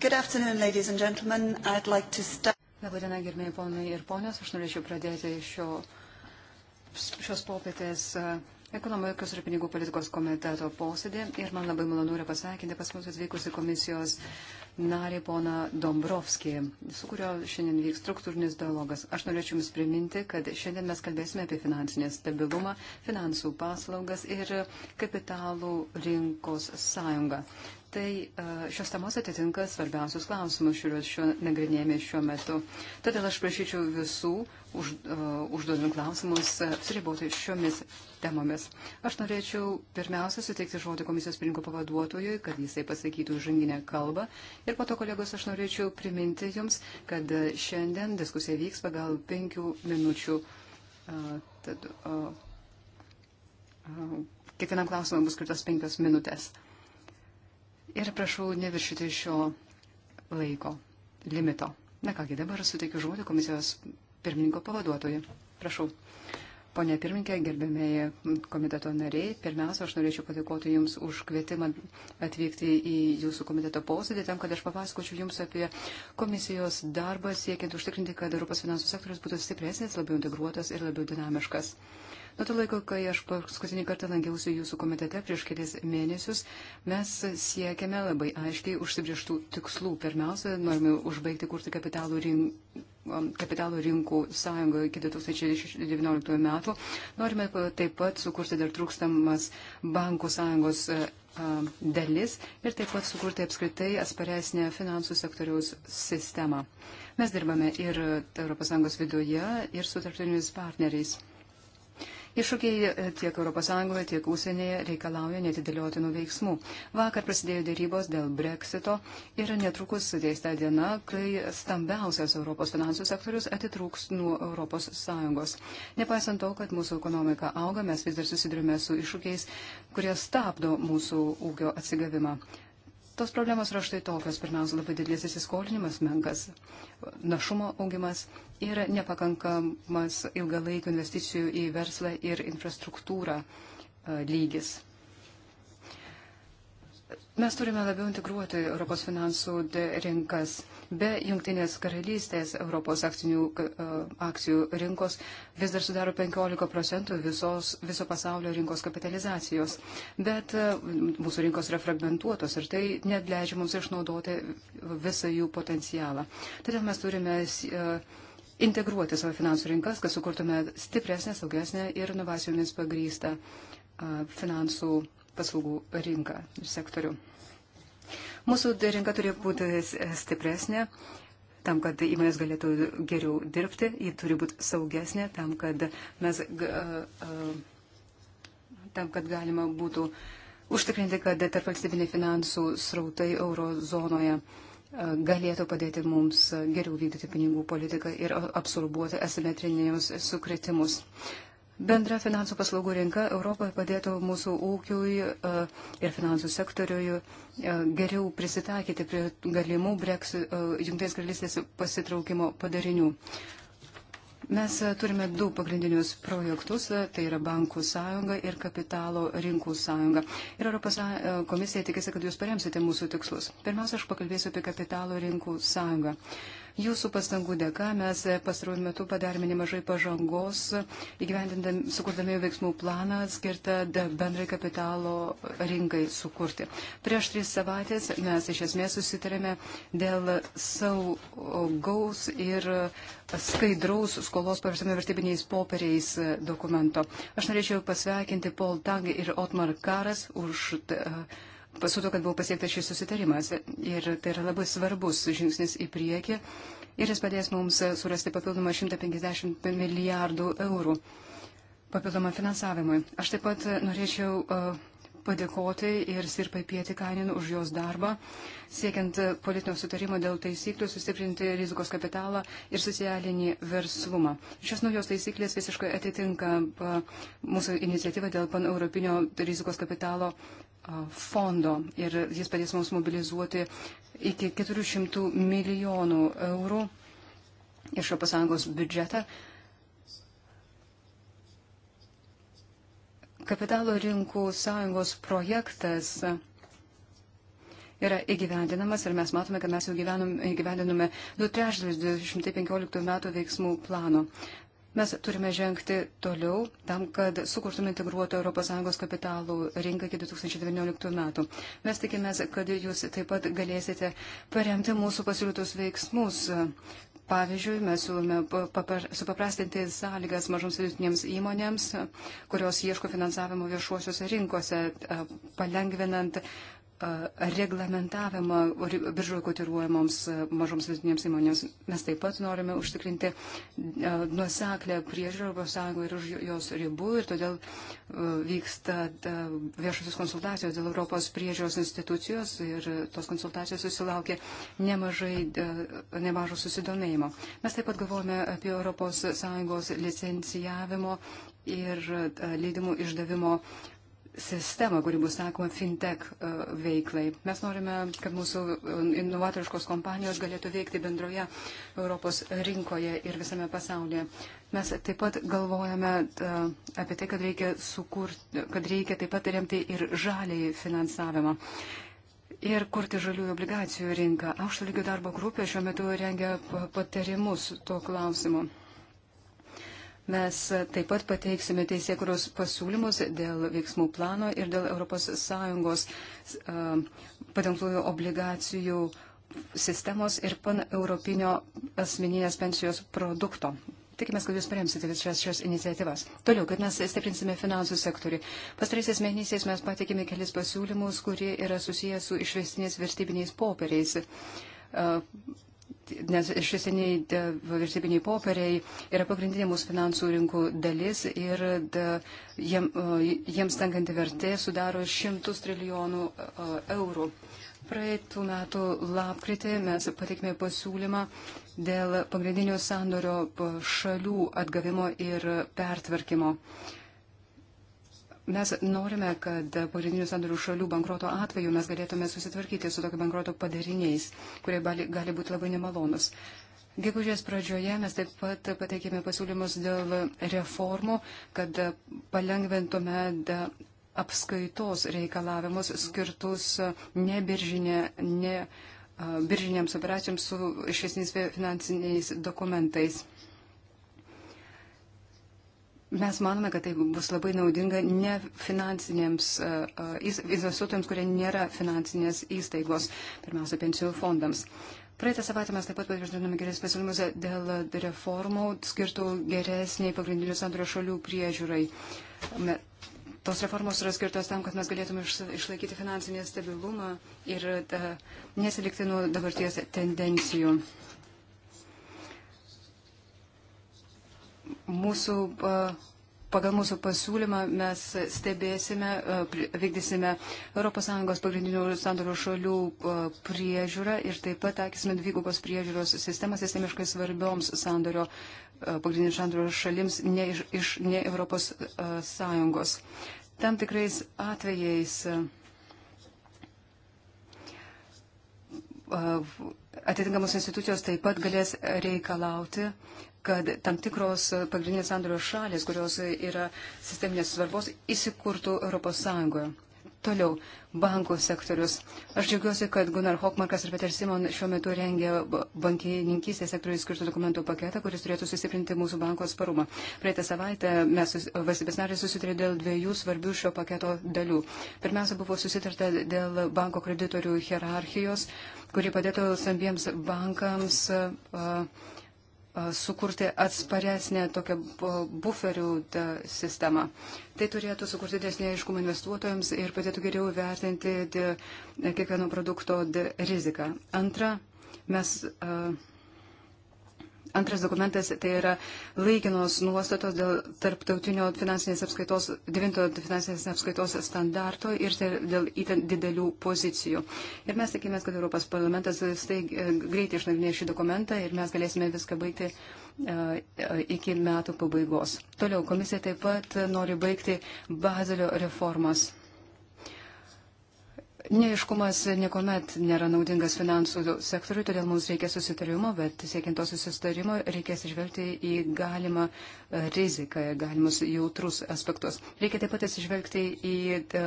Good afternoon, ladies and gentlemen. I'd like to start. Labadiena, gerbėjai ponai ir ponios. Aš norėčiau pradėti šio, šios popietės e, ekonomikos ir pinigų politikos komiteto posėdį. Ir man labai malonu yra pasveikinti pas mus atvykusi komisijos narį poną Dombrovskį, su kurio šiandien vyks struktūrinis dialogas. Aš norėčiau Jums priminti, kad šiandien mes kalbėsime apie finansinį stabilumą, finansų paslaugas ir kapitalų rinkos sąjungą tai e, šios temos atitinka svarbiausius klausimus, kuriuos šio, nagrinėjame šiuo metu. Todėl aš prašyčiau visų, už, uh, e, užduodant klausimus, apsiriboti šiomis temomis. Aš norėčiau pirmiausia suteikti žodį komisijos pirinko pavaduotojui, kad jisai pasakytų žanginę kalbą. Ir po to, kolegos, aš norėčiau priminti jums, kad šiandien diskusija vyks pagal penkių minučių. Uh, tad, uh, Kiekvienam klausimui bus skirtos penkios minutės. Uh, Ir prašau neviršyti šio laiko limito. Na kągi, dabar suteikiu žodį komisijos pirmininko pavaduotojui. Prašau. Pone pirmininkė, gerbėmėji komiteto nariai, pirmiausia, aš norėčiau padėkoti Jums už kvietimą atvykti į Jūsų komiteto posėdį, tam, kad aš papasakočiau Jums apie komisijos darbą siekiant užtikrinti, kad Europos finansų sektorius būtų stipresnis, labiau integruotas ir labiau dinamiškas. Nuo to laiko, kai aš paskutinį kartą lankiausi jūsų komitete prieš kelias mėnesius, mes siekiame labai aiškiai užsibrieštų tikslų. Pirmiausia, norime užbaigti kurti kapitalų rinką um, kapitalo rinkų sąjungo iki 2019 metų. Norime taip pat sukurti dar trūkstamas bankų sąjungos e, dalis ir taip pat sukurti apskritai atsparesnę finansų sektoriaus sistemą. Mes dirbame ir ES viduje, ir su tarptautiniais partneriais. Iššūkiai e, tiek ES, tiek užsienyje reikalauja netidėliotinų veiksmų. Vakar prasidėjo dėrybos dėl breksito ir netrukus suteista diena, kai stambiausias Europos finansų sektorius atitrūks nuo ES. Nepaisant to, kad mūsų ekonomika auga, mes vis dar susidurime su iššūkiais, kurie stabdo mūsų ūkio atsigavimą. Tos problemos yra štai tokios. Pirmiausia, labai didelis įsiskolinimas menkas, našumo augimas ir nepakankamas ilgalaikių investicijų į verslą ir infrastruktūrą e, lygis. Mes turime labiau integruoti Europos finansų rinkas. Be jungtinės karalystės Europos akcinių, e, akcijų rinkos vis dar sudaro 15 procentų visos, viso pasaulio rinkos kapitalizacijos. Bet e, mūsų rinkos yra fragmentuotos ir tai net leidžia mums išnaudoti visą jų potencialą. Todėl mes turime e, integruoti savo finansų rinkas, kad sukurtume stipresnę, saugesnę ir inovacijomis pagrystą finansų paslaugų rinką ir sektorių. Mūsų rinka turi būti stipresnė tam, kad įmonės galėtų geriau dirbti, ji turi būti saugesnė tam, kad mes. tam, kad galima būtų užtikrinti, kad tarp valstybiniai finansų srautai eurozonoje galėtų padėti mums geriau vykdyti pinigų politiką ir absorbuoti asimetrinius sukretimus. Bendra finansų paslaugų rinka Europoje padėtų mūsų ūkiui e, ir finansų sektoriui e, geriau prisitaikyti prie galimų e, Junktinės karalystės pasitraukimo padarinių. Mes turime du pagrindinius projektus, tai yra bankų sąjunga ir kapitalo rinkų sąjunga. Ir Europos komisija tikisi, kad jūs paremsite mūsų tikslus. Pirmiausia, aš pakalbėsiu apie kapitalo rinkų sąjungą. Jūsų pastangų dėka mes pastaruoju metu padarėme nemažai pažangos, sukurdami veiksmų planą skirtą bendrai kapitalo rinkai sukurti. Prieš tris savaitės mes iš esmės susitarėme dėl saugaus ir skaidraus skolos pavirstami vertybiniais popieriais dokumento. Aš norėčiau pasveikinti Paul Tang ir Otmar Karas už. Uh, pasuto, kad buvo pasiektas šis susitarimas. Ir tai yra labai svarbus žingsnis į priekį ir jis padės mums surasti papildomą 150 milijardų eurų papildomą finansavimui. Aš taip pat norėčiau uh, padėkoti ir Sirpai Pietikainin už jos darbą, siekiant uh, politinio sutarimo dėl taisyklių, sustiprinti rizikos kapitalą ir socialinį verslumą. Šios naujos taisyklės visiškai atitinka uh, mūsų iniciatyvą dėl paneuropinio rizikos kapitalo fondo ir jis padės mums mobilizuoti iki 400 milijonų eurų iš ES biudžetą. Kapitalo rinkų sąjungos projektas yra įgyvendinamas ir mes matome, kad mes jau gyvenome, įgyvendinome 2 trečdalis 215 metų veiksmų plano. Mes turime žengti toliau tam, kad sukurtume integruotą ES kapitalų rinką iki 2019 metų. Mes tikimės, kad jūs taip pat galėsite paremti mūsų pasiūlytus veiksmus. Pavyzdžiui, mes siūlome supaprastinti sąlygas mažoms vidutinėms įmonėms, kurios ieško finansavimo viešuosiuose rinkose, palengvinant reglamentavimą biržoje kotiruojamoms mažoms vidutinėms įmonėms. Mes taip pat norime užtikrinti nuoseklę priežiūrą Europos Sąjungoje ir už jos ribų ir todėl vyksta viešosios konsultacijos dėl Europos priežiūros institucijos ir tos konsultacijos susilaukė nemažai, nemažo susidomėjimo. Mes taip pat galvojame apie Europos Sąjungos licencijavimo ir leidimų išdavimo sistemą, kuri bus sakoma fintech e, veiklai. Mes norime, kad mūsų e, inovatoriškos kompanijos galėtų veikti bendroje Europos rinkoje ir visame pasaulyje. Mes taip pat galvojame e, apie tai, kad reikia, sukurti, kad reikia taip pat remti ir žaliai finansavimą. Ir kurti žaliųjų obligacijų rinką. Aukšto lygio darbo grupė šiuo metu rengia patarimus tuo klausimu. Mes taip pat pateiksime teisėkuros pasiūlymus dėl veiksmų plano ir dėl ES padengtųjų obligacijų sistemos ir pan-europinio asmeninės pensijos produkto. Tikimės, kad jūs paremsite visas šias iniciatyvas. Toliau, kad mes stiprinsime finansų sektorių. Pastaraisiais mėnesiais mes patikėme kelis pasiūlymus, kurie yra susijęs su išvestiniais vertybiniais popieriais nes šie seniai vyriausybiniai popieriai yra pagrindinė mūsų finansų rinkų dalis ir da, jiem, jiems tenkanti vertė sudaro šimtus trilijonų eurų. Praeitų metų lapkritį mes pateikėme pasiūlymą dėl pagrindinio sandorio šalių atgavimo ir pertvarkymo. Uh, Mes norime, kad pagrindinių sandorių šalių bankroto atveju mes galėtume susitvarkyti su tokio bankroto padariniais, kurie gali, gali būti labai nemalonus. Gegužės pradžioje mes taip pat pateikėme pasiūlymus dėl reformų, kad palengventume apskaitos reikalavimus skirtus nebiržinė, ne biržinėms operacijoms su išesniais finansiniais dokumentais. Mes manome, kad tai bus labai naudinga ne finansinėms e, e, investuotojams, kurie nėra finansinės įstaigos, pirmiausia, pensijų fondams. Praeitą savaitę mes taip pat patvirtinome geresnius pasiūlymus dėl reformų skirtų geresniai pagrindinių sandorio šalių priežiūrai. Tos reformos yra skirtos tam, kad mes galėtume išlaikyti finansinį stabilumą ir e, nesilikti nuo dabarties tendencijų. mūsų, pagal mūsų pasiūlymą mes stebėsime, vykdysime ES pagrindinių sandorių šalių priežiūrą ir taip pat taikysime dvigubos priežiūros sistemą sistemiškai svarbioms sandorio pagrindinių sandorių šalims ne iš, iš ne ES. Tam tikrais atvejais atitinkamos institucijos taip pat galės reikalauti uh, kad tam tikros pagrindinės sandorio šalis, kurios yra sisteminės svarbos, įsikurtų Europos Sąjungoje. Toliau, bankų sektorius. Aš džiaugiuosi, kad Gunnar Hokmarkas ir Peter Simon šiuo metu rengia bankininkystės sektoriui skirtų dokumentų paketą, kuris turėtų sustiprinti mūsų banko atsparumą. Praeitą savaitę mes valstybės nariai susitarė dėl dviejų svarbių šio paketo dalių. Pirmiausia, buvo susitarta dėl banko kreditorių hierarchijos, kuri padėtų stambiems bankams. Uh, sukurti atsparesnę tokią buferių sistemą. Tai turėtų sukurti desnį aiškumą investuotojams ir padėtų geriau vertinti kiekvieno produkto riziką. Antra, mes. Uh, Antras dokumentas tai yra laikinos nuostatos dėl tarptautinio finansinės apskaitos, devintojo finansinės apskaitos standarto ir tai dėl įtent didelių pozicijų. Ir mes tikimės, kad Europos parlamentas tai greitai išnagrinės šį dokumentą ir mes galėsime viską baigti e, e, iki metų pabaigos. Toliau komisija taip pat nori baigti Bazelio reformos Neiškumas niekuomet nėra naudingas finansų sektoriui, todėl mums reikia susitarimo, bet siekiant to susitarimo reikės išvelgti į galimą e, riziką, galimus jautrus aspektus. Reikia taip pat atsižvelgti į e,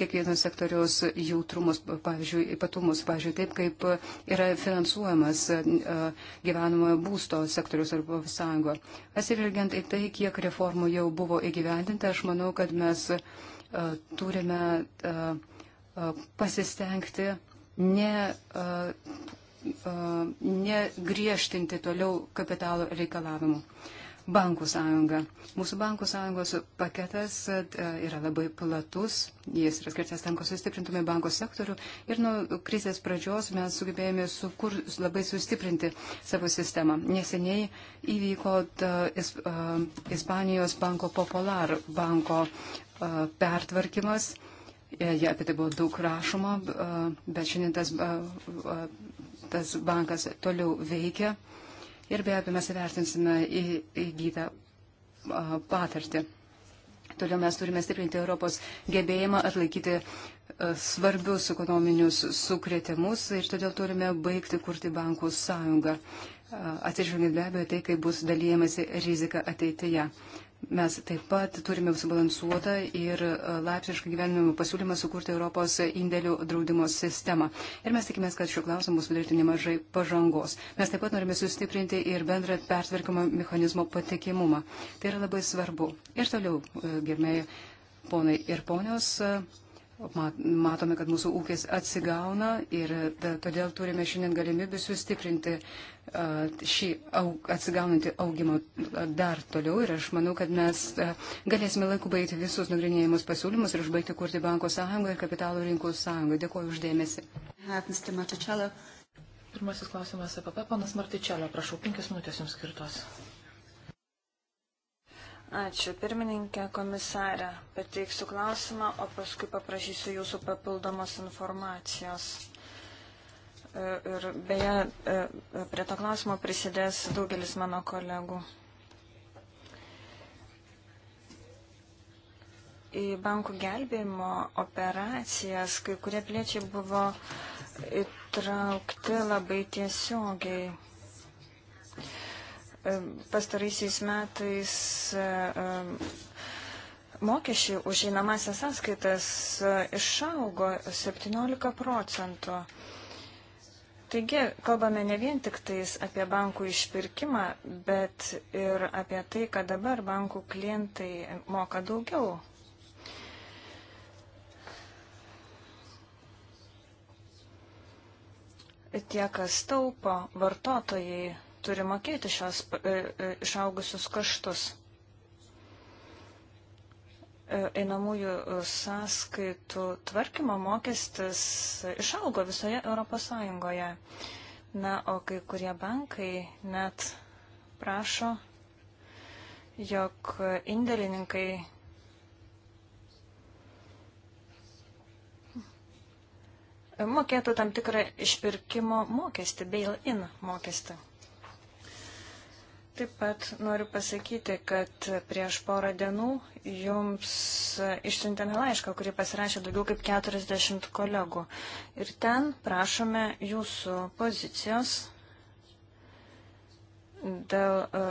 kiekvieno sektoriaus jautrumus, pavyzdžiui, ypatumus, pavyzdžiui, taip kaip yra finansuojamas e, gyvenamojo būsto sektorius arba sąjungo. Atsižvelgiant į tai, kiek reformų jau buvo įgyvendinta, aš manau, kad mes turime. Uh, pasistengti ne, negriežtinti toliau kapitalo reikalavimų. Bankų sąjunga. Mūsų bankų sąjungos paketas yra labai platus, jis yra skirtas tam, kad sustiprintume bankų sektorių ir nuo krizės pradžios mes sugebėjome sukur, labai sustiprinti savo sistemą. Neseniai įvyko ta, is, uh, Ispanijos banko Popular banko uh, pertvarkymas. Uh, Ja, apie tai buvo daug rašoma, bet šiandien tas, tas bankas toliau veikia ir be abejo mes įvertinsime įgytą patirtį. Toliau mes turime stiprinti Europos gebėjimą atlaikyti svarbius ekonominius sukretimus ir todėl turime baigti kurti bankų sąjungą, atsižvelgiant be abejo tai, kaip bus dalyjamasi rizika ateityje. Mes taip pat turime subalansuotą ir e, laipsnišką gyvenimo pasiūlymą sukurti Europos indėlių draudimo sistemą. Ir mes tikimės, kad šiuo klausimu bus padaryti nemažai pažangos. Mes taip pat norime sustiprinti ir bendrą pertvarkymo mechanizmo patikimumą. Tai yra labai svarbu. Ir toliau, e, gerbėjai ponai ir ponios, e, matome, kad mūsų ūkis atsigauna ir todėl turime šiandien galimybę sustiprinti šį atsigaunantį augimą dar toliau ir aš manau, kad mes galėsime laiku baigti visus nagrinėjimus pasiūlymus ir užbaigti kurti Banko sąjungą ir kapitalo rinkų sąjungą. Dėkuoju uždėmesi. Pirmasis klausimas apie panas Martičelio. Prašau, penkias minutės jums skirtos. Ačiū, pirmininkė komisarė. Pateiksiu klausimą, o paskui paprašysiu jūsų papildomos informacijos. E, ir beje, e, prie to klausimo prisidės daugelis mano kolegų. Į bankų gelbėjimo operacijas kai kurie pliečiai buvo įtraukti labai tiesiogiai. E, pastaraisiais metais mokesčiai už einamąsias sąskaitas išaugo 17 procentų. Taigi, kalbame ne vien tik tais apie bankų išpirkimą, bet ir apie tai, kad dabar bankų klientai moka daugiau. Tie, kas taupo, vartotojai turi mokėti šios e, e, išaugusius kaštus. E, einamųjų e, sąskaitų tvarkymo mokestis išaugo visoje Europos Sąjungoje. Na, o kai kurie bankai net prašo, jog indėlininkai mokėtų tam tikrą išpirkimo mokestį, bail-in mokestį. Taip pat noriu pasakyti, kad prieš porą dienų jums išsiuntėme laišką, kurį pasirašė daugiau kaip 40 kolegų. Ir ten prašome jūsų pozicijos dėl e,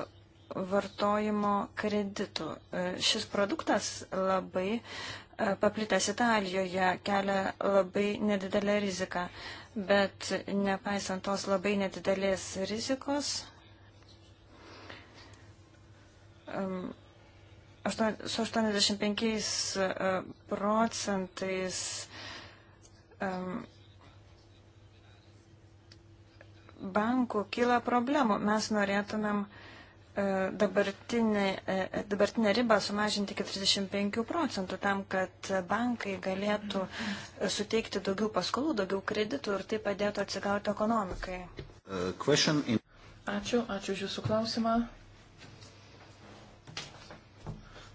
vartojimo kreditų. E, šis produktas labai e, paplitęs Italijoje, kelia labai nedidelę riziką. Bet nepaisant tos labai nedidelės rizikos, su 85 e, procentais bankų kyla problemų. Mes norėtumėm e, dabartinę, e, dabartinę ribą sumažinti iki 35 procentų tam, kad bankai galėtų suteikti daugiau paskolų, daugiau kreditų ir tai padėtų atsigauti ekonomikai. Uh, ačiū, ačiū už Jūsų klausimą.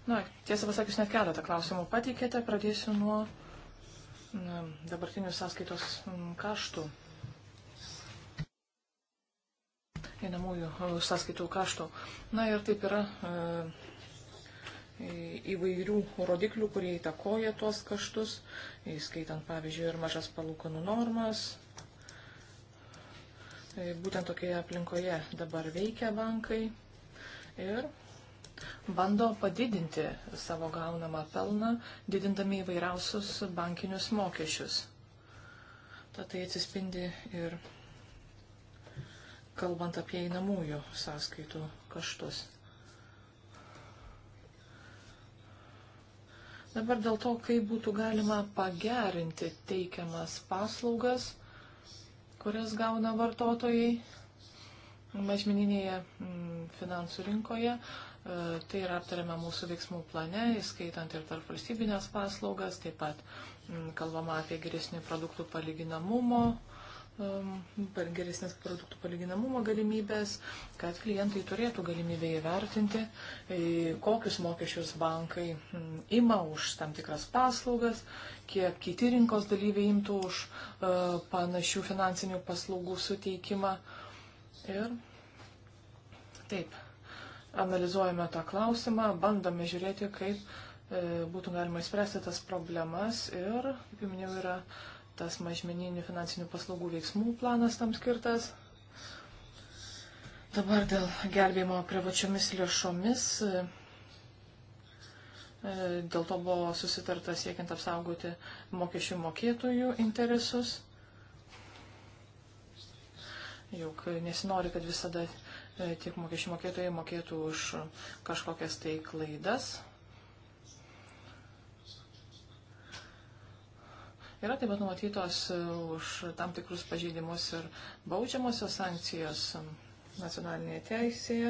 Na, tiesą pasakius, net keletą klausimų pateikėte. Pradėsiu nuo na, dabartinių sąskaitos kaštų. Einamųjų sąskaitų kaštų. Na ir taip yra e, įvairių rodiklių, kurie įtakoja tuos kaštus, įskaitant, pavyzdžiui, ir mažas palūkanų normas. E, būtent tokioje aplinkoje dabar veikia bankai. Ir bando padidinti savo gaunamą pelną, didindami įvairiausius bankinius mokesčius. Tad tai atsispindi ir kalbant apie einamųjų sąskaitų kaštus. Dabar dėl to, kaip būtų galima pagerinti teikiamas paslaugas, kurias gauna vartotojai mažmeninėje mm, finansų rinkoje, E, tai yra aptariama mūsų veiksmų plane, įskaitant ir tarp valstybinės paslaugas, taip pat kalbama apie geresnį produktų palyginamumo, per geresnės produktų palyginamumo galimybės, kad klientai turėtų galimybę įvertinti, e, kokius mokesčius bankai ima už tam tikras paslaugas, kiek kiti rinkos dalyviai imtų už e, panašių finansinių paslaugų suteikimą. Ir taip, analizuojame tą klausimą, bandome žiūrėti, kaip e, būtų galima įspręsti tas problemas ir, kaip jau minėjau, yra tas mažmeninių finansinių paslaugų veiksmų planas tam skirtas. Dabar dėl gelbėjimo privačiomis lėšomis. E, dėl to buvo susitarta siekiant apsaugoti mokesčių mokėtojų interesus. Juk nesinori, kad visada E, tiek mokesčių mokėtojai mokėtų už kažkokias tai klaidas. Yra taip pat numatytos e, už tam tikrus pažeidimus ir baudžiamosios sankcijos nacionalinėje teisėje.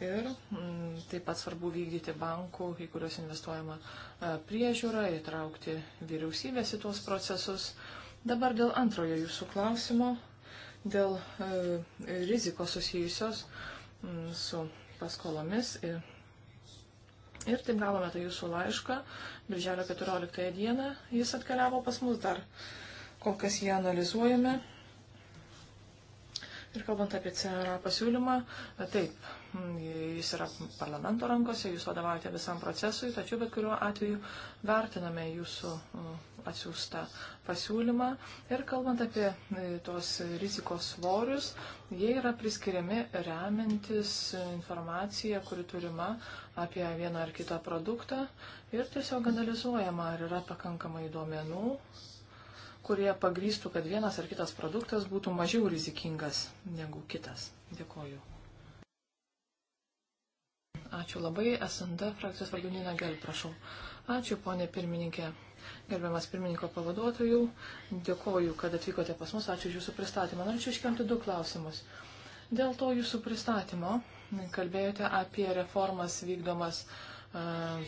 Ir m, mm, taip pat svarbu vykdyti bankų, į kuriuos investuojama e, priežiūra, įtraukti vyriausybės į tuos procesus. Dabar dėl antrojo jūsų klausimo dėl e, rizikos susijusios mm, su paskolomis. Ir, ir taip gavome tą jūsų laišką. Birželio 14 dieną jis atkeliavo pas mus dar. Kol kas jį analizuojame. Ir kalbant apie CRA pasiūlymą, e, taip, jis yra parlamento rankose, jūs vadovaujate visam procesui, tačiau bet kuriuo atveju vertiname jūsų mm, atsiųstą pasiūlymą ir kalbant apie e, tos rizikos svorius, jie yra priskiriami remiantis informacija, kuri turima apie vieną ar kitą produktą ir tiesiog analizuojama, ar yra pakankamai duomenų kurie pagrįstų, kad vienas ar kitas produktas būtų mažiau rizikingas negu kitas. Dėkoju. Ačiū labai. SND frakcijos valdinina Gel, prašau. Ačiū, ponė pirmininkė. Gerbiamas pirmininko pavaduotojų, dėkoju, kad atvykote pas mus, ačiū už jūsų pristatymą. Norėčiau iškelti du klausimus. Dėl to jūsų pristatymo kalbėjote apie reformas vykdomas e,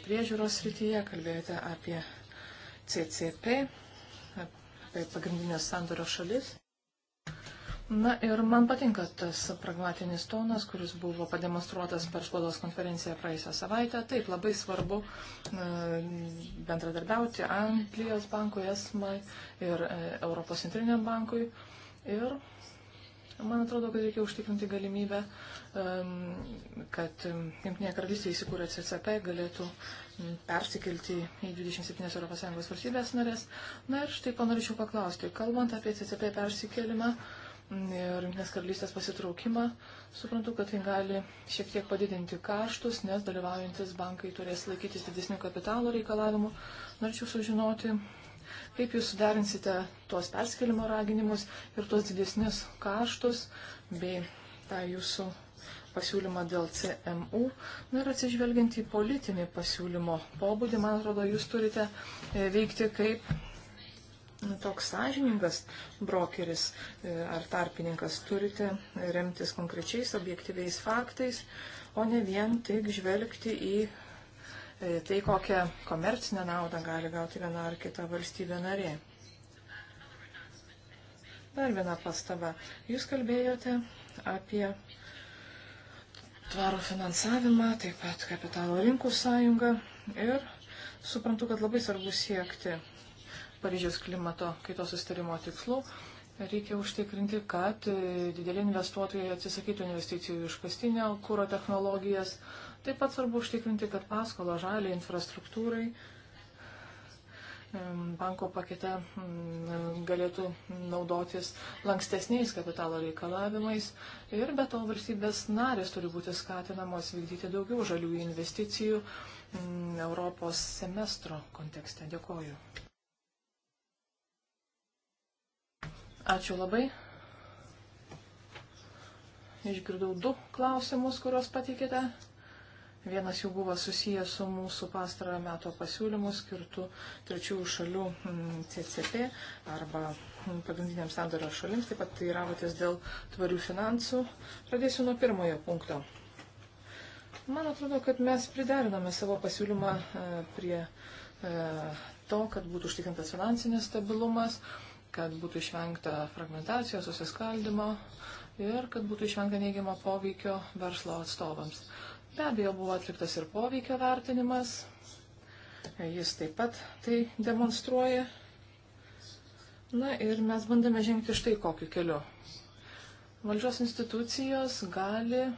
priežiūros srityje, kalbėjote apie CCP, apie pagrindinės sandorio šalis. Na ir man patinka tas pragmatinis tonas, kuris buvo pademonstruotas per spaudos konferenciją praėjusią savaitę. Taip, labai svarbu e, bendradarbiauti Anglijos bankui, ESMAI ir e, Europos centriniam bankui. Ir man atrodo, kad reikia užtikrinti galimybę, kad Junktinėje karalystėje įsikūrę CCP galėtų persikelti į 27 ES valstybės narės. Na ir štai panorėčiau paklausti, kalbant apie CCP persikelimą, ir Junktinės karalystės pasitraukimą, suprantu, kad tai gali šiek tiek padidinti kaštus, nes dalyvaujantis bankai turės laikytis didesnių kapitalo reikalavimų. Norėčiau sužinoti, kaip jūs sudarinsite tuos perskelimo raginimus ir tuos didesnius kaštus bei tą jūsų pasiūlymą dėl CMU. Na ir atsižvelgiant į politinį pasiūlymo pobūdį, man atrodo, jūs turite e, veikti kaip toks sąžiningas brokeris e, ar tarpininkas turite remtis konkrečiais objektyviais faktais, o ne vien tik žvelgti į e, tai, kokią komercinę naudą gali gauti viena ar kita valstybė narė. Dar viena pastaba. Jūs kalbėjote apie tvarų finansavimą, taip pat kapitalo rinkų sąjungą ir suprantu, kad labai svarbu siekti Paryžiaus klimato kaitos sustarimo tikslų, reikia užtikrinti, kad dideli investuotojai atsisakytų investicijų iš kastinio kūro technologijas. Taip pat svarbu užtikrinti, kad paskolo žaliai infrastruktūrai banko pakete galėtų naudotis lankstesniais kapitalo reikalavimais ir be to valstybės narės turi būti skatinamos vykdyti daugiau žaliųjų investicijų Europos semestro kontekste. Dėkoju. Ačiū labai. Išgirdau du klausimus, kuriuos patikėte. Vienas jų buvo susijęs su mūsų pastarojo meto pasiūlymu skirtu trečiųjų šalių mm, CCP arba mm, pagrindiniam sandario šalims, taip pat teiravotės dėl tvarių finansų. Pradėsiu nuo pirmojo punkto. Man atrodo, kad mes prideriname savo pasiūlymą e, prie e, to, kad būtų užtikrintas finansinis stabilumas, kad būtų išvengta fragmentacijos, susiskaldimo ir kad būtų išvengta neigiamo poveikio verslo atstovams. Be abejo, buvo atliktas ir poveikio vertinimas, jis taip pat tai demonstruoja. Na ir mes bandėme žengti štai kokiu keliu. Valdžios institucijos gali e,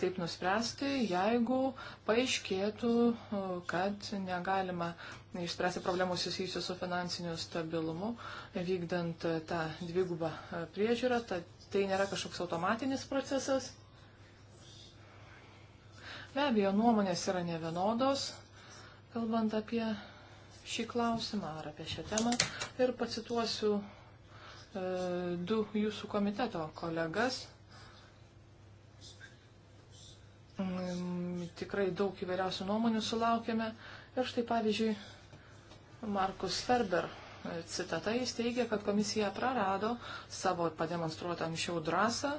taip nuspręsti, jeigu paaiškėtų, kad negalima išspręsti problemų susijusių su finansiniu stabilumu, vykdant tą dvigubą e, priežiūrą. Ta, tai nėra kažkoks automatinis procesas. Be abejo, nuomonės yra nevienodos, kalbant apie šį klausimą ar apie šią temą. Ir pacituosiu e, du jūsų komiteto kolegas. Mm, tikrai daug įvairiausių nuomonių sulaukėme. Ir štai pavyzdžiui, Markus Ferber e, citata, jis teigia, kad komisija prarado savo pademonstruotą anksčiau drąsą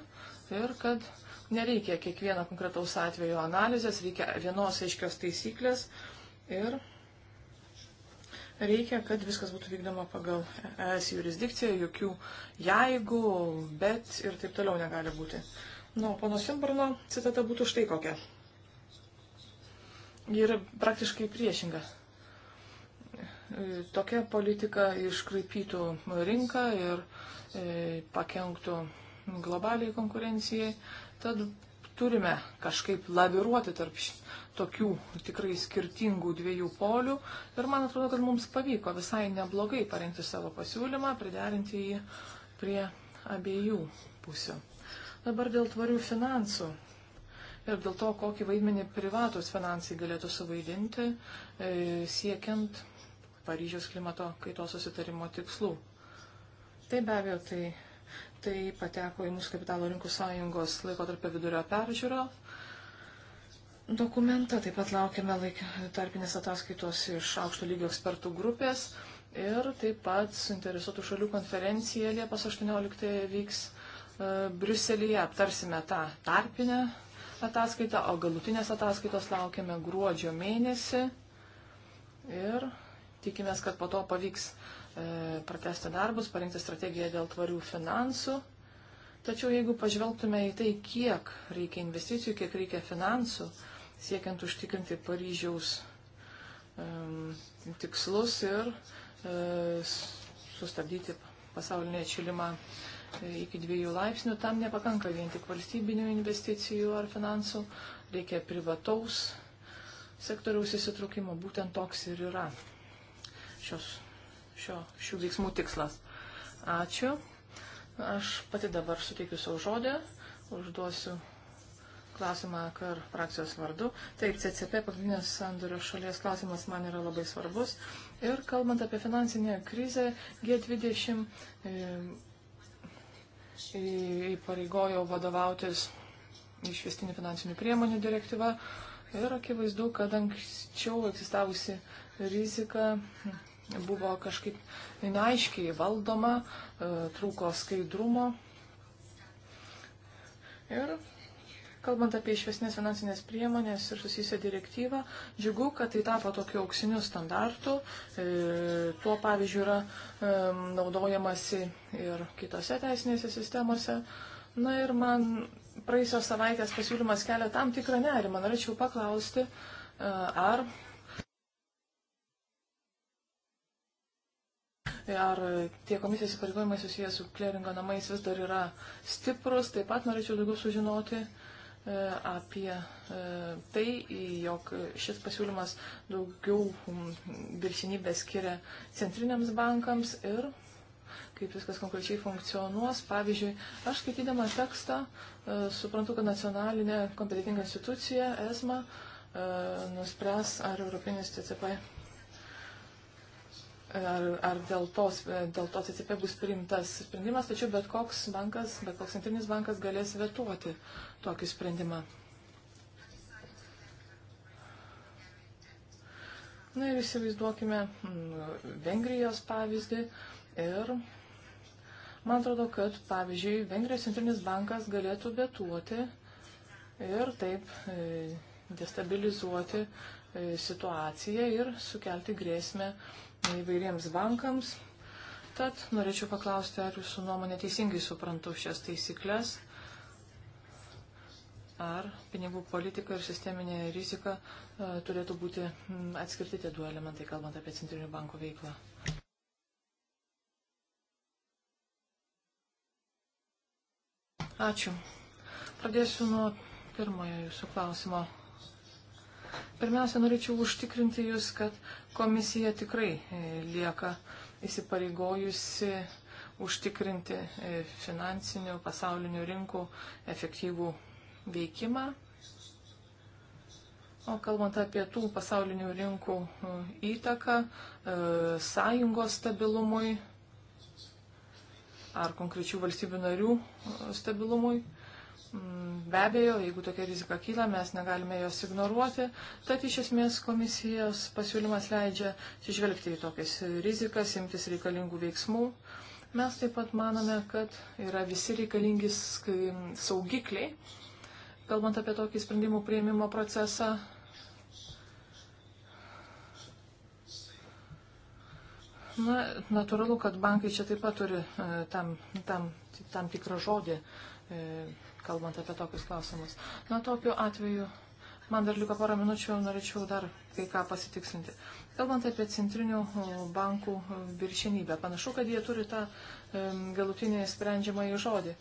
ir kad nereikia kiekvieno konkretaus atvejo analizės, reikia vienos aiškios taisyklės ir reikia, kad viskas būtų vykdoma pagal ES jurisdikciją, jokių jeigu, bet ir taip toliau negali būti. Na, nu, pono Simbarno citata būtų štai kokia. Ji yra praktiškai priešinga. E, tokia politika iškraipytų rinką ir e, pakenktų globaliai konkurencijai. Tad turime kažkaip laviruoti tarp tokių tikrai skirtingų dviejų polių. Ir man atrodo, kad mums pavyko visai neblogai parengti savo pasiūlymą, priderinti jį prie abiejų pusių. Dabar dėl tvarių finansų ir dėl to, kokį vaidmenį privatus finansai galėtų suvaidinti, e, siekiant Paryžiaus klimato kaitos susitarimo tikslų. Tai be abejo, tai, tai pateko į mūsų kapitalo rinkų sąjungos laiko tarp vidurio peržiūro dokumentą. Taip pat laukiame laik, tarpinės ataskaitos iš aukšto lygio ekspertų grupės ir taip pat suinteresuotų šalių konferencija Liepos 18 vyks e, Briuselyje. Aptarsime tą tarpinę ataskaitą, o galutinės ataskaitos laukiame gruodžio mėnesį. Ir Tikimės, kad po to pavyks e, pratesti darbus, parinkti strategiją dėl tvarių finansų. Tačiau jeigu pažvelgtume į tai, kiek reikia investicijų, kiek reikia finansų, siekiant užtikrinti Paryžiaus e, tikslus ir e, sustabdyti pasaulinį atšilimą e, iki dviejų laipsnių, tam nepakanka vien tik valstybinių investicijų ar finansų, reikia privataus sektoriaus įsitraukimo, būtent toks ir yra šios, šio, šių veiksmų tikslas. Ačiū. Aš pati dabar suteikiu savo žodį, užduosiu klausimą KAR frakcijos vardu. Taip, CCP pagrindinės sandorio šalies klausimas man yra labai svarbus. Ir kalbant apie finansinę krizę, G20 e, e, įpareigojo vadovautis išvestinių finansinių priemonių direktyva. Ir akivaizdu, kad anksčiau egzistavusi rizika buvo kažkaip neaiškiai nu, valdoma, e, trūko skaidrumo. Ir kalbant apie išvesnės finansinės priemonės ir susijusią direktyvą, džiugu, kad tai tapo tokiu auksiniu standartu. E, tuo pavyzdžiu yra e, naudojamasi ir kitose teisinėse sistemose. Na ir man praėjusios savaitės pasiūlymas kelia tam tikrą nerimą. Norėčiau paklausti, ar Tai ar tie komisijos įpareigojimai susijęs su kleringo namais vis dar yra stiprus. Taip pat norėčiau daugiau sužinoti e, apie e, tai, jog šis pasiūlymas daugiau viršinybės skiria centriniams bankams ir kaip viskas konkrečiai funkcionuos. Pavyzdžiui, aš skaitydama tekstą e, suprantu, kad nacionalinė kompetitinga institucija ESMA nuspręs, ar Europinis TCP ar, ar dėl, tos, dėl to CCP bus priimtas sprendimas, tačiau bet koks bankas, bet koks centrinis bankas galės vetuoti tokį sprendimą. Na ir įsivaizduokime mm, Vengrijos pavyzdį ir man atrodo, kad pavyzdžiui Vengrijos centrinis bankas galėtų vetuoti ir taip e, destabilizuoti E, situaciją ir sukelti grėsmę įvairiems bankams. Tad norėčiau paklausti, ar jūsų nuomonė teisingai suprantu šias taisyklės, ar pinigų politika ir sisteminė rizika e, turėtų būti atskirti tie du elementai, kalbant apie centrinių bankų veiklą. Ačiū. Pradėsiu nuo pirmojo jūsų klausimo. Pirmiausia, norėčiau užtikrinti Jūs, kad komisija tikrai e, lieka įsipareigojusi užtikrinti e, finansinių pasaulinių rinkų efektyvų veikimą. O kalbant apie tų pasaulinių rinkų e, įtaką sąjungos stabilumui ar konkrečių valstybių narių stabilumui, Mm, be abejo, jeigu tokia rizika kyla, mes negalime jos ignoruoti, tad iš esmės komisijos pasiūlymas leidžia atsižvelgti į tokias rizikas, imtis reikalingų veiksmų. Mes taip pat manome, kad yra visi reikalingi saugikliai, kalbant apie tokį sprendimų prieimimo procesą. Na, natūralu, kad bankai čia taip pat turi e, tam, tam, tam tikrą žodį. E, kalbant apie tokius klausimus. Na, tokiu atveju, man dar liko porą minučių, norėčiau dar kai ką pasitikslinti. Kalbant apie centrinių bankų viršinybę, panašu, kad jie turi tą galutinį sprendžiamąjį žodį.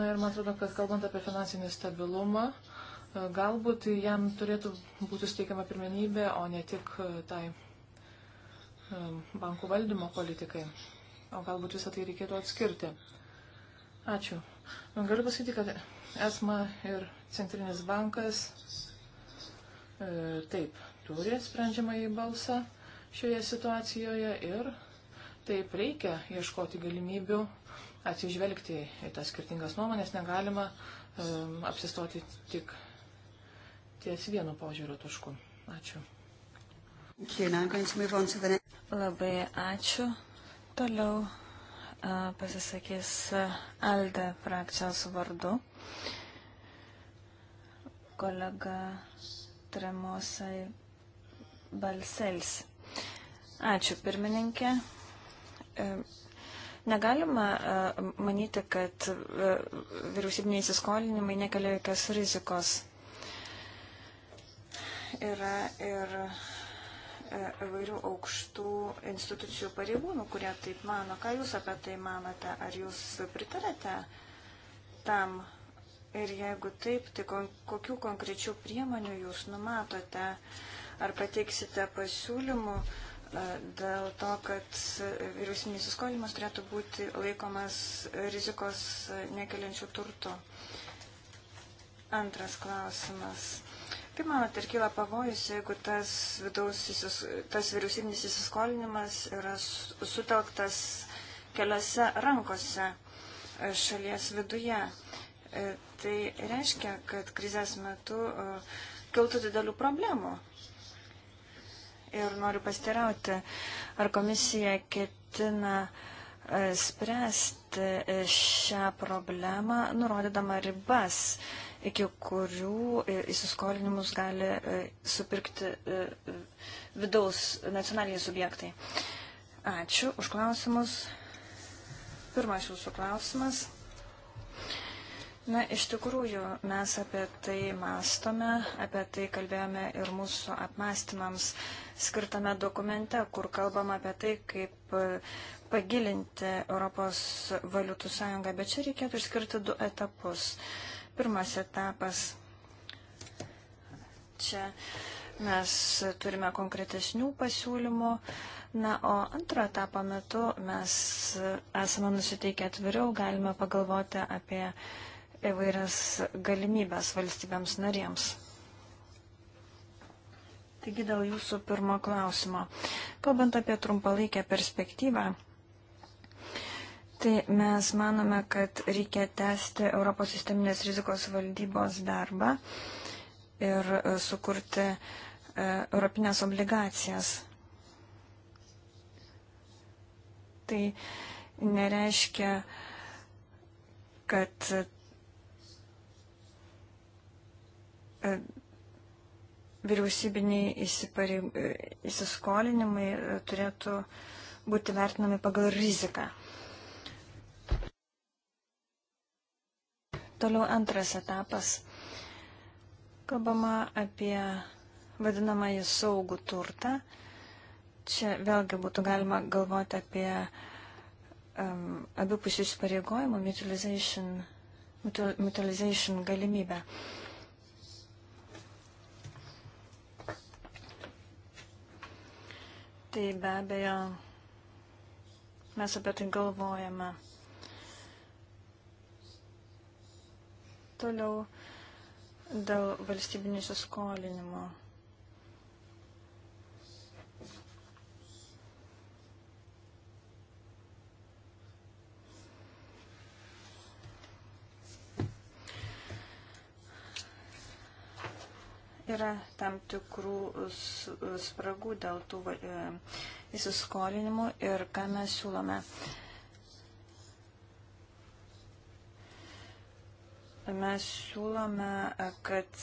Na ir man atrodo, kad kalbant apie finansinį stabilumą, e, galbūt jam turėtų būti suteikiama pirmenybė, o ne tik e, tai e, bankų valdymo politikai. O galbūt visą tai reikėtų atskirti. Ačiū. Galiu pasakyti, kad esma ir centrinis bankas e, taip turi sprendžiamąjį balsą šioje situacijoje ir taip reikia ieškoti galimybių atsižvelgti į tas skirtingas nuomonės, negalima um, apsistoti tik ties vienu požiūrio tašku. Ačiū. Labai ačiū. Toliau pasisakys Alde frakcijos vardu. Kolega Tremosai Balsels. Ačiū pirmininkė. E, negalima manyti, kad vyriausybiniai įsiskolinimai nekelia jokios rizikos. Yra ir E, įvairių aukštų institucijų pareigūnų, kurie taip mano. Ką Jūs apie tai manote? Ar Jūs pritarate tam? Ir jeigu taip, tai kon kokių konkrečių priemonių Jūs numatote? Ar pateiksite pasiūlymų e, dėl to, kad vyriausybinis įskolimas turėtų būti laikomas rizikos nekeliančių turtų? Antras klausimas Kaip manote, ir kyla pavojus, jeigu tas, vidaus, tas vyriausybinis įsiskolinimas yra sutelktas keliose rankose e, šalies viduje? E, tai reiškia, kad krizės metu e, kiltų didelių problemų. Ir noriu pastirauti, ar komisija ketina spręsti šią problemą, nurodydama ribas iki kurių e, įsiskolinimus gali e, supirkti e, vidaus nacionaliniai subjektai. Ačiū už klausimus. Pirmas jūsų klausimas. Na, iš tikrųjų, mes apie tai mąstome, apie tai kalbėjome ir mūsų apmąstymams skirtame dokumente, kur kalbam apie tai, kaip pagilinti Europos valiutų sąjungą. Bet čia reikėtų išskirti du etapus. Uh, Pirmas etapas. Čia mes turime konkretesnių pasiūlymų. Na, o antro etapo metu mes esame nusiteikę atviriau, galime pagalvoti apie įvairias galimybės valstybėms narėms. Taigi dėl jūsų pirmo klausimo. Kalbant apie trumpalaikę perspektyvą, Tai mes manome, kad reikia tęsti Europos sisteminės rizikos valdybos darbą ir e, sukurti e, europinės obligacijas. Tai nereiškia, kad e, vyriausybiniai įsiskolinimai turėtų būti vertinami pagal riziką. Toliau antras etapas. Kalbama apie vadinamąjį saugų turtą. Čia vėlgi būtų galima galvoti apie um, abipusių įsipareigojimų mutualization, mutual, mutualization galimybę. Tai be abejo, mes apie tai galvojame. Toliau dėl valstybinio įsiskolinimo. Yra tam tikrų spragų dėl tų e, įsiskolinimų ir ką mes siūlome. E, Mes siūlome, kad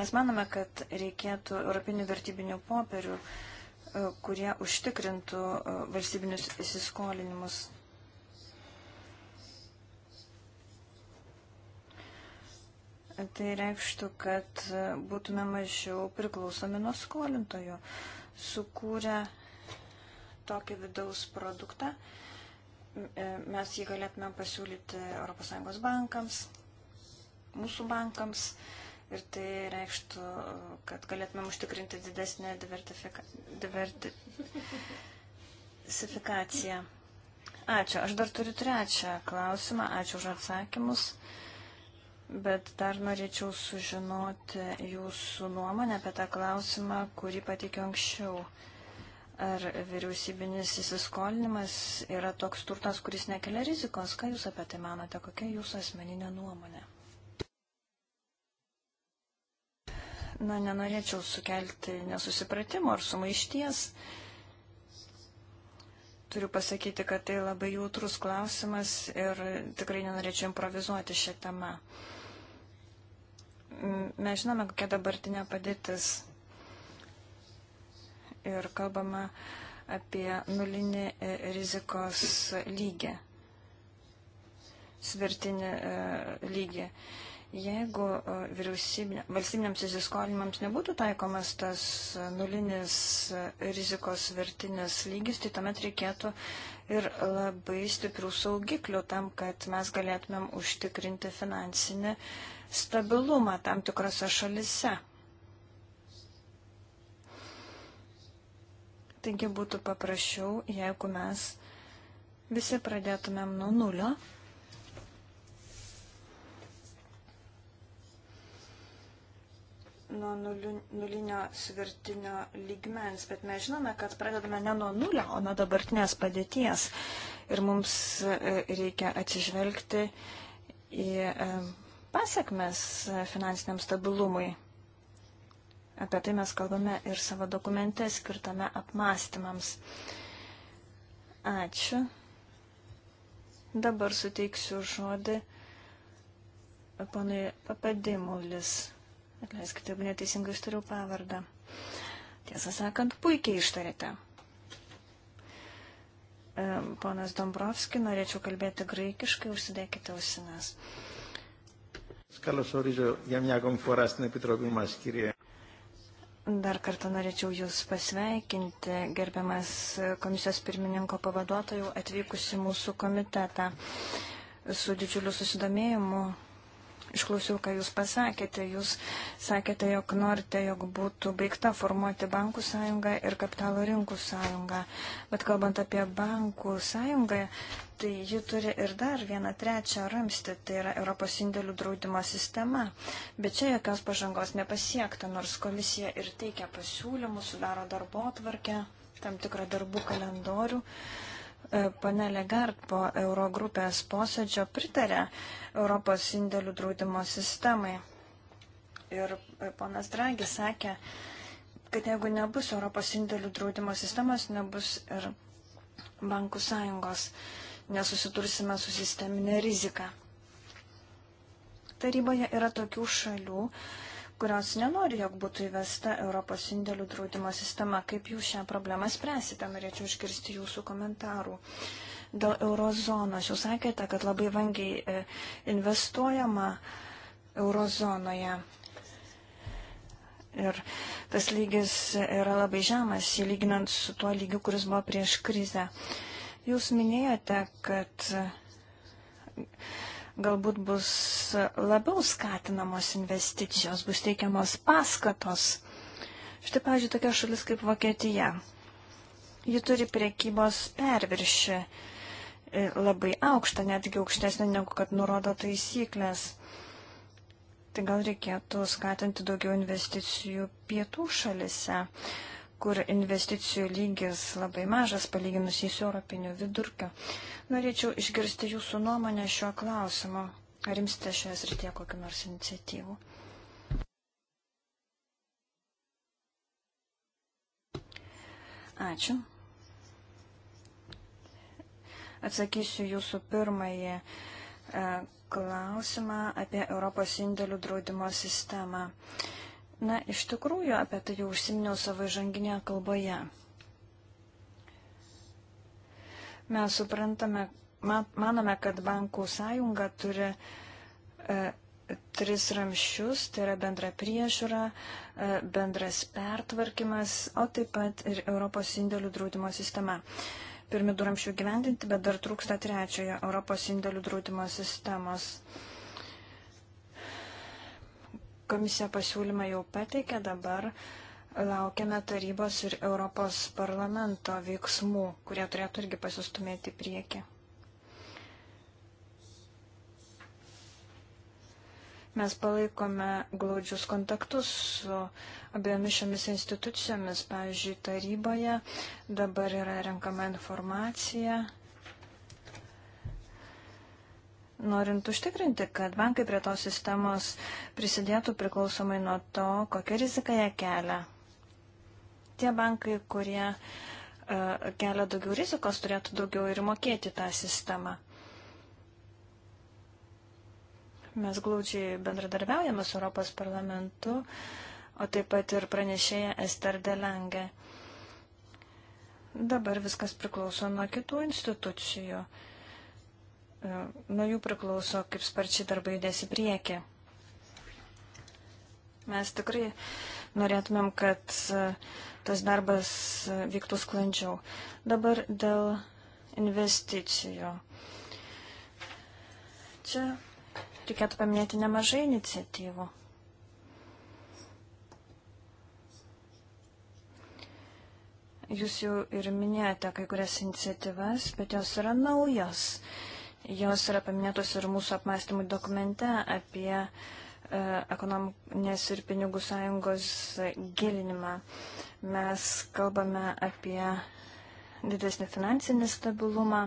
mes manome, kad reikėtų europinių vertybinių popierių, e, kurie užtikrintų e, valstybinius įsiskolinimus. Tai reikštų, kad e, būtume mažiau priklausomi nuo skolintojų. Sukūrę tokį vidaus produktą, mes jį galėtume pasiūlyti ES bankams, mūsų bankams ir tai reikštų, kad galėtumėm užtikrinti didesnę diversifikaciją. Ačiū. Aš dar turiu trečią klausimą. Ačiū už atsakymus. Bet dar norėčiau sužinoti jūsų nuomonę apie tą klausimą, kurį pateikiau anksčiau. Ar vyriausybinis įsiskolinimas yra toks turtas, kuris nekelia rizikos? Ką jūs apie tai manote? Kokia jūsų asmeninė nuomonė? na, nenorėčiau sukelti nesusipratimo ar sumaišties. Turiu pasakyti, kad tai labai jautrus klausimas ir tikrai nenorėčiau improvizuoti šią temą. Mes žinome, kokia dabartinė padėtis ir kalbama apie nulinį e, rizikos lygį, svertinį e, lygį. Jeigu e, valstybiniams įsiskolinimams nebūtų taikomas tas e, nulinis e, rizikos vertinis lygis, tai tuomet reikėtų ir labai stiprių saugiklių tam, kad mes galėtumėm užtikrinti finansinį stabilumą tam tikrose šalise. Taigi būtų paprasčiau, jeigu mes visi pradėtumėm nuo nulio nuo nulinio svirtinio lygmens, bet mes žinome, kad pradedame ne nuo nulio, o nuo dabartinės padėties. Ir mums e, reikia atsižvelgti į e, pasiekmes e, finansiniam stabilumui. Apie tai mes kalbame ir savo dokumente skirtame apmąstymams. Ačiū. Dabar suteiksiu žodį ponui Papadimulis. Atleiskite, jeigu neteisingai ištariau pavardą. Tiesą sakant, puikiai ištarėte. E, ponas Dombrovski, norėčiau kalbėti graikiškai, užsidėkite ausines. Dar kartą norėčiau Jūs pasveikinti, gerbiamas komisijos pirmininko pavaduotojų atvykusi mūsų komitetą. Su didžiuliu susidomėjimu Išklausiau, ką Jūs pasakėte. Jūs sakėte, jog norite, jog būtų baigta formuoti bankų sąjungą ir kapitalo rinkų sąjungą. Bet kalbant apie bankų sąjungą, tai ji turi ir dar vieną trečią ramstį, tai yra Europos indėlių draudimo sistema. Bet čia jokios pažangos nepasiekta, nors komisija ir teikia pasiūlymus, sudaro darbo tvarkę, tam tikrą darbų kalendorių. Uh, E, pane Legard po Eurogrupės posėdžio pritarė Europos indėlių draudimo sistemai. Ir e, ponas Dragi sakė, kad jeigu nebus Europos indėlių draudimo sistemos, nebus ir bankų sąjungos, nesusitursime su sisteminė rizika. Taryboje yra tokių šalių, kurios nenori, jog būtų įvesta Europos indėlių draudimo sistema. Kaip jūs šią problemą spręsite, norėčiau išgirsti jūsų komentarų. Dėl eurozonos, jūs sakėte, kad labai vangiai e, investuojama eurozonoje. Ir tas lygis yra labai žemas, lyginant su tuo lygiu, kuris buvo prieš krizę. Jūs minėjote, kad galbūt bus labiau skatinamos investicijos, bus teikiamos paskatos. Štai, pavyzdžiui, tokia šalis kaip Vokietija. Ji turi priekybos perviršį e, labai aukštą, netgi aukštesnį negu kad nurodo taisyklės. Tai gal reikėtų skatinti daugiau investicijų pietų šalise. Uh, kur investicijų lygis labai mažas palyginus į europinio vidurkio. Norėčiau išgirsti jūsų nuomonę šiuo klausimu. Ar imsite šioje srityje kokiu nors iniciatyvų? Ačiū. Atsakysiu jūsų pirmąjį e, klausimą apie Europos indėlių draudimo sistemą. E, Na, iš tikrųjų, apie tai jau užsiminiau savo žanginėje kalboje. Mes suprantame, manome, kad bankų sąjunga turi e, tris ramščius, tai yra bendra priežiūra, e, bendras pertvarkymas, o taip pat ir Europos indėlių draudimo sistema. Pirmi du ramščių gyvendinti, bet dar trūksta trečiojo Europos indėlių draudimo sistemos. E, Komisija pasiūlymą jau pateikė, dabar laukiame tarybos ir Europos parlamento veiksmų, kurie turėtų irgi pasistumėti prieki. Mes palaikome glaudžius kontaktus su abiejomis šiomis institucijomis, pavyzdžiui, taryboje dabar yra renkama informacija norint užtikrinti, kad bankai prie tos sistemos prisidėtų priklausomai nuo to, kokią riziką jie kelia. Tie bankai, kurie uh, kelia daugiau rizikos, turėtų daugiau ir mokėti tą sistemą. Mes glaudžiai bendradarbiaujame su Europos parlamentu, o taip pat ir pranešėja Ester Delange. Dabar viskas priklauso nuo kitų institucijų. Uh, E, nuo jų priklauso, kaip sparčiai darbai judės į priekį. Mes tikrai norėtumėm, kad e, tas darbas e, vyktų sklandžiau. Dabar dėl investicijų. Čia reikėtų paminėti nemažai iniciatyvų. Jūs jau ir minėjote kai kurias iniciatyvas, bet jos yra naujos. Uh, Jos yra paminėtos ir mūsų apmąstymų dokumente apie e, ekonominės ir pinigų sąjungos gilinimą. Mes kalbame apie didesnį finansinį stabilumą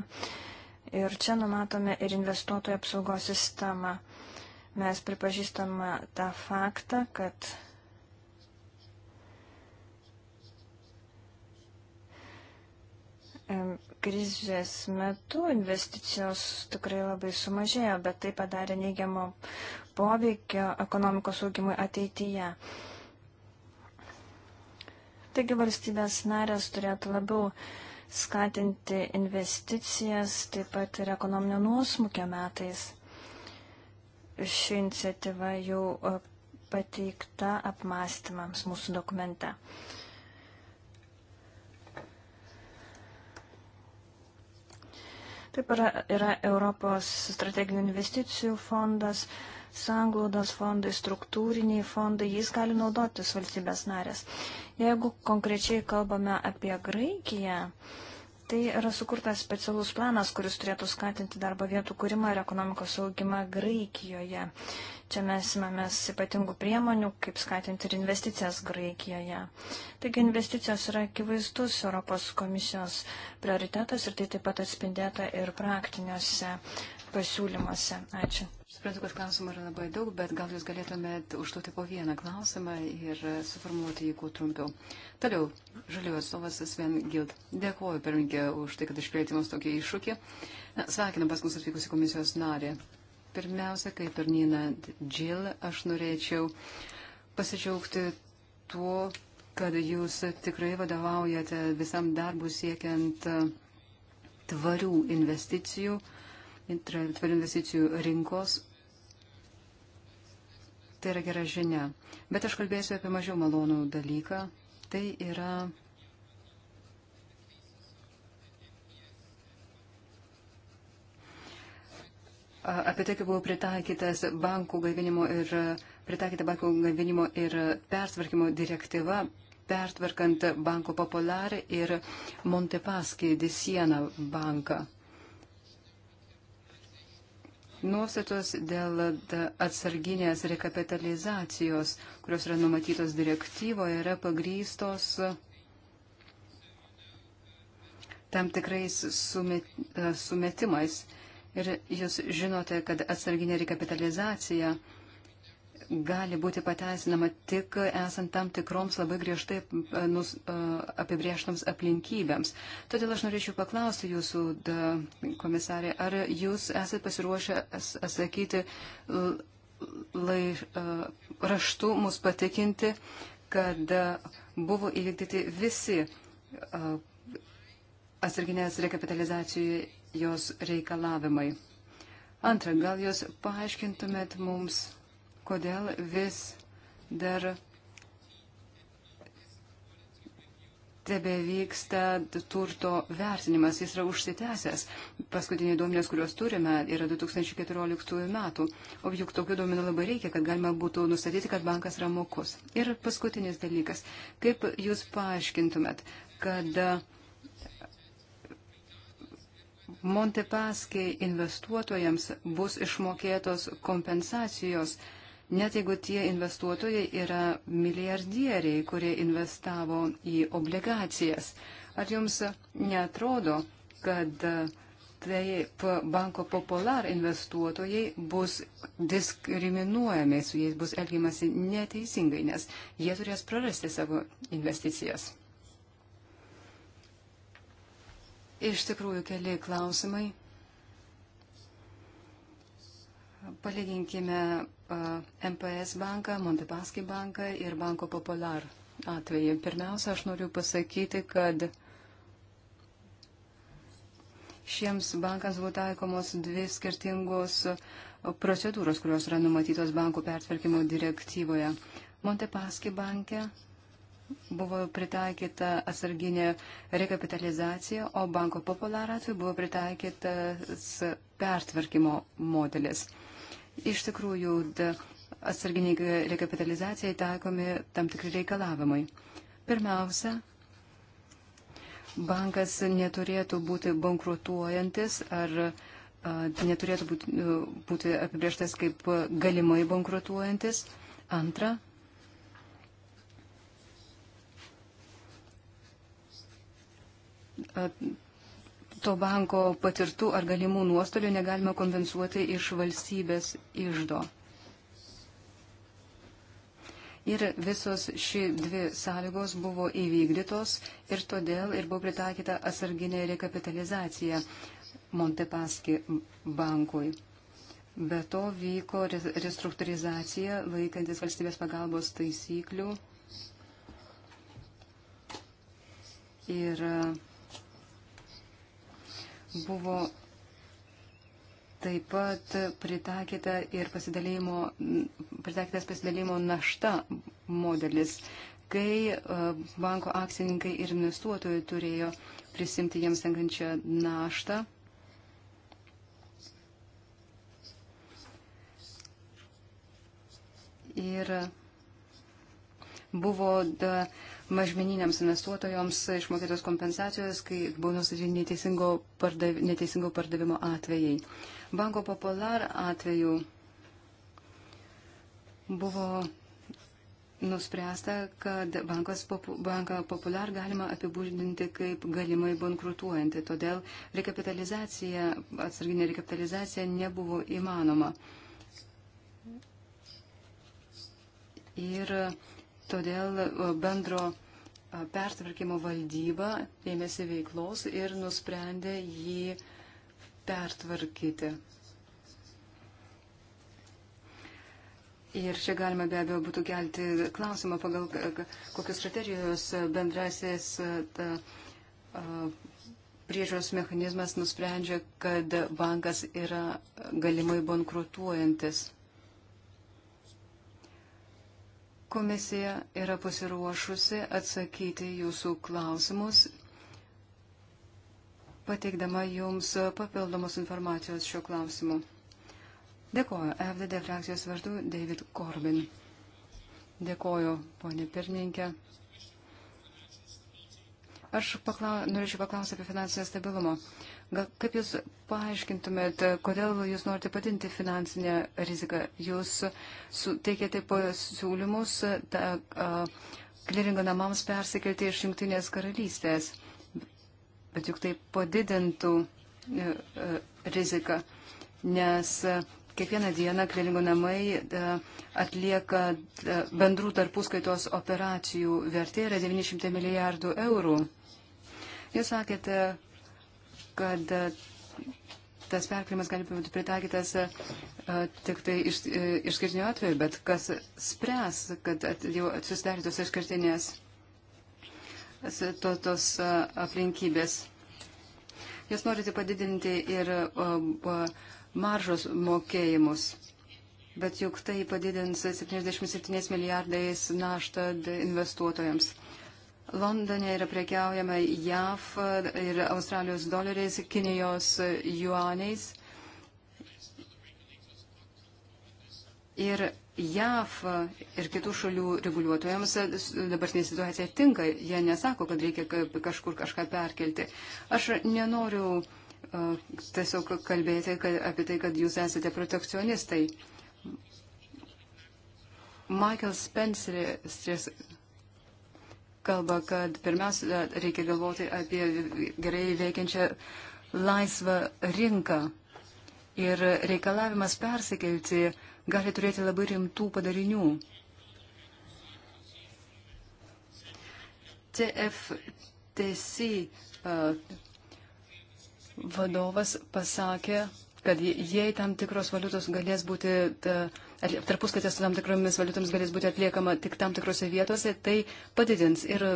ir čia numatome ir investuotojų apsaugos sistemą. Mes pripažįstame tą faktą, kad krizės metu investicijos tikrai labai sumažėjo, bet tai padarė neigiamą poveikio ekonomikos augimui ateityje. Taigi valstybės narės turėtų labiau skatinti investicijas, taip pat ir ekonominio nuosmukio metais. Ši iniciatyva jau e, pateikta apmąstymams mūsų dokumente. Taip yra, yra Europos strateginių investicijų fondas, sanglaudos fondai, struktūriniai fondai, jais gali naudotis valstybės narės. Jeigu konkrečiai kalbame apie Graikiją, tai yra sukurtas specialus planas, kuris turėtų skatinti darbo vietų kūrimą ir ekonomikos augimą Graikijoje. Čia mes imamės ypatingų priemonių, kaip skatinti ir investicijas Graikijoje. Taigi investicijos yra akivaizdus Europos komisijos prioritetas ir tai taip pat atspindėta ir praktiniuose pasiūlymuose. Ačiū. Suprantu, kad klausimų yra labai daug, bet gal jūs galėtumėt užduoti po vieną klausimą ir suformuoluoti jį kuo trumpiau. Toliau, žaliųjų atstovas Sven Gild. Dėkuoju, pirmininkė, už tai, kad iškvietė mus tokį iššūkį. Na, sveikinu pas mus atvykusi komisijos narė. Pirmiausia, kaip ir Nina Džil, aš norėčiau pasidžiaugti tuo, kad jūs tikrai vadovaujate visam darbų siekiant tvarių investicijų. Uh, tvarių investicijų rinkos. Tai yra gera žinia. Bet aš kalbėsiu apie mažiau malonų dalyką. Tai yra apie tai, kaip buvo pritaikytas bankų gaivinimo ir pritaikyta bankų gaivinimo ir pertvarkymo direktyva, pertvarkant banko populiarį ir Montepaskį Disieną banką nuostatos dėl atsarginės rekapitalizacijos, kurios yra numatytos direktyvoje, yra pagrystos tam tikrais e, sumetimais. Ir jūs žinote, kad atsarginė rekapitalizacija gali būti pateisinama tik esant tam tikroms labai griežtai e, nus, e, apibrieštoms aplinkybėms. Todėl aš norėčiau paklausti jūsų, da, komisarė, ar jūs esate pasiruošę atsakyti lai, e, raštu mus patikinti, kad buvo įvykdyti visi atsarginės rekapitalizacijos reikalavimai. Antra, gal jūs paaiškintumėt mums kodėl vis dar tebe vyksta turto vertinimas, jis yra užsitęsęs. Paskutiniai duomenės, kuriuos turime, yra 2014 metų. O juk tokių duomenų labai reikia, kad galima būtų nustatyti, kad bankas yra mokus. Ir paskutinis dalykas. Kaip jūs paaiškintumėt, kad Montepaskiai investuotojams bus išmokėtos kompensacijos? net jeigu tie investuotojai yra milijardieriai, kurie investavo į obligacijas. Ar jums netrodo, kad e, taip banko popular investuotojai bus diskriminuojami, su jais bus elgiamasi neteisingai, nes jie turės prarasti savo investicijas. Iš tikrųjų, keli klausimai. Palyginkime MPS banką, Montepaski banką ir Banko Popular atveju. Pirmiausia, aš noriu pasakyti, kad šiems bankams buvo taikomos dvi skirtingos procedūros, kurios yra numatytos bankų pertvarkymo direktyvoje. Montepaski banke buvo pritaikyta atsarginė rekapitalizacija, o banko populiar atveju buvo pritaikytas pertvarkymo modelis. Iš tikrųjų, atsarginiai rekapitalizacijai taikomi tam tikri reikalavimai. Pirmiausia, bankas neturėtų būti bankrutuojantis ar a, neturėtų būti, būti apibrieštas kaip galimai bankrutuojantis. Antra, a, to banko patirtų ar galimų nuostolių negalima kompensuoti iš valstybės išdo. Ir visos ši dvi sąlygos buvo įvykdytos ir todėl ir buvo pritaikyta atsarginė rekapitalizacija Montepaski bankui. Be to vyko restruktūrizacija laikantis valstybės pagalbos taisyklių. Ir uh, buvo taip pat pritaikyta ir pasidalėjimo, pritaikytas pasidalėjimo našta modelis, kai e, banko akcininkai ir investuotojai turėjo prisimti jiems tenkančią naštą. Ir buvo da, uh, mažmeniniams investuotojams išmokėtos kompensacijos, kai buvo nustatyti neteisingo, pardav, neteisingo pardavimo atvejai. Banko Popular atveju buvo nuspręsta, kad bankas, banką Popular galima apibūdinti kaip galimai bankrutuojantį, todėl rekapitalizacija, atsarginė rekapitalizacija nebuvo įmanoma. Ir Todėl e, bendro e, pertvarkymo valdyba ėmėsi veiklos ir nusprendė jį pertvarkyti. Ir čia galima be abejo būtų kelti klausimą, pagal e, kokius kriterijus bendrasis priežiūros mechanizmas nusprendžia, kad bankas yra galimai bankrutuojantis. Komisija yra pasiruošusi atsakyti jūsų klausimus, pateikdama jums papildomos informacijos šiuo klausimu. Dėkoju FDD frakcijos vardu David Corbin. Dėkoju, ponė pirmininkė. Aš paklau, norėčiau paklausti apie finansinę stabilumą. Uh, Gal kaip Jūs paaiškintumėt, kodėl Jūs norite padinti finansinę riziką? Jūs teikėte pasiūlymus kliringo namams persikelti iš Junktinės karalystės, bet juk tai padidintų e, e, riziką, nes e, kiekvieną dieną kliringo namai atlieka bendrų tarpuskaitos operacijų vertė yra 900 milijardų eurų. Jūs sakėte, kad e, tas perkelimas gali būti pritaikytas e, e, tik tai iš, išskirtinio atveju, bet kas spręs, kad at, jau susidarytos išskirtinės to, tos aplinkybės. Jūs norite padidinti ir maržos mokėjimus, bet juk tai padidins 77 milijardais naštą investuotojams. Londone yra prekiaujama JAV ir Australijos doleriais, Kinijos juaniais. Ir JAV ir kitų šalių reguliuotojams dabartinė situacija tinka. Jie nesako, kad reikia kažkur kažką perkelti. Aš nenoriu tiesiog kalbėti apie tai, kad jūs esate protekcionistai. Michael Spenceris kalba, kad pirmiausia reikia galvoti apie gerai veikiančią laisvą rinką. Ir reikalavimas persikelti gali turėti labai rimtų padarinių. TFTC vadovas pasakė, kad jei tam tikros valiutos galės būti tarpuskaitė su tam tikromis valiutomis galės būti atliekama tik tam tikrose vietose, tai padidins ir e,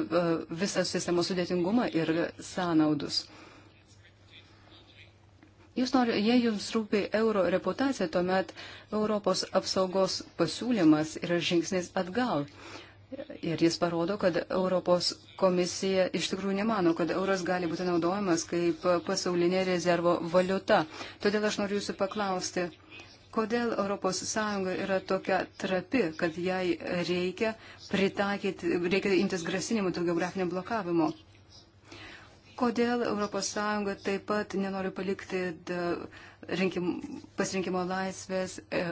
visą sistemos sudėtingumą ir sąnaudus. Jūs nori, jei jums rūpi euro reputacija, tuomet Europos apsaugos pasiūlymas yra žingsnis atgal. Ir jis parodo, kad Europos komisija iš tikrųjų nemano, kad euras gali būti naudojamas kaip pasaulinė rezervo valiuta. Todėl aš noriu jūsų paklausti, Kodėl ES yra tokia trapi, kad jai reikia pritaikyti, reikia imtis grasinimų dėl geografinio blokavimo? Kodėl ES taip pat nenori palikti rinkim, pasirinkimo laisvės e,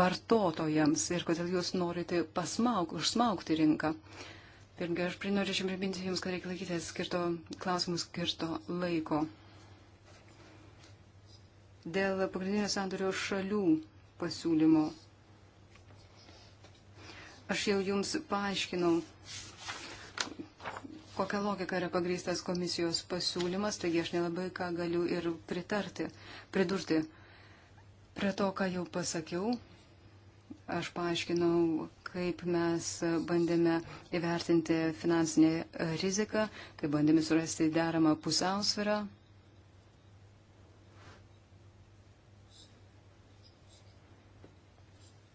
vartotojams ir kodėl jūs norite pasmauk, užsmaukti rinką? Pirmiausia, aš norėčiau priminti Jums, kad reikia laikytis skirto, klausimų skirto laiko dėl pagrindinio sandorio šalių pasiūlymo. Aš jau jums paaiškinau, kokia logika yra pagrįstas komisijos pasiūlymas, taigi aš nelabai ką galiu ir pritarti, pridurti. Prie to, ką jau pasakiau, aš paaiškinau, kaip mes bandėme įvertinti finansinę riziką, kaip bandėme surasti deramą pusiausvyrą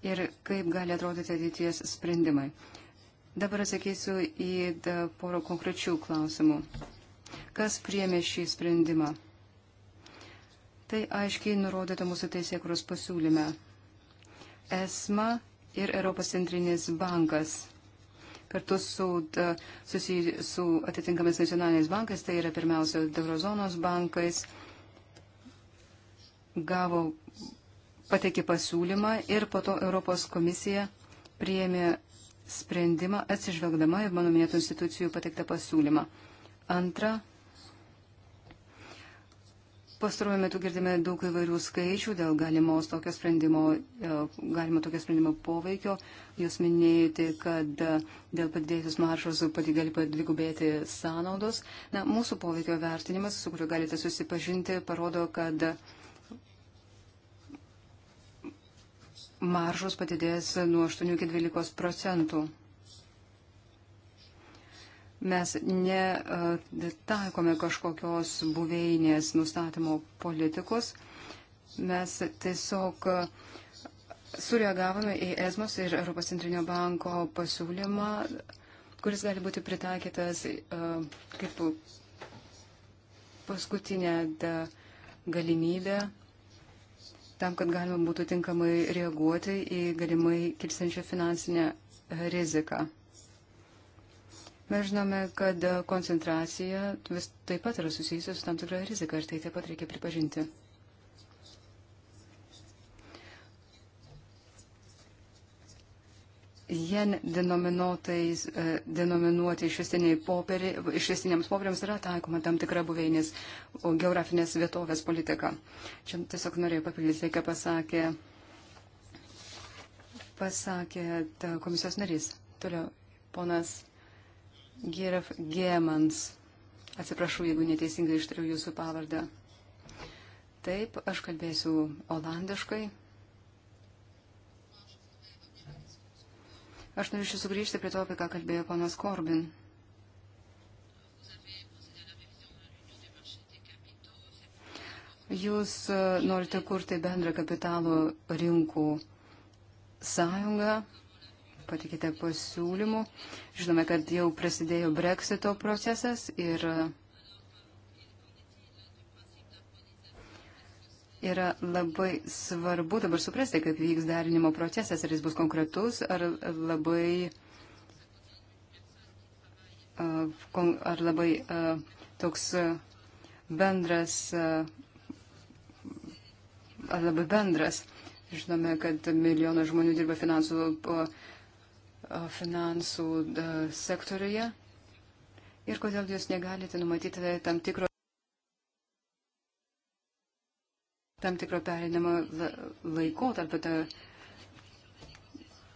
ir kaip gali atrodyti ateities sprendimai. Dabar atsakysiu į porą konkrečių klausimų. Kas priemė šį sprendimą? Tai aiškiai nurodyta mūsų teisėkuros pasiūlyme. ESMA ir Europos centrinis bankas kartu su, susi, su atitinkamais nacionaliniais bankais, tai yra pirmiausia Eurozonos bankais, gavo pateikė pasiūlymą ir po to Europos komisija priėmė sprendimą atsižvelgdama į mano minėtų institucijų pateiktą pasiūlymą. Antra, pastaruoju metu girdime daug įvairių skaičių dėl galimos tokio sprendimo, e, galimo tokio sprendimo poveikio. Jūs minėjote, kad e, dėl padidėjusios maršos pati gali padvigubėti sąnaudos. Na, mūsų poveikio vertinimas, su kuriuo galite susipažinti, parodo, kad maržos padidės nuo 8 iki 12 procentų. Mes netaikome kažkokios buveinės nustatymo politikos, mes tiesiog sureagavome į ESMOS ir Europos centrinio banko pasiūlymą, kuris gali būti pritaikytas e, kaip paskutinė galimybė tam, kad galima būtų tinkamai reaguoti į galimai kilsiančią finansinę riziką. Mes žinome, kad koncentracija vis taip pat yra susijusi su tam tikra rizika ir tai taip pat reikia pripažinti. jen e, denominuoti poperi, išvestiniams popieriams yra taikoma tam tikra buveinės geografinės vietovės politika. Čia tiesiog norėjau papildyti, tai, ką pasakė, pasakė komisijos narys. Toliau ponas Geraf Gemans. Atsiprašau, jeigu neteisingai ištariu jūsų pavardę. Taip, aš kalbėsiu olandiškai. Aš norėčiau sugrįžti prie to, apie ką kalbėjo panas Korbin. Jūs e, norite kurti bendrą kapitalo rinkų sąjungą, patikite pasiūlymų. Žinome, kad jau prasidėjo breksito procesas ir yra labai svarbu dabar suprasti, kaip vyks darinimo procesas, ar jis bus konkretus, ar labai, ar labai toks bendras, ar labai bendras. Žinome, kad milijonas žmonių dirba finansų, finansų sektoriuje. Ir kodėl jūs negalite numatyti tam tikro. tam tikro perinamo laiko tarp to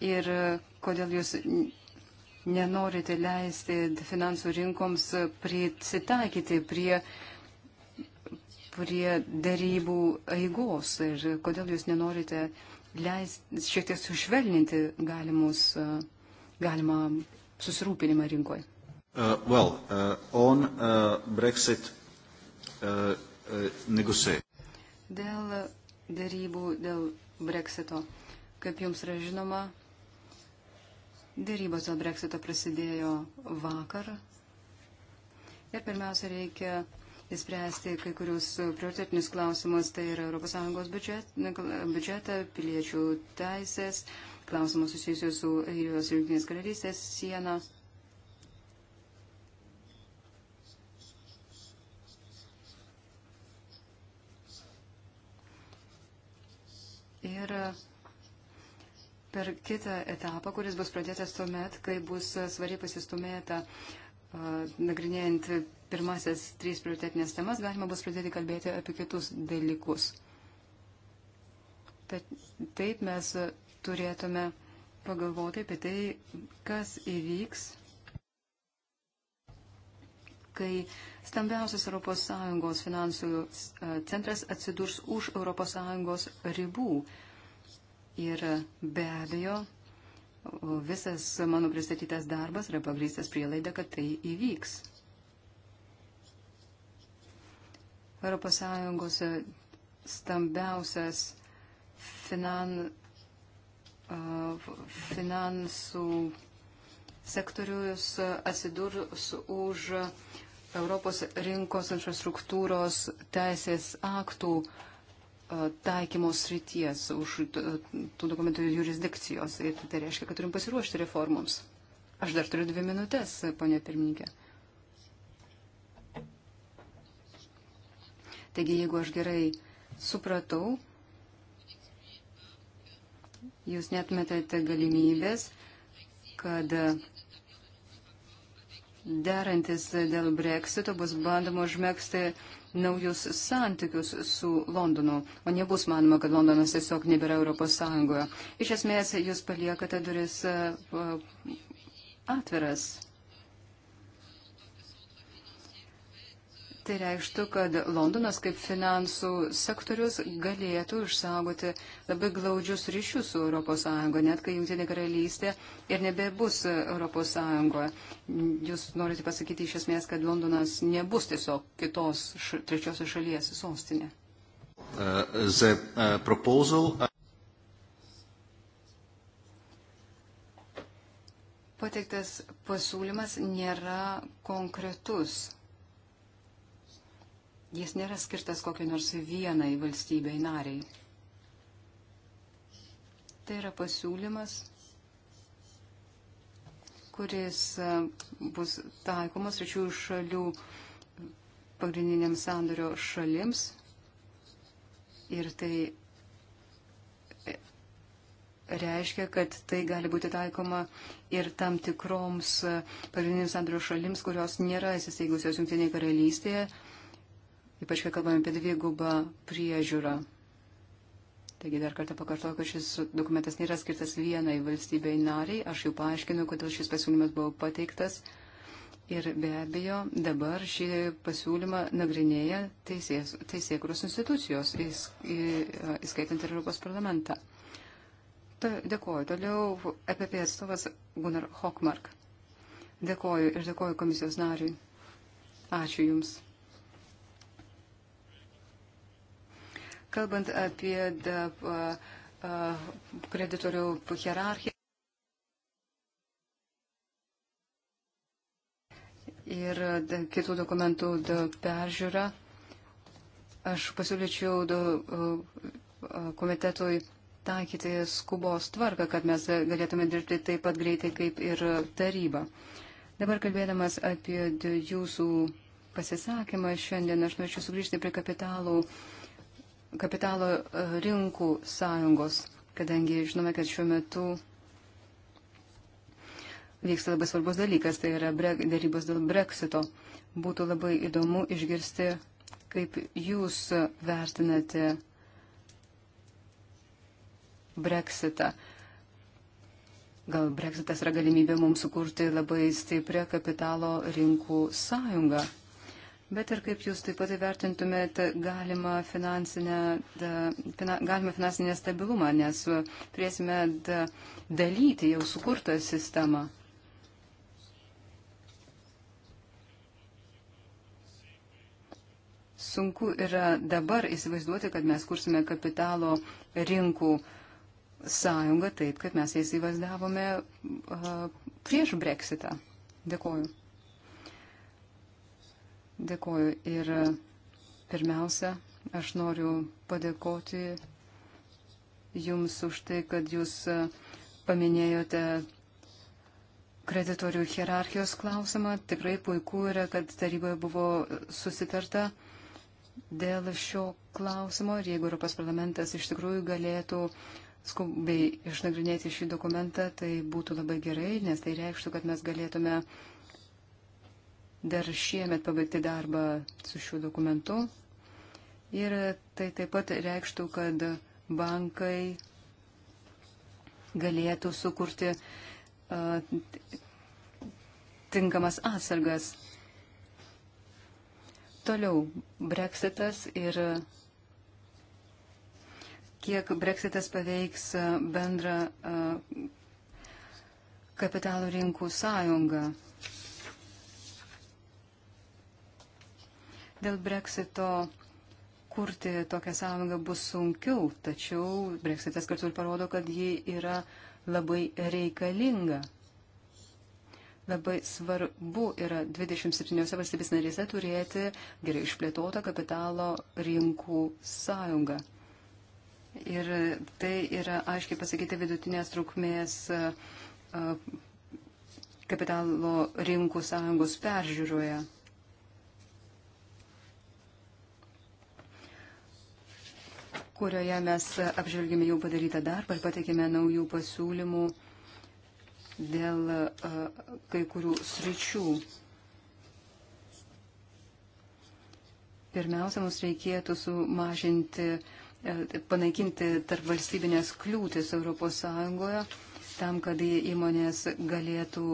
ir e, kodėl jūs nenorite leisti finansų rinkoms prisitaikyti prie, prie darybų eigos ir kodėl jūs nenorite leisti šiek tiek sušvelninti galimus, e, galimą susirūpinimą rinkoje. Uh, well, uh, on uh, Brexit uh, uh, negoci dėl dėrybų dėl breksito. Kaip jums yra žinoma, dėrybos dėl breksito prasidėjo vakar. Ir pirmiausia, reikia įspręsti kai kurius prioritetinius klausimus, tai yra ES biudžet, biudžetą, piliečių teisės, klausimus susijusius su Airijos ir Junktinės karalystės sienos Ir per kitą etapą, kuris bus pradėtas tuomet, kai bus svariai pasistumėta nagrinėjant pirmasis trys prioritetinės temas, galima bus pradėti kalbėti apie kitus dalykus. Tad taip mes turėtume pagalvoti apie tai, kas įvyks kai stambiausias ES finansų e, centras atsidurs už ES ribų. Ir be abejo, visas mano pristatytas darbas yra pagrįstas prielaida, kad tai įvyks. ES e, stambiausias finan, e, finansų sektorius atsidurs už Europos rinkos infrastruktūros teisės aktų e, taikymos ryties, už e, tų dokumentų jurisdikcijos. Ir tai reiškia, kad turim pasiruošti reformoms. Aš dar turiu dvi minutės, ponė pirmininkė. Taigi, jeigu aš gerai supratau, jūs netmetate galimybės, kad Derantis dėl breksito bus bandoma užmėgsti naujus santykius su Londonu, o nebus manoma, kad Londonas tiesiog nebėra Europos Sąjungoje. Iš esmės, jūs paliekate duris e, atviras. Tai reikštų, kad Londonas kaip finansų sektorius galėtų išsaugoti labai glaudžius ryšius su ES, net kai Junktinė karalystė ir nebebus ES. Jūs norite pasakyti iš esmės, kad Londonas nebus tiesiog kitos š, trečiosios šalies sostinė. Uh, the, uh, proposal... Uh, Pateiktas pasiūlymas nėra konkretus. Jis nėra skirtas kokiai nors vienai valstybei nariai. Tai yra pasiūlymas, kuris e, bus taikomas ryčių šalių pagrindiniams sandorio šalims. Ir tai e, reiškia, kad tai gali būti taikoma ir tam tikroms e, pagrindiniams sandorio šalims, kurios nėra įsisteigusios Junktinėje karalystėje ypač kai kalbame apie dvigubą priežiūrą. Taigi dar kartą pakartoju, kad šis dokumentas nėra skirtas vienai valstybei nariai. Aš jau paaiškinu, kodėl šis pasiūlymas buvo pateiktas. Ir be abejo, dabar šį pasiūlymą nagrinėja teisėkuros institucijos, įs, į, įskaitant ir Europos parlamentą. Ta, dėkoju. Toliau EPP atstovas Gunnar Hockmark. Dėkoju ir dėkoju komisijos nariui. Ačiū Jums. Kalbant apie kreditorių hierarchiją. ir kitų dokumentų peržiūrą. Aš pasiūlyčiau komitetui taikyti skubos tvarką, kad mes galėtume dirbti taip pat greitai kaip ir taryba. Dabar kalbėdamas apie jūsų pasisakymą šiandien, aš norėčiau sugrįžti prie kapitalų uh, kapitalo e, rinkų sąjungos, kadangi žinome, kad šiuo metu vyksta labai svarbus dalykas, tai yra darybos dėl breksito. Būtų labai įdomu išgirsti, kaip jūs vertinate breksitą. Gal breksitas yra galimybė mums sukurti labai stiprią kapitalo rinkų sąjungą bet ir kaip jūs taip pat įvertintumėt galimą finansinę, da, fina, galimą finansinę stabilumą, nes turėsime da, dalyti jau sukurtą sistemą. Sunku yra dabar įsivaizduoti, kad mes kursime kapitalo rinkų sąjungą taip, kaip mes jas įvaizdavome uh, prieš breksitą. Dėkoju. Dėkuoju ir pirmiausia, aš noriu padėkoti Jums už tai, kad Jūs e, paminėjote kreditorių hierarchijos klausimą. Tikrai puiku yra, kad taryboje buvo susitarta dėl šio klausimo ir jeigu Europos parlamentas iš tikrųjų galėtų skubiai išnagrinėti šį dokumentą, tai būtų labai gerai, nes tai reikštų, kad mes galėtume uh, dar šiemet pabaigti darbą su šiuo dokumentu. Ir tai taip pat reikštų, kad bankai galėtų sukurti uh, tinkamas atsargas. Toliau Brexitas ir kiek Brexitas paveiks bendrą uh, kapitalų rinkų sąjungą. Dėl breksito kurti tokią sąjungą bus sunkiau, tačiau breksitas kartu ir parodo, kad ji yra labai reikalinga. Labai svarbu yra 27 valstybės narėse turėti gerai išplėtotą kapitalo rinkų sąjungą. Ir tai yra aiškiai pasakyti vidutinės trukmės kapitalo rinkų sąjungos peržiūroje. kurioje mes apžvelgėme jau padarytą darbą ir pateikėme naujų pasiūlymų dėl e, kai kurių sričių. Pirmiausia, mums reikėtų sumažinti, e, panaikinti tarp valstybinės kliūtis ES tam, kad įmonės galėtų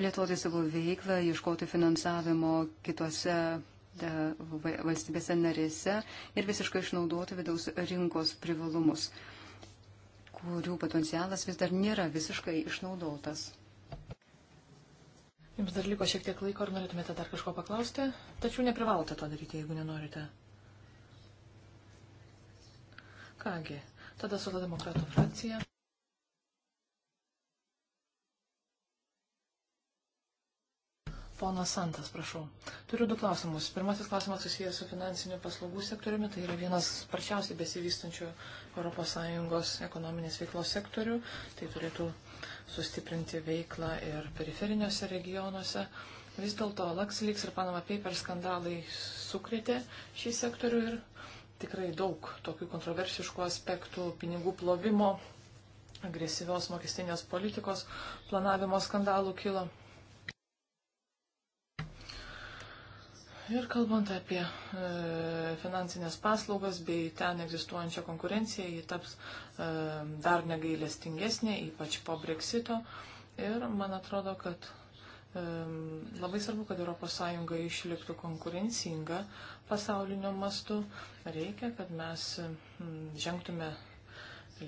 plėtoti savo veiklą, ieškoti finansavimo kitose E, valstybėse narėse ir visiškai išnaudoti vidaus rinkos privalumus, kurių potencialas vis dar nėra visiškai išnaudotas. Jums dar liko šiek tiek laiko, ar norėtumėte dar kažko paklausti, tačiau neprivalote to daryti, jeigu nenorite. Kągi, tada su demokratų frakcija. Ponas Santas, prašau. Turiu du klausimus. Pirmasis klausimas susijęs su finansiniu paslaugų sektoriumi. Tai yra vienas sparčiausiai besivystančių ES ekonominės veiklos sektorių. Tai turėtų sustiprinti veiklą ir periferiniuose regionuose. Vis dėlto LuxLeaks ir Panama Paper skandalai sukrėtė šį sektorių ir tikrai daug tokių kontroversiškų aspektų pinigų plovimo agresyvios mokestinės politikos planavimo skandalų kilo. Ir kalbant apie e, finansinės paslaugas bei ten egzistuojančią konkurenciją, ji taps e, dar negailestingesnė, ypač po breksito. Ir man atrodo, kad e, labai svarbu, kad ES išliktų konkurencinga pasaulinio mastu. Reikia, kad mes m, žengtume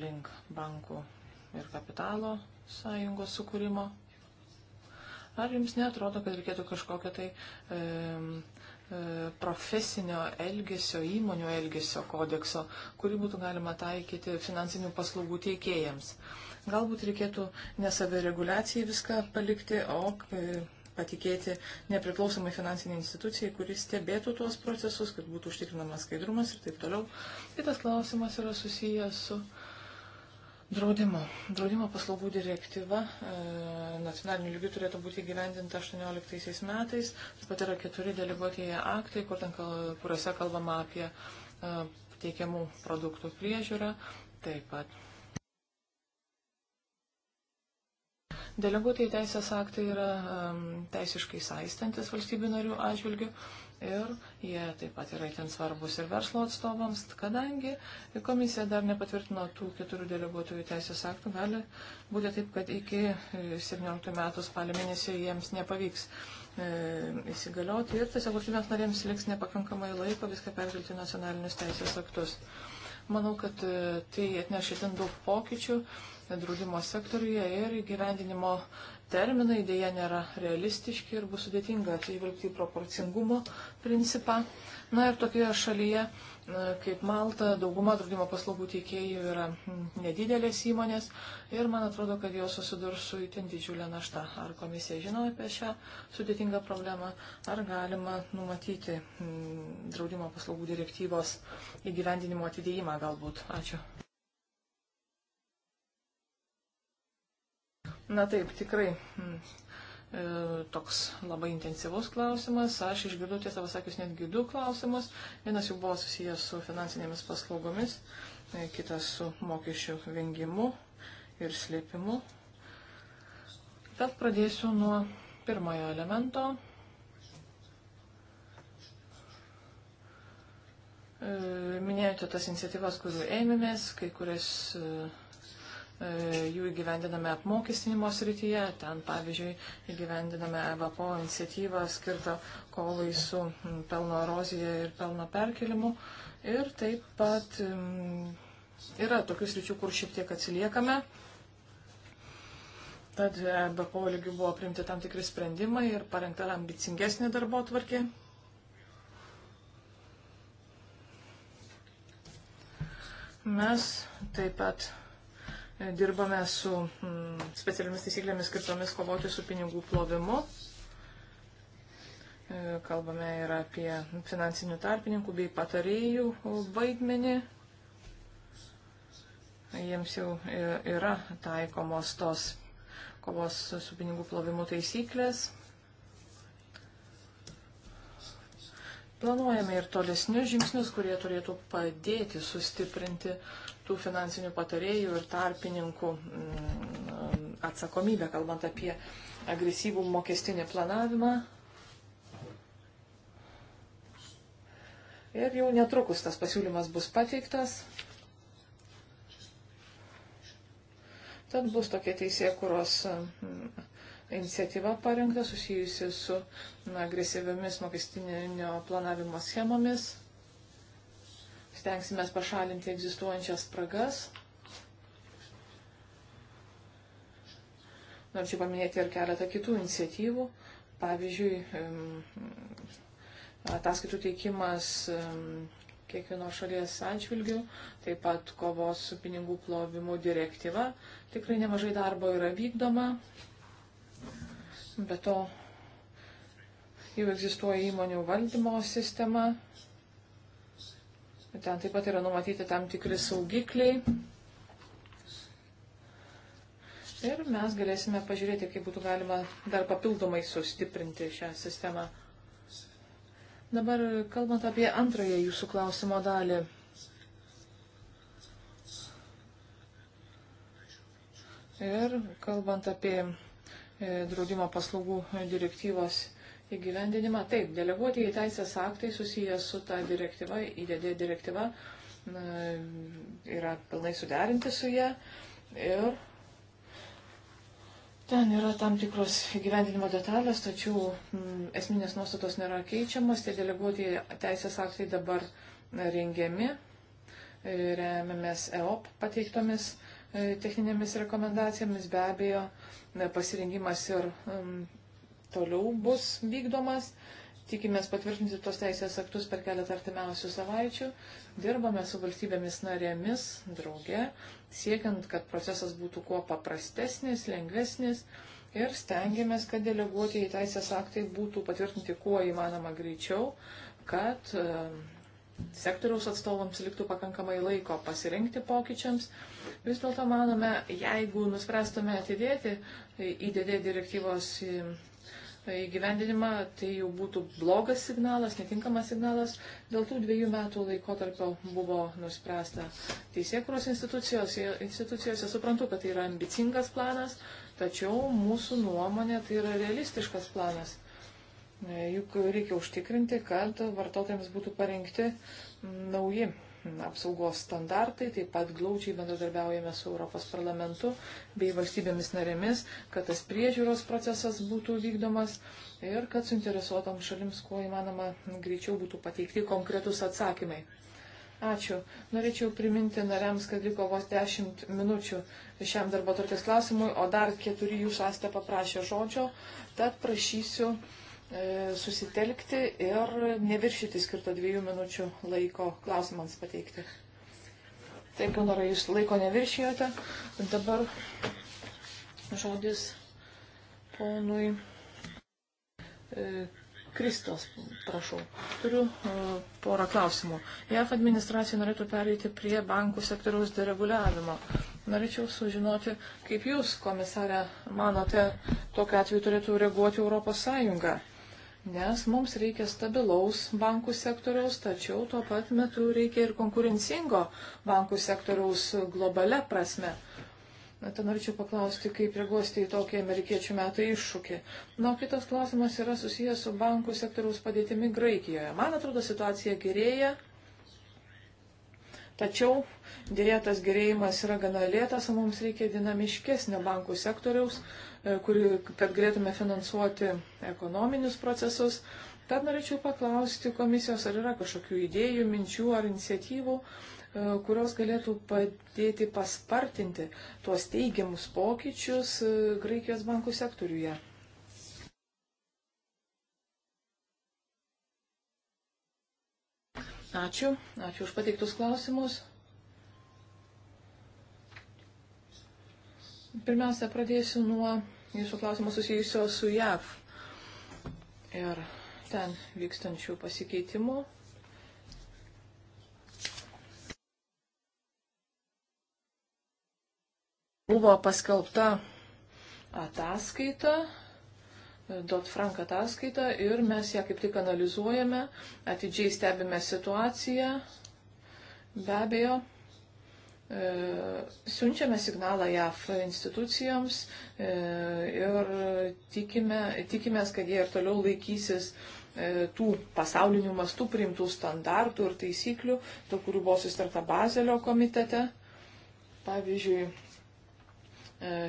link bankų ir kapitalo sąjungos sukūrimo. Ar jums netrodo, kad reikėtų kažkokią tai. E, E, profesinio elgesio, įmonių elgesio kodekso, kurį būtų galima taikyti finansinių paslaugų teikėjams. Galbūt reikėtų nesavireguliacijai viską palikti, o e, patikėti nepriklausomai finansiniai institucijai, kuris stebėtų tuos procesus, kad būtų užtikrinamas skaidrumas ir taip toliau. Kitas klausimas yra susijęs su Draudimo. Draudimo paslaugų direktyva e, nacionaliniu lygiu turėtų būti įgyvendinta 18 metais. Taip pat yra keturi deleguotieji aktai, kur ten, kuriuose kalbama apie e, teikiamų produktų priežiūrą. Taip pat. Deleguotieji teisės aktai yra e, teisiškai saistantis valstybių narių atžvilgių. E, ir jie taip pat yra itin svarbus ir verslo atstovams, kadangi komisija dar nepatvirtino tų keturių deleguotojų teisės aktų, gali būti taip, kad iki 17 e, metų spalio mėnesio jiems nepavyks e, įsigalioti ir tiesiog valstybėms narėms liks nepakankamai laiko viską peržvelgti nacionalinius teisės aktus. Manau, kad e, tai atneš itin daug pokyčių e, draudimo sektoriuje ir įgyvendinimo terminai dėja nėra realistiški ir bus sudėtinga atsižvelgti į proporcingumo principą. Na ir tokioje šalyje kaip Malta dauguma draudimo paslaugų teikėjų yra nedidelės įmonės ir man atrodo, kad jos susidurs su itin didžiulė našta. Ar komisija žino apie šią sudėtingą problemą, ar galima numatyti draudimo paslaugų direktyvos įgyvendinimo atidėjimą galbūt. Ačiū. Na taip, tikrai. Hmm. E, toks labai intensyvus klausimas. Aš išgirdau, tiesą pasakius, netgi du klausimus. Vienas jų buvo susijęs su finansinėmis paslaugomis, e, kitas su mokesčių vengimu ir slėpimu. Tad pradėsiu nuo pirmojo elemento. E, minėjote tas iniciatyvas, kurių ėmėmės, kai kurias. E, E, jų įgyvendiname apmokestinimo srityje. Ten, pavyzdžiui, įgyvendiname EBPO iniciatyvą skirtą kovai su pelno erozija ir pelno perkelimu. Ir taip pat yra tokių sričių, kur šiek tiek atsiliekame. Tad EBPO lygių buvo priimti tam tikri sprendimai ir parengta ambicingesnė darbo tvarkė. Mes taip pat dirbame su mm, specialiomis taisyklėmis skirtomis kovoti su pinigų plovimu. E, kalbame ir apie finansinių tarpininkų bei patarėjų vaidmenį. Jiems jau e, yra taikomos tos kovos su pinigų plovimu taisyklės. Planuojame ir tolesnius žingsnius, kurie turėtų padėti sustiprinti tų finansinių patarėjų ir tarpininkų mm, atsakomybę, kalbant apie agresyvų mokestinį planavimą. Ir jau netrukus tas pasiūlymas bus pateiktas. Tad bus tokia teisė, kurios mm, iniciatyva parengta susijusi su mm, agresyviomis mokestinio planavimo schemomis stengsime pašalinti egzistuojančias spragas. Norčiau paminėti ir keletą kitų iniciatyvų. Pavyzdžiui, ataskaitų teikimas kiekvienos šalies atžvilgių, taip pat kovos su pinigų plovimu direktyva. Tikrai nemažai darbo yra vykdoma. Be to, jau egzistuoja įmonių valdymo sistema Ten taip pat yra numatyti tam tikri saugikliai. Ir mes galėsime pažiūrėti, kaip būtų galima dar papildomai sustiprinti šią sistemą. Dabar kalbant apie antrąją jūsų klausimo dalį. Ir kalbant apie e, draudimo paslaugų direktyvos įgyvendinimą. Taip, deleguoti į teisės aktai susijęs su ta direktyva, įdėdė direktyva na, yra pilnai suderinti su ją ir ten yra tam tikros įgyvendinimo detalės, tačiau m, mm, esminės nuostatos nėra keičiamas, tie deleguoti teisės aktai dabar rengiami, remiamės EOP pateiktomis e, techninėmis rekomendacijomis, be abejo, pasirengimas ir um, toliau bus vykdomas. Tikimės patvirtinti tos teisės aktus per keletą artimiausių savaičių. Dirbame su valstybėmis narėmis, drauge, siekiant, kad procesas būtų kuo paprastesnis, lengvesnis ir stengiamės, kad deleguotieji teisės aktai būtų patvirtinti kuo įmanoma greičiau, kad e, sektoriaus atstovams liktų pakankamai laiko pasirinkti pokyčiams. Vis dėlto manome, jeigu nuspręstume atidėti įdėdė direktyvos įgyvendinimą, tai jau būtų blogas signalas, netinkamas signalas. Dėl tų dviejų metų laikotarpio buvo nuspręsta teisėkuros institucijose. institucijose. Suprantu, kad tai yra ambicingas planas, tačiau mūsų nuomonė tai yra realistiškas planas. Juk reikia užtikrinti, kad vartotojams būtų parengti nauji apsaugos standartai, taip pat glaučiai bendradarbiaujame su Europos parlamentu bei valstybėmis narėmis, kad tas priežiūros procesas būtų vykdomas ir kad suinteresuotam šalims kuo įmanoma greičiau būtų pateikti konkretus atsakymai. Ačiū. Norėčiau priminti nariams, kad liko vos 10 minučių šiam darbo tvarkės klausimui, o dar keturi jūs esate paprašę žodžio, tad prašysiu E, susitelkti ir neviršyti skirto dviejų minučių laiko klausimams pateikti. Taip, Norai, jūs laiko neviršijote. Dabar žodis ponui e, Kristos, prašau. Turiu e, porą klausimų. JAF administracija norėtų pereiti prie bankų sektoriaus dereguliavimo. Norėčiau sužinoti, kaip jūs, komisarė, manote, tokiu atveju turėtų reaguoti Europos Sąjunga nes mums reikia stabilaus bankų sektoriaus, tačiau tuo pat metu reikia ir konkurencingo bankų sektoriaus globale prasme. Na, tai norėčiau paklausti, kaip reaguosite į tokį amerikiečių metų iššūkį. Na, o kitas klausimas yra susijęs su bankų sektoriaus padėtimi Graikijoje. Man atrodo, situacija gerėja, Tačiau dėrėtas gerėjimas yra gana lėtas, o mums reikia dinamiškesnio bankų sektoriaus, E, kuri, kad galėtume finansuoti ekonominius procesus. Tad norėčiau paklausti komisijos, ar yra kažkokių idėjų, minčių ar iniciatyvų, e, kurios galėtų padėti paspartinti tuos teigiamus pokyčius e, Graikijos bankų sektoriuje. Ačiū, ačiū už pateiktus klausimus. Pirmiausia, pradėsiu nuo jūsų klausimo susijusio su JAV ir ten vykstančių pasikeitimų. Buvo paskelbta ataskaita, Dot Frank ataskaita ir mes ją kaip tik analizuojame, atidžiai stebime situaciją. Be abejo, E, siunčiame signalą JAF institucijoms e, ir tikime, tikimės, kad jie ir toliau laikysis e, tų pasaulinių mastų priimtų standartų ir taisyklių, to kurių buvo sustarta Bazelio komitete. Pavyzdžiui,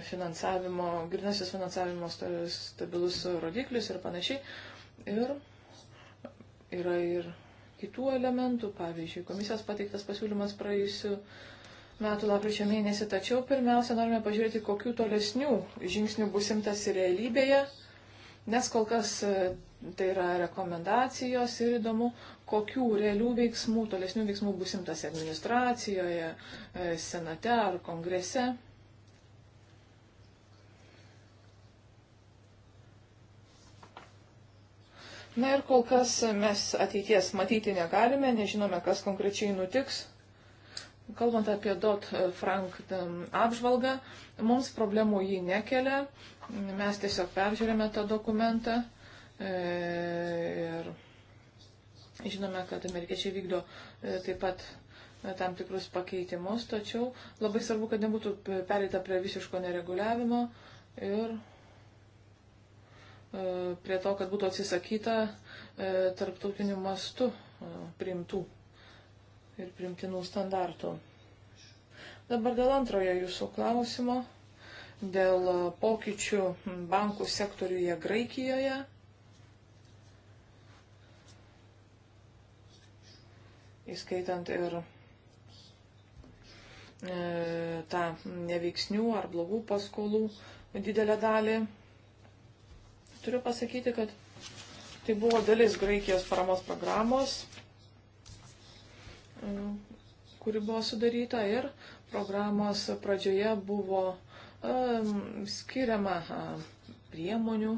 finansavimo, grinasis finansavimo stabilus rodiklis ir panašiai. Ir yra ir kitų elementų, pavyzdžiui, komisijos pateiktas pasiūlymas praėjusiu metų lapkričio mėnesį, tačiau pirmiausia norime pažiūrėti, kokiu tolesnių žingsnių bus imtasi realybėje, nes kol kas e, tai yra rekomendacijos ir įdomu, kokių realių veiksmų, tolesnių veiksmų bus imtasi administracijoje, e, senate ar kongrese. Na ir kol kas mes ateities matyti negalime, nežinome, kas konkrečiai nutiks. Kalbant apie DOT e, Frank e, apžvalgą, mums problemų jį nekelia, mes tiesiog peržiūrėme tą dokumentą e, ir žinome, kad amerikiečiai vykdo taip pat tam tikrus pakeitimus, tačiau labai svarbu, kad nebūtų pereita prie visiško nereguliavimo ir prie to, kad būtų atsisakyta tarptautiniu mastu priimtų ir primtinų standartų. Dabar dėl antrojo jūsų klausimo, dėl e, pokyčių bankų sektoriuje Graikijoje. Įskaitant ir e, tą neveiksnių ar blogų paskolų didelę dalį. Turiu pasakyti, kad tai buvo dalis Graikijos paramos programos kuri buvo sudaryta ir programos pradžioje buvo skiriama priemonių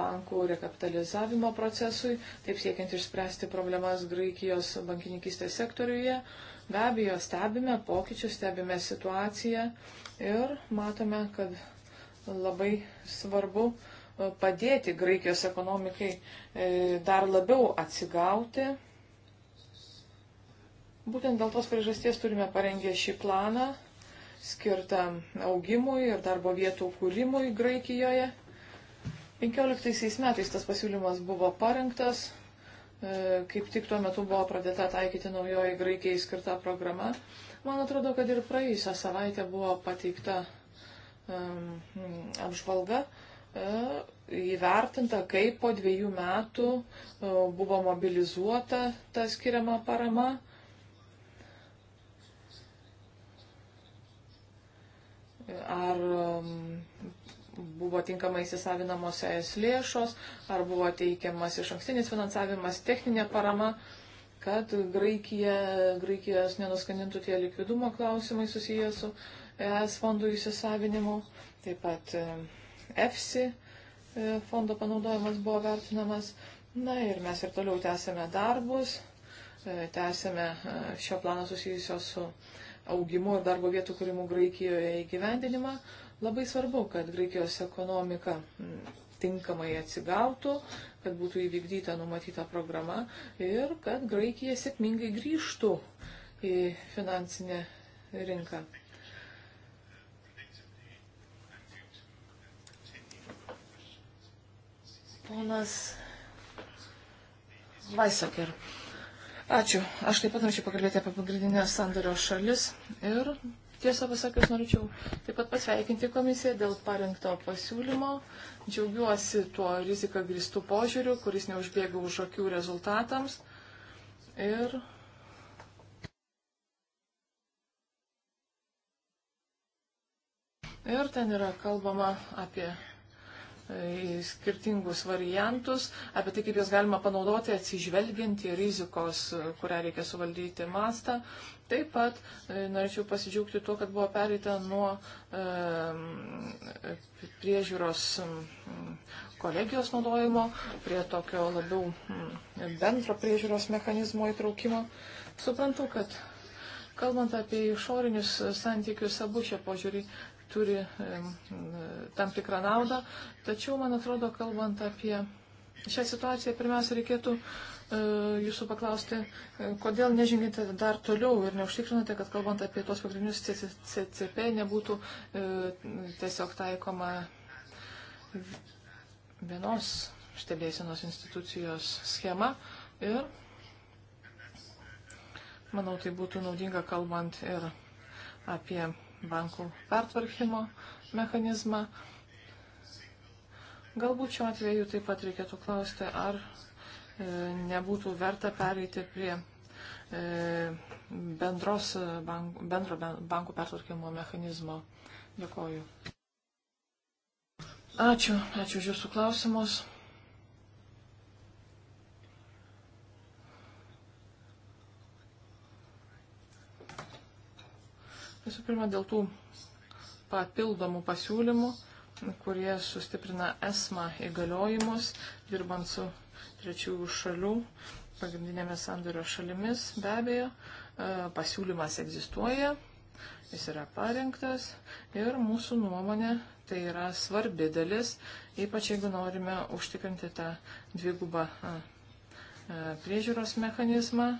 bankų rekapitalizavimo procesui, taip siekiant išspręsti problemas Graikijos bankininkystės sektoriuje. Be abejo, stebime pokyčius, stebime situaciją ir matome, kad labai svarbu padėti Graikijos ekonomikai e, dar labiau atsigauti Būtent dėl tos priežasties turime parengę šį planą skirtą augimui ir darbo vietų kūrimui Graikijoje. 15 metais tas pasiūlymas buvo parengtas, e, kaip tik tuo metu buvo pradėta taikyti naujoji Graikijai skirta programa. Man atrodo, kad ir praėjusią savaitę buvo pateikta um, apžvalga, e, įvertinta, kaip po dviejų metų e, buvo mobilizuota ta skiriama parama ar um, buvo tinkamai įsisavinamos ES lėšos, ar buvo teikiamas iš ankstinis finansavimas, techninė parama, kad Graikija, Graikijos nenuskandintų tie likvidumo klausimai susijęs su ES fondų įsisavinimu. Taip pat EFSI um, e, fondo panaudojimas buvo vertinamas. Na ir mes ir toliau tęsėme darbus, e, tęsėme e, šio plano susijusios su augimo ir darbo vietų kūrimų Graikijoje įgyvendinimą. Labai svarbu, kad Graikijos ekonomika mm, tinkamai atsigautų, kad būtų įvykdyta numatyta programa ir kad Graikija sėkmingai grįžtų į finansinę rinką. Ponas Vaisaker. Ačiū. Aš taip pat norėčiau pakalbėti apie pagrindinės sandario šalis ir, tiesą pasakius, norėčiau taip pat pasveikinti komisiją dėl parinkto pasiūlymo. Džiaugiuosi tuo riziką gristų požiūriu, kuris neužbėga už akių rezultatams. Ir Ir ten yra kalbama apie skirtingus variantus, apie tai, kaip jas galima panaudoti, atsižvelgiant į rizikos, kurią reikia suvaldyti mastą. Taip pat e, norėčiau pasidžiaugti tuo, kad buvo pereita nuo e, priežiūros mm, kolegijos naudojimo prie tokio labiau mm, bendro priežiūros mechanizmo įtraukimo. Suprantu, kad kalbant apie išorinius santykius abu šio požiūrį turi tam tikrą naudą. Tačiau, man atrodo, kalbant apie šią situaciją, pirmiausia, reikėtų e, jūsų paklausti, e, kodėl nežengėte dar toliau ir neužtikrinote, kad kalbant apie tos pagrindinius CCP nebūtų e, tiesiog taikoma vienos stebėsienos institucijos schema ir manau tai būtų naudinga kalbant ir apie bankų pertvarkymo mechanizmą. Galbūt šiuo atveju taip pat reikėtų klausti, ar e, nebūtų verta pereiti prie e, bendros e, bank, bendro bankų pertvarkymo mechanizmo. Dėkoju. Ačiū, ačiū už Jūsų klausimus. Visų pirma, dėl tų papildomų pasiūlymų, kurie sustiprina esmą įgaliojimus, dirbant su trečiųjų šalių, pagrindinėmis sandorio šalimis, be abejo, e, pasiūlymas egzistuoja, jis yra parengtas ir mūsų nuomonė tai yra svarbi dalis, ypač jeigu norime užtikrinti tą dvigubą e, e, priežiūros mechanizmą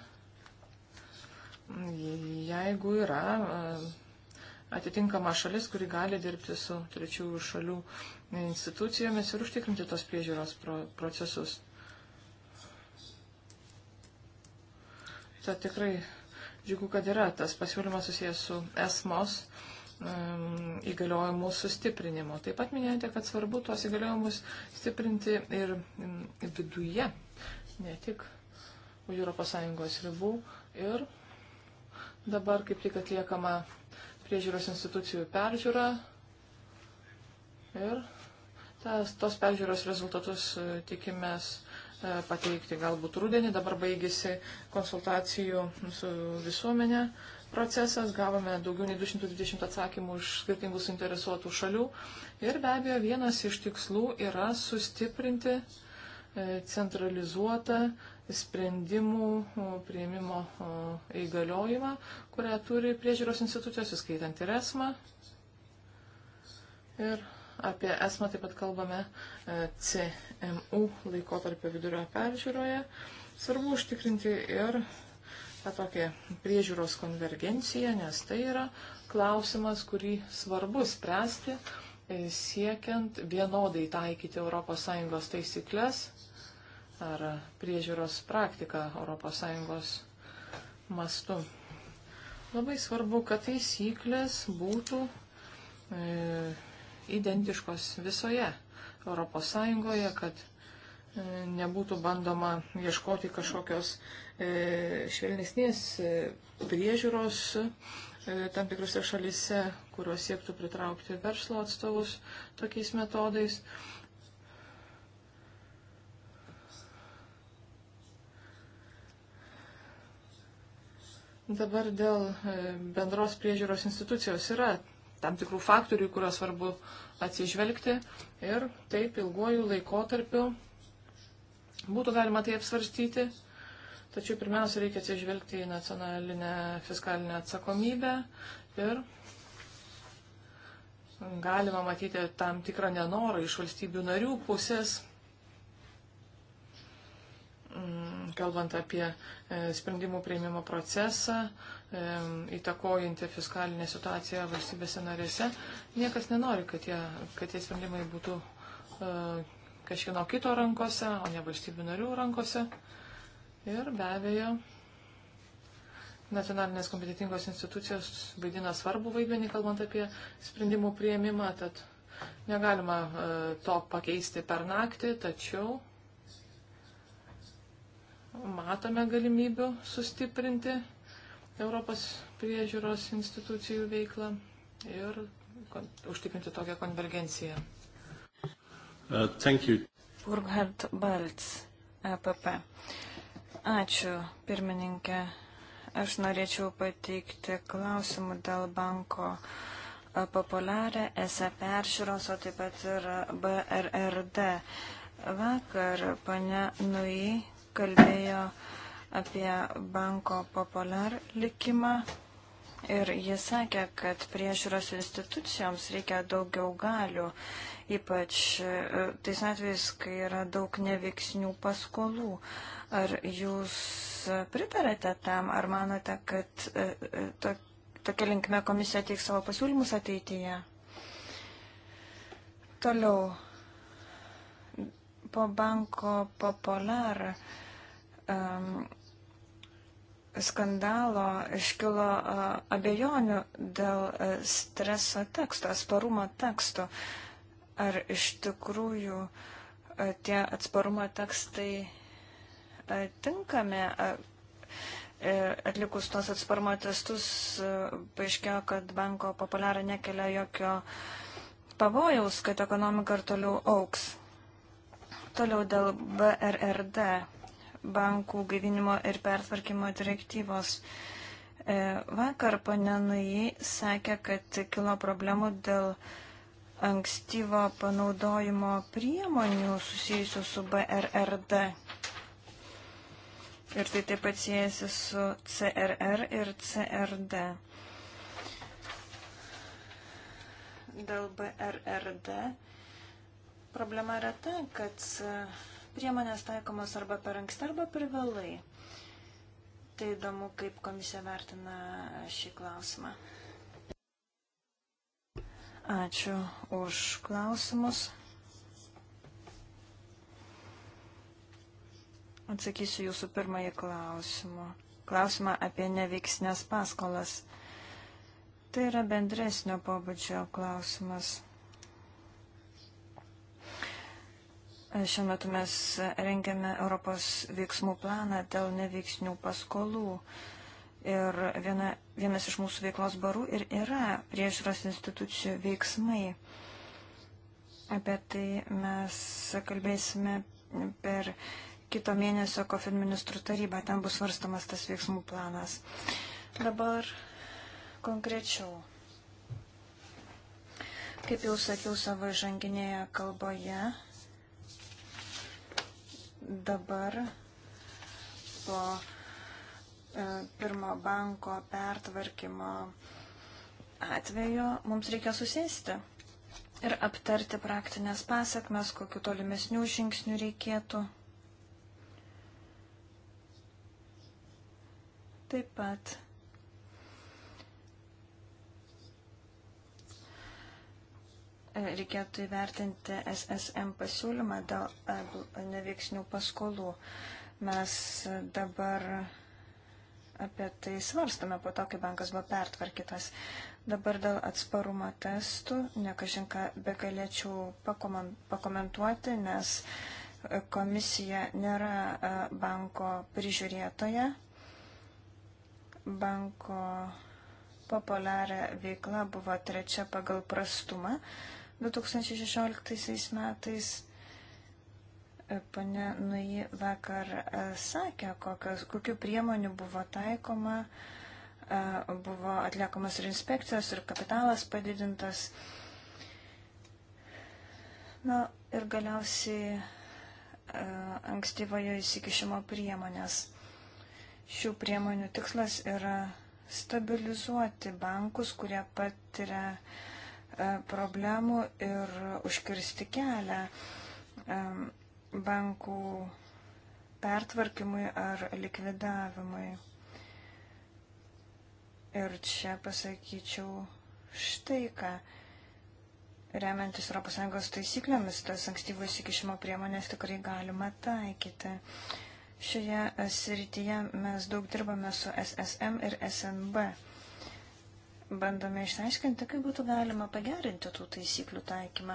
Jeigu yra e, atitinkama šalis, kuri gali dirbti su trečiųjų šalių institucijomis ir užtikrinti tos priežiūros procesus. Tad tikrai džiugu, kad yra tas pasiūlymas susijęs su esmos um, įgaliojimų sustiprinimu. Taip pat minėjote, kad svarbu tuos įgaliojimus stiprinti ir viduje, ne tik už ES ribų. Ir Dabar kaip tik atliekama priežiūros institucijų peržiūra ir tas, tos peržiūros rezultatus e, tikimės e, pateikti galbūt rudenį. Dabar baigėsi konsultacijų su visuomenė procesas, gavome daugiau nei 220 atsakymų iš skirtingų suinteresuotų šalių ir be abejo vienas iš tikslų yra sustiprinti e, centralizuotą sprendimų prieimimo įgaliojimą, kurią turi priežiūros institucijos, įskaitant ir esmą. Ir apie esmą taip pat kalbame e, CMU laikotarpio vidurio peržiūroje. Svarbu užtikrinti ir tą tokią priežiūros konvergenciją, nes tai yra klausimas, kurį svarbu spręsti e, siekiant vienodai taikyti ES taisyklės ar priežiūros praktiką ES mastu. Labai svarbu, kad taisyklės būtų e, identiškos visoje ES, kad e, nebūtų bandoma ieškoti kažkokios e, švelnesnės e, priežiūros e, tam tikrose šalise, kurios siektų pritraukti verslo atstovus tokiais metodais. E, Dabar dėl e, bendros priežiūros institucijos yra tam tikrų faktorių, kuriuos svarbu atsižvelgti ir taip ilguoju laikotarpiu būtų galima tai apsvarstyti. Tačiau pirmiausia, reikia atsižvelgti į nacionalinę fiskalinę atsakomybę ir galima matyti tam tikrą nenorą iš valstybių narių pusės kalbant apie e, sprendimų prieimimo procesą, e, įtakojantį fiskalinę situaciją valstybėse narėse, niekas nenori, kad tie, kad tie sprendimai būtų e, kažkino kito rankose, o ne valstybių narių rankose. Ir be abejo, nacionalinės kompetitingos institucijos vaidina svarbų vaidmenį, kalbant apie sprendimų prieimimą, tad negalima to pakeisti per naktį, tačiau matome galimybių sustiprinti Europos priežiūros institucijų veiklą ir užtikrinti tokią konvergenciją. Uh, thank you. Burghard Balts, EPP. Ačiū, pirmininkė. Aš norėčiau pateikti klausimų dėl banko e, populiarę esą peržiūros, o taip pat ir BRRD. Vakar pane Nui kalbėjo apie banko populiar likimą ir jis sakė, kad priežiūros institucijoms reikia daugiau galių, ypač e, tais atvejais, kai yra daug neveiksnių paskolų. Ar jūs pritarėte tam, ar manote, kad e, e, to, tokia linkme komisija teiks savo pasiūlymus ateityje? Toliau po banko Popular um, skandalo iškilo uh, abejonių dėl uh, streso teksto, atsparumo teksto. Ar iš tikrųjų uh, tie atsparumo tekstai uh, tinkami? Uh, atlikus tos atsparumo testus, uh, paaiškėjo, kad banko populiarą nekelia jokio pavojaus, kad ekonomika ir toliau auks. Toliau dėl BRRD bankų gaivinimo ir pertvarkymo direktyvos. E, vakar panenai sakė, kad kilo problemų dėl ankstyvo panaudojimo priemonių susijusių su BRRD. Ir tai taip pat siejasi su CRR ir CRD. Dėl BRRD problema yra ta, kad priemonės taikomos arba per anksti, arba per vėlai. Tai įdomu, kaip komisija vertina šį klausimą. Ačiū už klausimus. Atsakysiu jūsų pirmąjį klausimą. Klausimą apie neveiksnės paskolas. Tai yra bendresnio pobūdžio klausimas. Šiuo metu mes rengiame Europos veiksmų planą dėl neveiksnių paskolų. Ir viena, vienas iš mūsų veiklos barų ir yra priežiūros institucijų veiksmai. Apie tai mes kalbėsime per kito mėnesio COFIN ministrų tarybą. Ten bus svarstamas tas veiksmų planas. Dabar konkrečiau. Kaip jau sakiau savo žanginėje kalboje, Dabar po e, pirmo banko pertvarkymo atveju mums reikia susėsti ir aptarti praktinės pasakmes, kokiu tolimesnių žingsnių reikėtų. Taip pat E, reikėtų įvertinti SSM pasiūlymą dėl e, neveiksnių paskolų. Mes dabar apie tai svarstame po to, kai bankas buvo pertvarkytas. Dabar dėl atsparumo testų, nekažinką be galėčiau pakomentuoti, nes komisija nėra e, banko prižiūrėtoja. Banko populiaria veikla buvo trečia pagal prastumą. 2016 metais. E, pane Nui vakar e, sakė, kokios, kokiu priemonių buvo taikoma, e, buvo atliekamas ir inspekcijos, ir kapitalas padidintas. Na ir galiausiai ankstyvojo įsikišimo priemonės. Šių priemonių tikslas yra stabilizuoti bankus, kurie patiria uh, E, problemų ir užkirsti kelią e, bankų pertvarkymui ar likvidavimui. Ir čia pasakyčiau štai ką. Remiantis ES taisyklėmis, tas ankstyvos įkišimo priemonės tikrai galima taikyti. Šioje srityje mes daug dirbame su SSM ir SNB bandome išsiaiškinti, kaip būtų galima pagerinti tų taisyklių taikymą.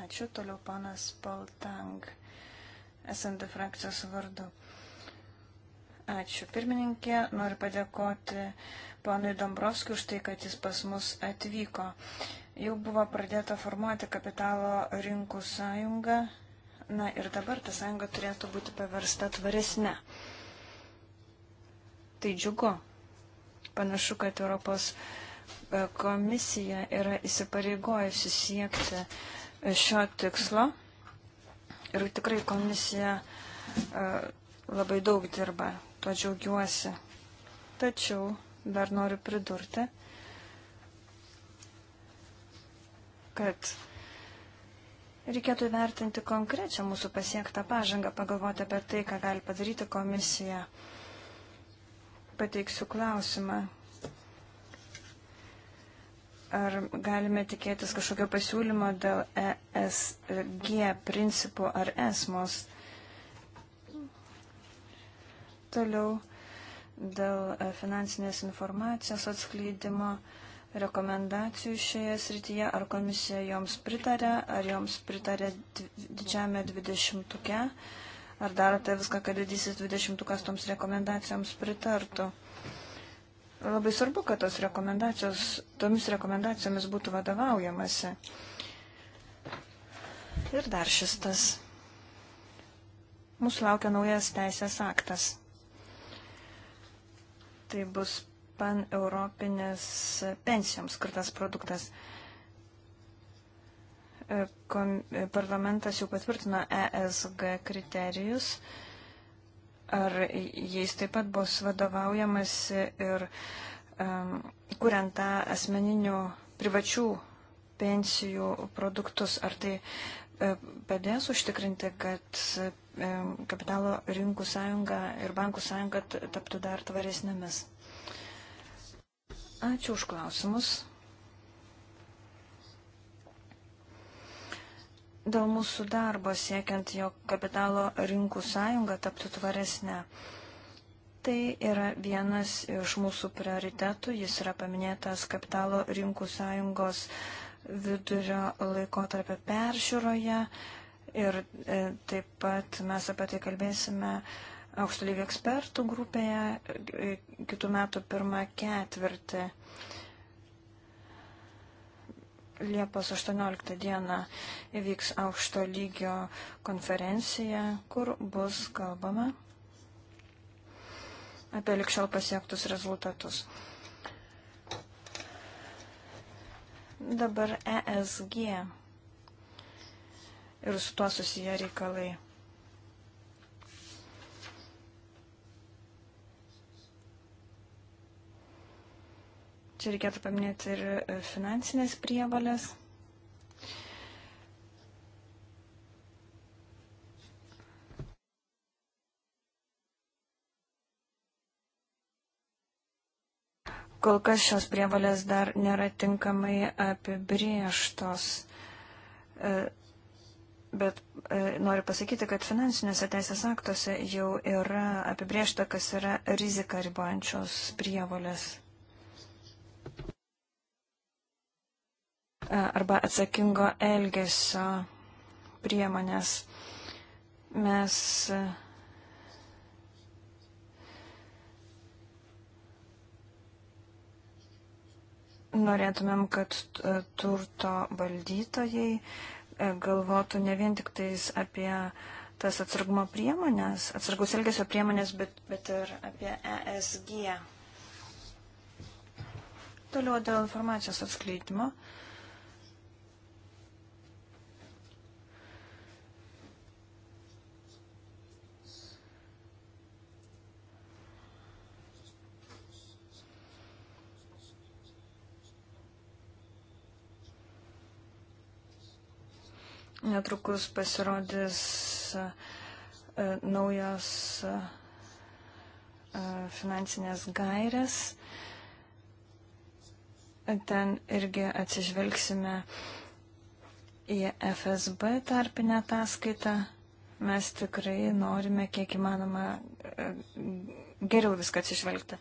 Ačiū toliau panas Poltang, SND frakcijos vardu. Ačiū pirmininkė, noriu padėkoti ponui Dombrovskiu už tai, kad jis pas mus atvyko. Jau buvo pradėta formuoti kapitalo rinkų sąjungą, na ir dabar ta sąjunga turėtų būti paversta tvaresne. Tai džiugu, Panašu, kad Europos e, komisija yra įsipareigojusi siekti e, šio tikslo ir tikrai komisija e, labai daug dirba, tuo džiaugiuosi. Tačiau dar noriu pridurti, kad reikėtų vertinti konkrečią mūsų pasiektą pažangą, pagalvoti apie tai, ką gali padaryti komisija pateiksiu klausimą. Ar galime tikėtis kažkokio pasiūlymo dėl ESG principų ar esmos? Toliau dėl finansinės informacijos atskleidimo rekomendacijų šioje srityje, ar komisija joms pritarė, ar joms pritarė didžiame dvidešimtuke. 20 Ar darote viską, kad didysis dvidešimtukas toms rekomendacijoms pritartų? Labai svarbu, kad tos rekomendacijos, tomis rekomendacijomis būtų vadovaujamasi. Ir dar šis tas. Mūsų laukia naujas teisės aktas. Tai bus pan-europinės pensijoms skirtas produktas parlamentas jau patvirtino ESG kriterijus. Ar jais taip pat bus vadovaujamas ir um, kuriant tą asmeninių privačių pensijų produktus, ar tai e, padės užtikrinti, kad e, kapitalo rinkų sąjunga ir bankų sąjunga taptų dar tvaresnėmis? Ačiū už klausimus. dėl mūsų darbo siekiant, jog kapitalo rinkų sąjunga taptų tvaresnė. Tai yra vienas iš mūsų prioritetų, jis yra paminėtas kapitalo rinkų sąjungos vidurio laikotarpio peržiūroje ir e, taip pat mes apie tai kalbėsime aukšto lygio ekspertų grupėje e, kitų metų pirmą ketvirtį. Liepos 18 dieną įvyks aukšto lygio konferencija, kur bus kalbama apie likščiau pasiektus rezultatus. Dabar ESG ir su tuo susiję reikalai. Čia reikėtų paminėti ir e, finansinės prievalės. Kol kas šios prievalės dar nėra tinkamai apibrieštos, e, bet e, noriu pasakyti, kad finansiniuose teisės aktuose jau yra apibriešta, kas yra rizika ribojančios prievalės. E, arba atsakingo elgesio priemonės. Mes e, norėtumėm, kad e, turto valdytojai galvotų ne vien tik tais apie tas atsargumo priemonės, atsargus elgesio priemonės, bet, bet ir apie ESG. Toliau dėl informacijos atskleidimo. Uh, Netrukus pasirodys e, naujos e, finansinės gairės. Ten irgi atsižvelgsime į FSB tarpinę ataskaitą. Mes tikrai norime, kiek įmanoma, e, geriau viską atsižvelgti.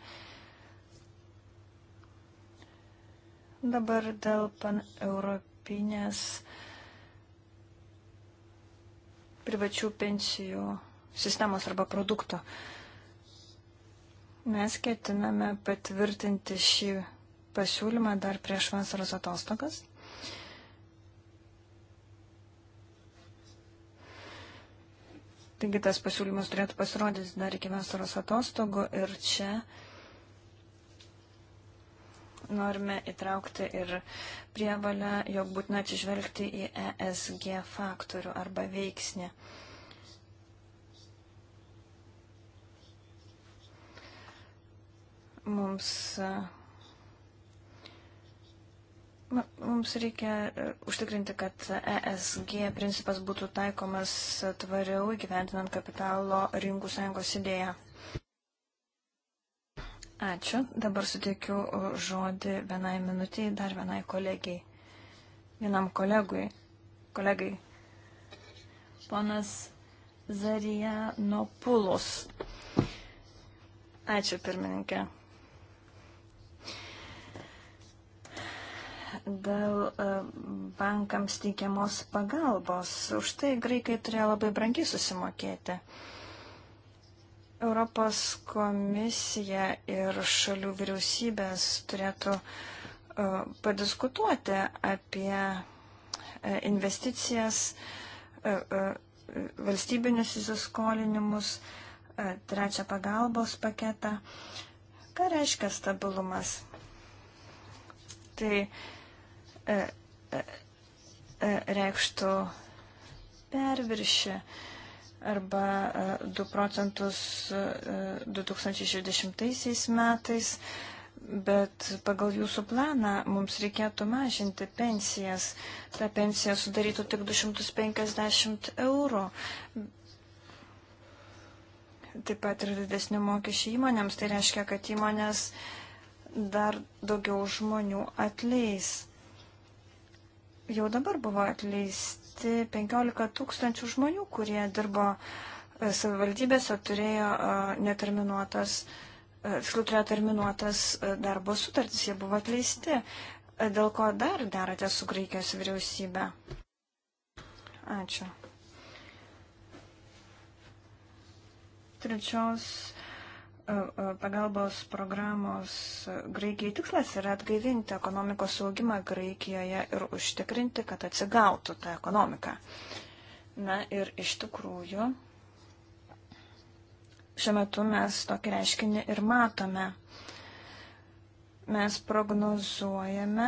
Dabar dėl pan-europinės privačių pensijų sistemos arba produkto. Mes ketiname patvirtinti šį pasiūlymą dar prieš vasaros atostogas. Taigi tas pasiūlymas turėtų pasirodyti dar iki vasaros atostogų ir čia uh, norime įtraukti ir prievalę, jog būtina atsižvelgti į ESG faktorių arba veiksnį. Mums, mums reikia e, užtikrinti, kad ESG principas būtų taikomas tvariau įgyventinant kapitalo rinkų sąjungos idėją. Ačiū. Dabar suteikiu žodį vienai minutiai, dar vienai kolegijai. Vienam kolegui. Kolegai. Ponas Zarija Nopulus. Ačiū, pirmininkė. dėl e, bankams teikiamos pagalbos. Už tai graikai turėjo labai brangiai susimokėti. Europos komisija ir šalių vyriausybės turėtų e, padiskutuoti apie e, investicijas, e, valstybinius įsiskolinimus, trečią pagalbos paketą. Ką reiškia stabilumas? Tai reikštų perviršį arba 2 e, procentus 2060 e, metais, bet pagal jūsų planą mums reikėtų mažinti pensijas. Ta pensija sudarytų tik 250 eurų. Taip pat ir didesnių mokesčių įmonėms, tai reiškia, kad įmonės dar daugiau žmonių atleis jau dabar buvo atleisti 15 tūkstančių žmonių, kurie dirbo e, savivaldybėse, turėjo e, neterminuotas, e, tiksliau turėjo terminuotas darbo sutartis, jie buvo atleisti. Dėl ko dar darate su Graikijos vyriausybė? Ačiū. Trečios E, e, pagalbos programos e, Graikijai tikslas yra atgaivinti ekonomikos augimą Graikijoje ir užtikrinti, kad atsigautų ta ekonomika. Na ir iš tikrųjų, šiuo metu mes tokį reiškinį ir matome. Mes prognozuojame,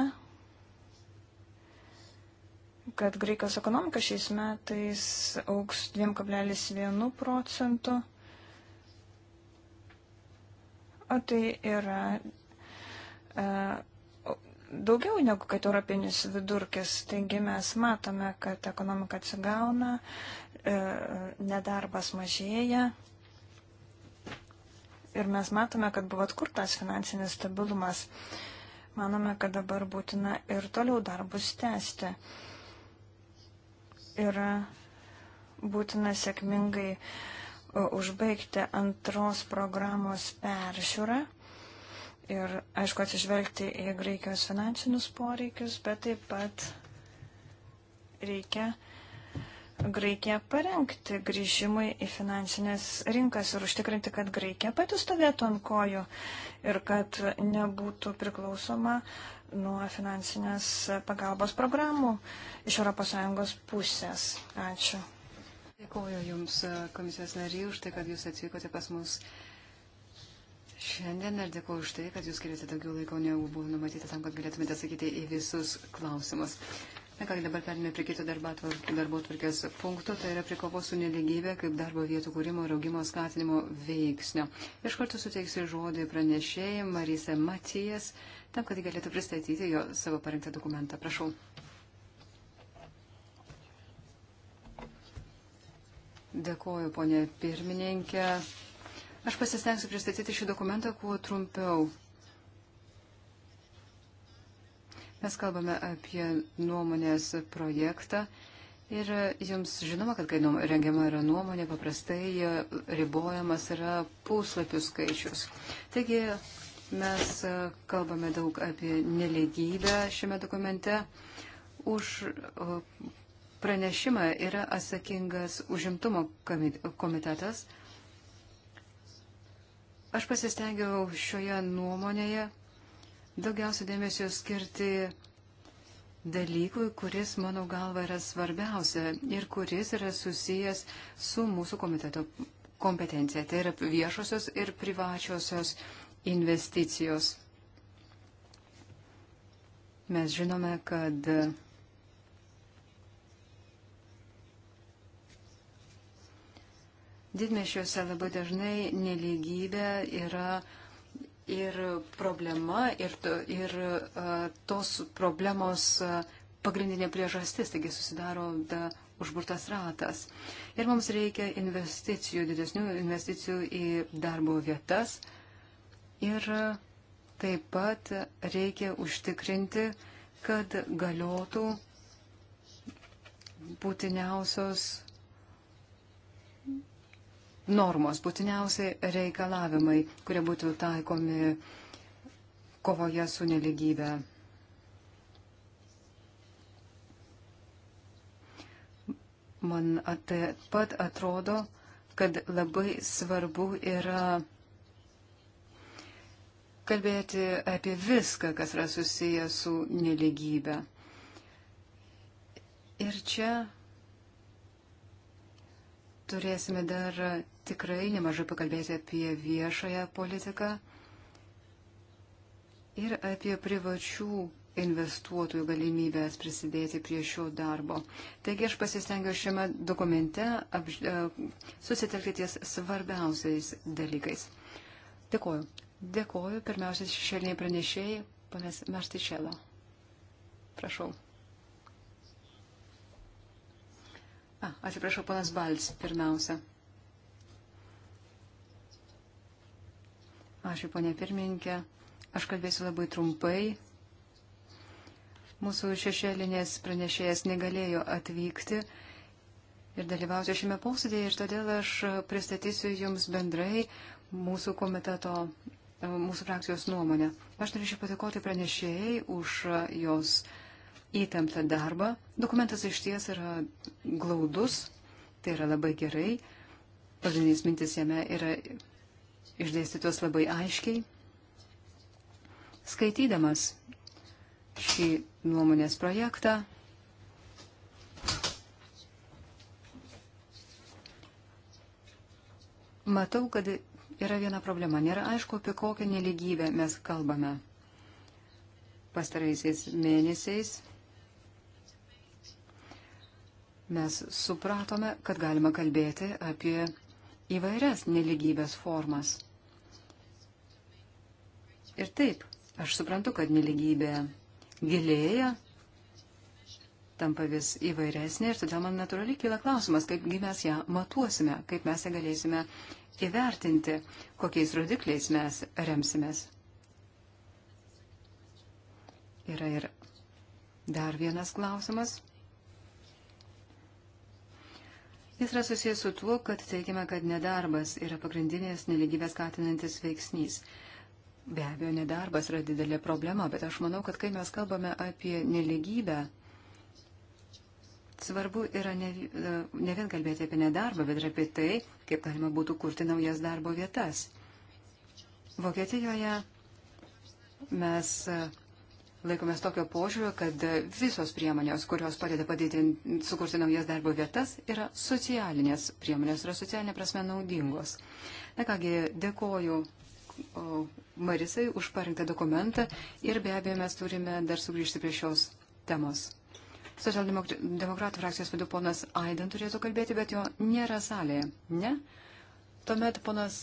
kad Graikijos ekonomika šiais metais auks 2,1 procentu o tai yra e, daugiau negu kad europinis vidurkis. Taigi mes matome, kad ekonomika atsigauna, e, nedarbas mažėja. Ir mes matome, kad buvo atkurtas finansinis stabilumas. Manome, kad dabar būtina ir toliau darbus tęsti. Yra būtina sėkmingai uh, užbaigti antros programos peržiūrą ir, aišku, atsižvelgti į Graikijos finansinius poreikius, bet taip pat reikia Graikiją parengti grįžimui į finansinės rinkas ir užtikrinti, kad Graikija pati stovėtų ant kojų ir kad nebūtų priklausoma nuo finansinės pagalbos programų iš ES pusės. Ačiū. Dėkuoju Jums, e, komisijos nariai, už tai, kad Jūs atvykote pas mus šiandien ir dėkuoju už tai, kad Jūs skiriate daugiau laiko, negu buvo numatyta tam, kad galėtumėte atsakyti į visus klausimus. Na ką, dabar perėmė prie kito darbo tvarkės punkto, tai yra prie kovos su neligybė kaip darbo vietų kūrimo ir augimo skatinimo veiksnio. Iš karto suteiksiu žodį pranešėjai Marise Matijas, tam, kad galėtų pristatyti jo savo parengtą dokumentą. Prašau. Dėkoju, ponė pirmininkė. Aš pasistengsiu pristatyti šį dokumentą kuo trumpiau. Mes kalbame apie nuomonės projektą ir jums žinoma, kad kai rengiama yra nuomonė, paprastai ribojamas yra puslapių skaičius. Taigi mes kalbame daug apie neligybę šiame dokumente. Už pranešimą yra atsakingas užimtumo komitetas. Aš pasistengiau šioje nuomonėje daugiausia dėmesio skirti dalykui, kuris mano galva yra svarbiausia ir kuris yra susijęs su mūsų komiteto kompetencija. Tai yra viešosios ir privačiosios investicijos. Mes žinome, kad Didmešiuose labai dažnai neligybė yra ir problema, ir, to, ir tos problemos pagrindinė priežastis, taigi susidaro da, užburtas ratas. Ir mums reikia investicijų, didesnių investicijų į darbo vietas. Ir taip pat reikia užtikrinti, kad galiotų būtiniausios normos, būtiniausiai reikalavimai, kurie būtų taikomi kovoje su neligybė. Man taip pat atrodo, kad labai svarbu yra kalbėti apie viską, kas yra susiję su neligybė. Ir čia turėsime dar tikrai nemažai pakalbėti apie viešąją politiką ir apie privačių investuotojų galimybės prisidėti prie šio darbo. Taigi aš pasistengiau šiame dokumente apž... E, susitelkti ties svarbiausiais dalykais. Dėkoju. Dėkoju pirmiausia šešėliniai pranešėjai, panas Martičelo. Prašau. A, atsiprašau, panas Balts, pirmiausia. Ačiū, ponė pirmininkė. Aš kalbėsiu labai trumpai. Mūsų šešėlinės pranešėjas negalėjo atvykti ir dalyvauti šiame posėdėje ir todėl aš pristatysiu Jums bendrai mūsų komiteto, mūsų frakcijos nuomonę. Aš norėčiau patikoti pranešėjai už jos įtemptą darbą. Dokumentas iš ties yra glaudus, tai yra labai gerai. Pagrindinės mintis jame yra išdėstytos labai aiškiai. Skaitydamas šį nuomonės projektą, matau, kad yra viena problema. Nėra aišku, apie kokią neligybę mes kalbame. Pastaraisiais mėnesiais mes supratome, kad galima kalbėti apie įvairias neligybės formas. Ir taip, aš suprantu, kad neligybė gilėja, tampa vis įvairesnė ir todėl man natūraliai kyla klausimas, kaipgi mes ją matuosime, kaip mes ją galėsime įvertinti, kokiais rodikliais mes remsimės. Yra ir dar vienas klausimas. Jis yra susijęs su tuo, kad teigiame, kad nedarbas yra pagrindinės neligybės skatinantis veiksnys. Be abejo, nedarbas yra didelė problema, bet aš manau, kad kai mes kalbame apie neligybę, svarbu yra ne, ne vien kalbėti apie nedarbą, bet ir apie tai, kaip galima būtų kurti naujas darbo vietas. Vokietijoje mes laikomės tokio požiūrio, kad visos priemonės, kurios padeda padidinti, sukurti naujas darbo vietas, yra socialinės priemonės, yra socialinė prasme naudingos. Na kągi, dėkoju Marisai už parinktą dokumentą ir be abejo mes turime dar sugrįžti prie šios temos. Socialdemokratų frakcijos vadovas ponas Aiden turėtų kalbėti, bet jo nėra salėje. Ne? Tuomet ponas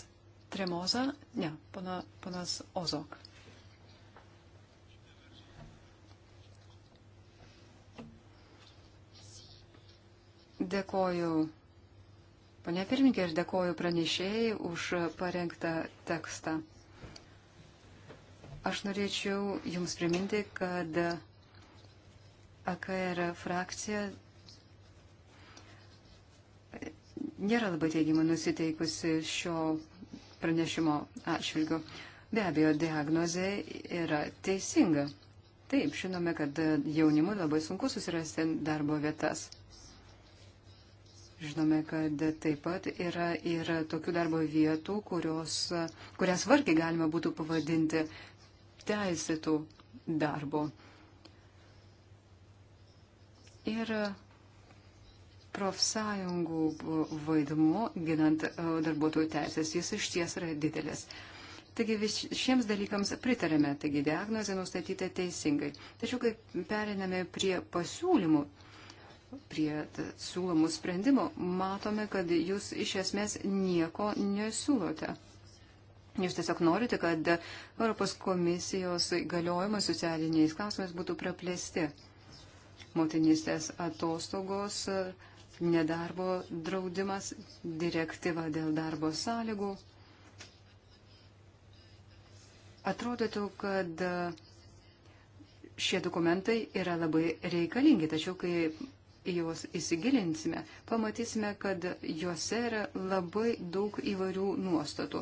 Tremoza, ne, ponas Ozok. Dėkoju, ponia pirmininkė, aš dėkoju pranešėjai už parengtą tekstą. Aš norėčiau Jums priminti, kad AKR frakcija nėra labai teigiamai nusiteikusi šio pranešimo atšvilgiu. Be abejo, diagnozė yra teisinga. Taip, žinome, kad jaunimui labai sunku susirasti darbo vietas. Žinome, kad taip pat yra ir tokių darbo vietų, kurios, kurias vargiai galima būtų pavadinti teisėtų darbo. Ir profsąjungų vaidmuo ginant e, darbuotojų teisės, jis iš ties yra didelis. Taigi šiems dalykams pritarėme, taigi diagnozė nustatyta teisingai. Tačiau kai periname prie pasiūlymų, prie siūlomų sprendimų, matome, kad jūs iš esmės nieko nesiūlote. Jūs tiesiog norite, kad Europos komisijos galiojimai socialiniais klausimais būtų praplėsti. Motinystės atostogos, nedarbo draudimas, direktyva dėl darbo sąlygų. Atrodytų, kad šie dokumentai yra labai reikalingi, tačiau kai juos įsigilinsime, pamatysime, kad juose yra labai daug įvairių nuostatų.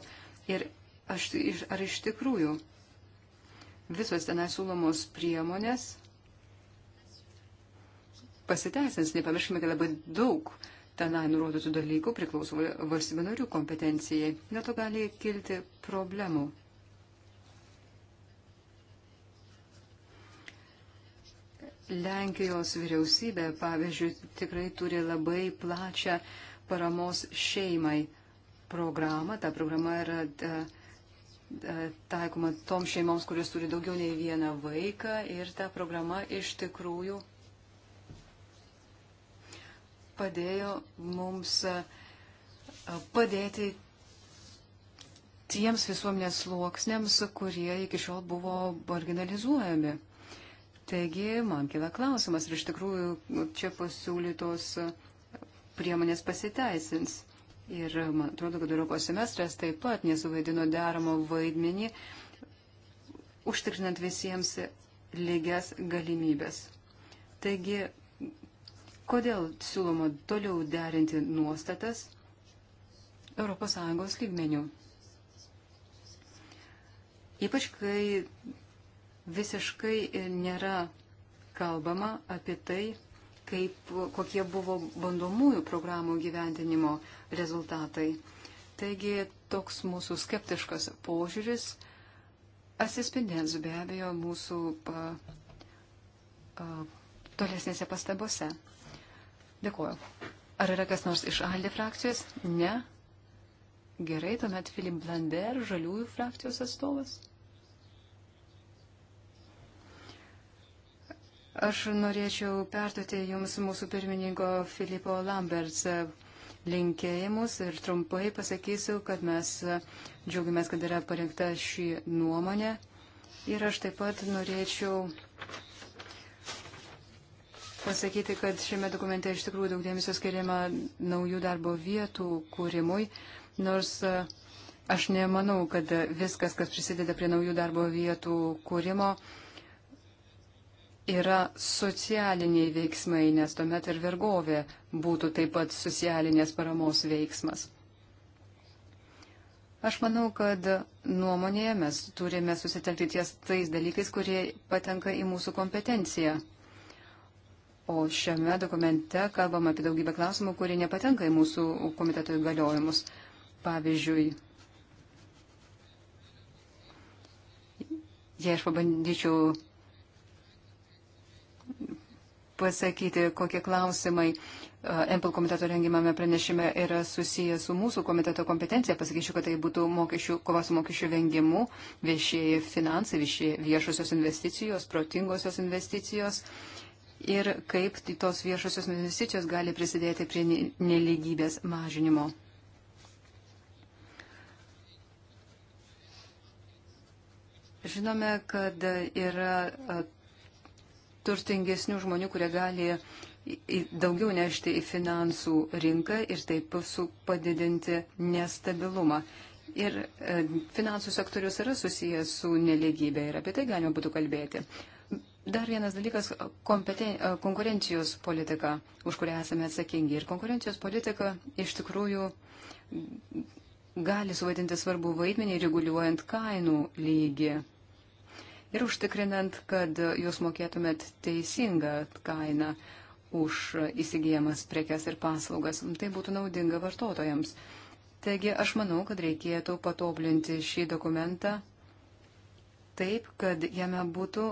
Ir aš, tai ar iš tikrųjų visos tenai siūlomos priemonės pasiteisins, nepamirškime, kad labai daug tenai nurodytų dalykų priklauso valstybių narių kompetencijai. Dėl to gali kilti problemų. Lenkijos vyriausybė, pavyzdžiui, tikrai turi labai plačią paramos šeimai programą. Ta programa yra e, e, taikoma tom šeimoms, kurios turi daugiau nei vieną vaiką ir ta programa iš tikrųjų padėjo mums e, padėti tiems visuomenės sluoksniams, kurie iki šiol buvo marginalizuojami. Taigi, man kila klausimas, ar iš tikrųjų čia pasiūlytos priemonės pasiteisins. Ir man atrodo, kad Europos semestras taip pat nesuvaidino deramo vaidmenį, užtikrinant visiems lygias galimybės. Taigi, kodėl siūloma toliau derinti nuostatas ES lygmenių? Ypač, kai visiškai nėra kalbama apie tai, kaip, kokie buvo bandomųjų programų gyventinimo rezultatai. Taigi toks mūsų skeptiškas požiūris atsispindės be abejo mūsų pa, pa, tolesnėse pastabose. Dėkuoju. Ar yra kas nors iš Aldi frakcijos? Ne. Gerai, tuomet Filip Blander, žaliųjų frakcijos atstovas. Aš norėčiau perduoti Jums mūsų pirmininko Filipo Lamberts linkėjimus ir trumpai pasakysiu, kad mes džiaugiamės, kad yra parinkta šį nuomonę. Ir aš taip pat norėčiau pasakyti, kad šiame dokumente iš tikrųjų daug dėmesio skiriama naujų darbo vietų kūrimui, nors e, aš nemanau, kad viskas, kas prisideda prie naujų darbo vietų kūrimo, uh, yra socialiniai veiksmai, nes tuomet ir vergovė būtų taip pat socialinės paramos veiksmas. Aš manau, kad nuomonėje mes turime susitelkti ties tais dalykais, kurie patenka į mūsų kompetenciją. O šiame dokumente kalbam apie daugybę klausimų, kurie nepatenka į mūsų komiteto įgaliojimus. Pavyzdžiui, jei aš pabandyčiau pasakyti, kokie klausimai e, MPL komiteto rengimame pranešime yra susijęs su mūsų komiteto kompetencija. Pasakyčiau, kad tai būtų mokesčių, kova su mokesčių vengimu, viešieji finansai, viešie, viešosios investicijos, protingosios investicijos ir kaip tos viešosios investicijos gali prisidėti prie neligybės mažinimo. Žinome, kad yra e, turtingesnių žmonių, kurie gali daugiau nešti į finansų rinką ir taip padidinti nestabilumą. Ir e, finansų sektorius yra susijęs su neligybė ir apie tai galima būtų kalbėti. Dar vienas dalykas - e, konkurencijos politika, už kurią esame atsakingi. Ir konkurencijos politika iš tikrųjų gali suvaidinti svarbu vaidmenį reguliuojant kainų lygį ir užtikrinant, kad jūs mokėtumėt teisingą kainą už įsigijamas prekes ir paslaugas. Tai būtų naudinga vartotojams. Taigi aš manau, kad reikėtų patoblinti šį dokumentą taip, kad jame būtų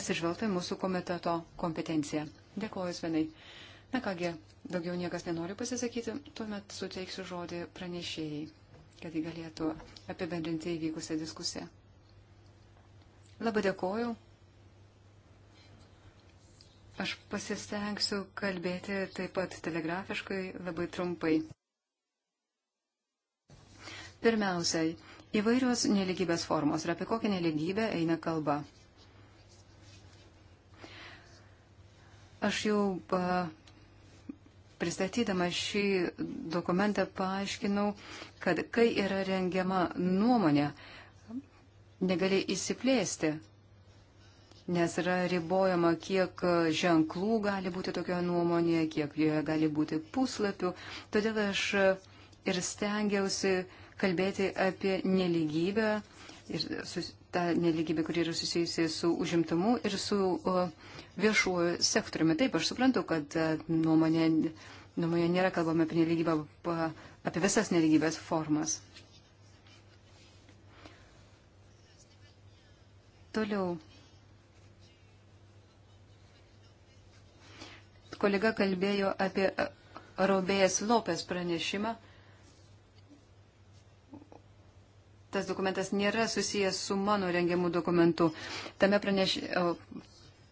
atsižvelgta mūsų komiteto kompetencija. Dėkuoju, Svenai. Na kągi, daugiau niekas nenori pasisakyti, tuomet suteiksiu žodį pranešėjai, kad jį galėtų apibendrinti įvykusią diskusiją. Labai dėkoju. Aš pasistengsiu kalbėti taip pat telegrafiškai, labai trumpai. Pirmiausiai, įvairios neligybės formos ir apie kokią neligybę eina kalba. Aš jau pristatydama šį dokumentą paaiškinau, kad kai yra rengiama nuomonė, negali įsiplėsti, nes yra ribojama, kiek ženklų gali būti tokioje nuomonėje, kiek joje gali būti puslapių. Todėl aš ir stengiausi kalbėti apie neligybę ir sus, tą neligybę, kuri yra susijusi su užimtumu ir su o, viešuoju sektoriumi. Taip, aš suprantu, kad e, nuomonė, nuomonė nėra kalbama apie neligybę, apie visas neligybės formas. Toliau. Kolega kalbėjo apie e, Robėjas Lopės pranešimą. Tas dokumentas nėra susijęs su mano rengiamu dokumentu. Tame, praneš, e,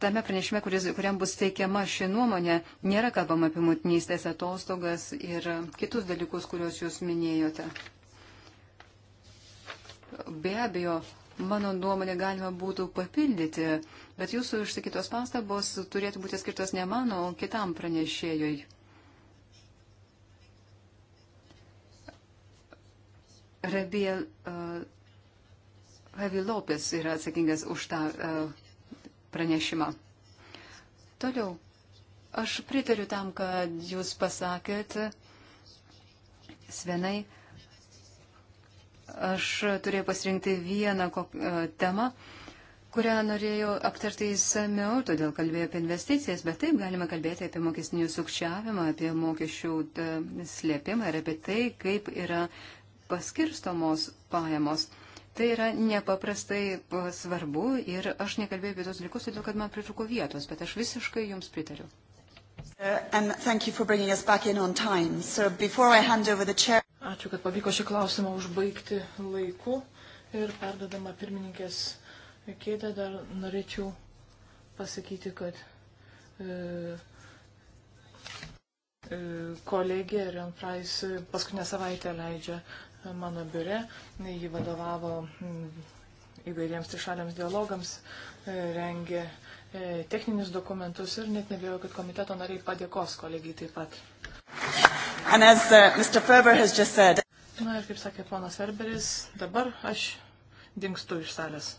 tame pranešime, kuris, kuriam bus teikiama ši nuomonė, nėra kalbama apie motinystės atostogas ir kitus dalykus, kuriuos jūs minėjote. Be abejo, mano nuomonė, galima būtų papildyti, bet jūsų išsakytos pastabos turėtų būti skirtos ne mano, o kitam pranešėjui. Rabija Havi uh, Lopes yra atsakingas už tą uh, pranešimą. Toliau. Aš pritariu tam, kad jūs pasakėt, Svenai, uh, aš turėjau pasirinkti vieną e, temą, kurią norėjau aptarti įsamiau, todėl kalbėjau apie investicijas, bet taip galime kalbėti apie mokestinį sukčiavimą, apie mokesčių e, slėpimą ir apie tai, kaip yra paskirstomos pajamos. Tai yra nepaprastai e, svarbu ir aš nekalbėjau apie tos dalykus, todėl kad man pritruko vietos, bet aš visiškai jums pritariu. Uh, and thank you for bringing us back in on time. So before I hand over the chair... Ačiū, kad pavyko šį klausimą užbaigti laiku ir perdodama pirmininkės kėdę dar norėčiau pasakyti, kad e, e, kolegė Renfrais paskutinę savaitę leidžia mano biure. Ji vadovavo mm, įvairiems trišaliams dialogams, e, rengė e, techninius dokumentus ir net nebėjau, kad komiteto nariai padėkos kolegijai taip pat. And as uh, Mr. Ferber has just said. Na ir kaip sakė ponas Ferberis, dabar aš dinkstu iš salės.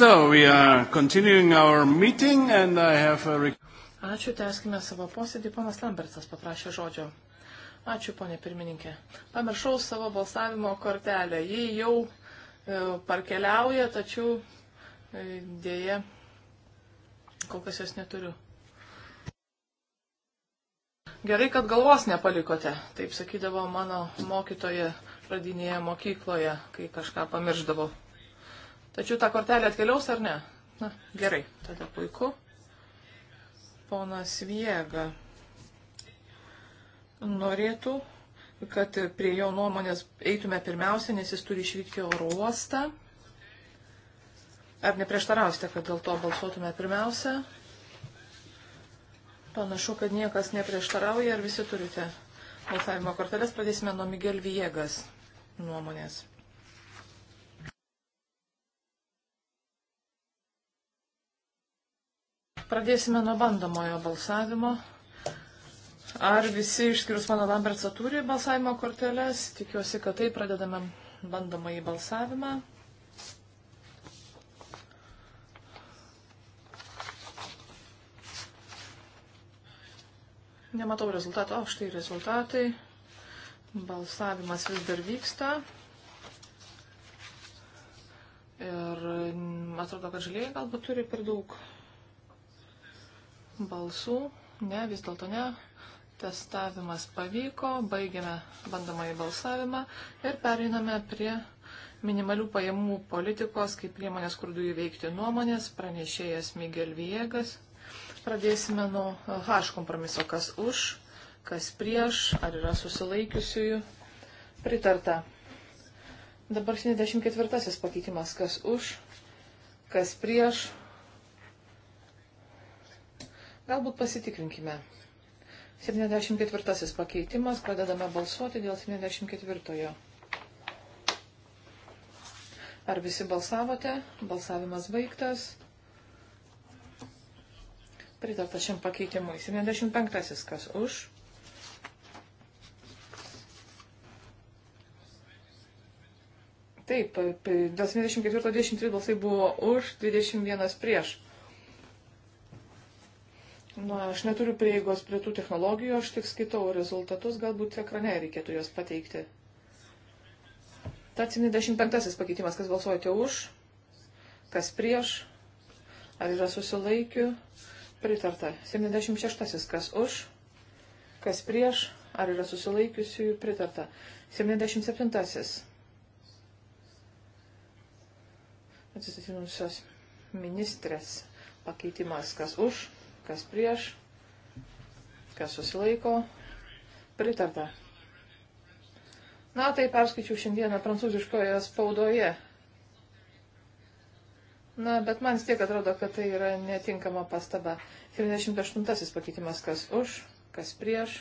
So, we are continuing our meeting and I have a... Ačiū, tęskime savo posėdį. Ponas Lambertas paprašė žodžio. Ačiū, ponė pirmininkė. Pamiršau savo balsavimo kortelę. Ji jau e, parkeliauja, tačiau e, dėje kol kas jos neturiu. Gerai, kad galvos nepalikote, taip sakydavo mano mokytoja pradinėje mokykloje, kai kažką pamiršdavau. Tačiau ta kortelė atkeliaus ar ne? Na, gerai, tada puiku. Ponas Viega norėtų, kad prie jo nuomonės eitume pirmiausia, nes jis turi išvykti oro uostą. Ar neprieštarausite, kad dėl to balsuotume pirmiausia? Panašu, kad niekas neprieštarauja ir visi turite balsavimo korteles. Pradėsime nuo Miguel Viegas nuomonės. Pradėsime nuo bandomojo balsavimo. Ar visi išskyrus mano Lambertsą turi balsavimo korteles? Tikiuosi, kad tai pradedame bandomąjį balsavimą. Nematau rezultato. O, štai rezultatai. Balsavimas vis dar vyksta. Ir mm, atrodo, kad žalieji galbūt turi per daug balsų. Ne, vis dėlto ne. Testavimas pavyko, baigėme bandomąjį balsavimą ir pereiname prie minimalių pajamų politikos kaip priemonės skurdų įveikti nuomonės, pranešėjas Miguel Viegas. Pradėsime nuo e, H kompromiso, kas už, kas prieš, ar yra susilaikiusiųjų. Pritarta. Dabar 74 pakeitimas, kas už, kas prieš, Galbūt pasitikrinkime. 74 pakeitimas, pradedame balsuoti dėl 74. Ar visi balsavote? Balsavimas baigtas. Pritarta šiam pakeitimui. 75. Kas už? Taip, dėl 74-23 balsai buvo už, 21 prieš. Na, aš neturiu prieigos prie tų technologijų, aš tik skaitau rezultatus, galbūt ekrane reikėtų juos pateikti. Ta 75 pakeitimas, kas balsuojate už, kas prieš, ar yra susilaikių, pritarta. 76 kas už, kas prieš, ar yra susilaikiusių, pritarta. 77 atsisatinusios ministrės pakeitimas, kas už, kas prieš, kas susilaiko, pritarta. Na, tai perskaičiau šiandieną prancūziškoje spaudoje. Na, bet man tiek atrodo, kad tai yra netinkama pastaba. 38 pakeitimas, kas už, kas prieš.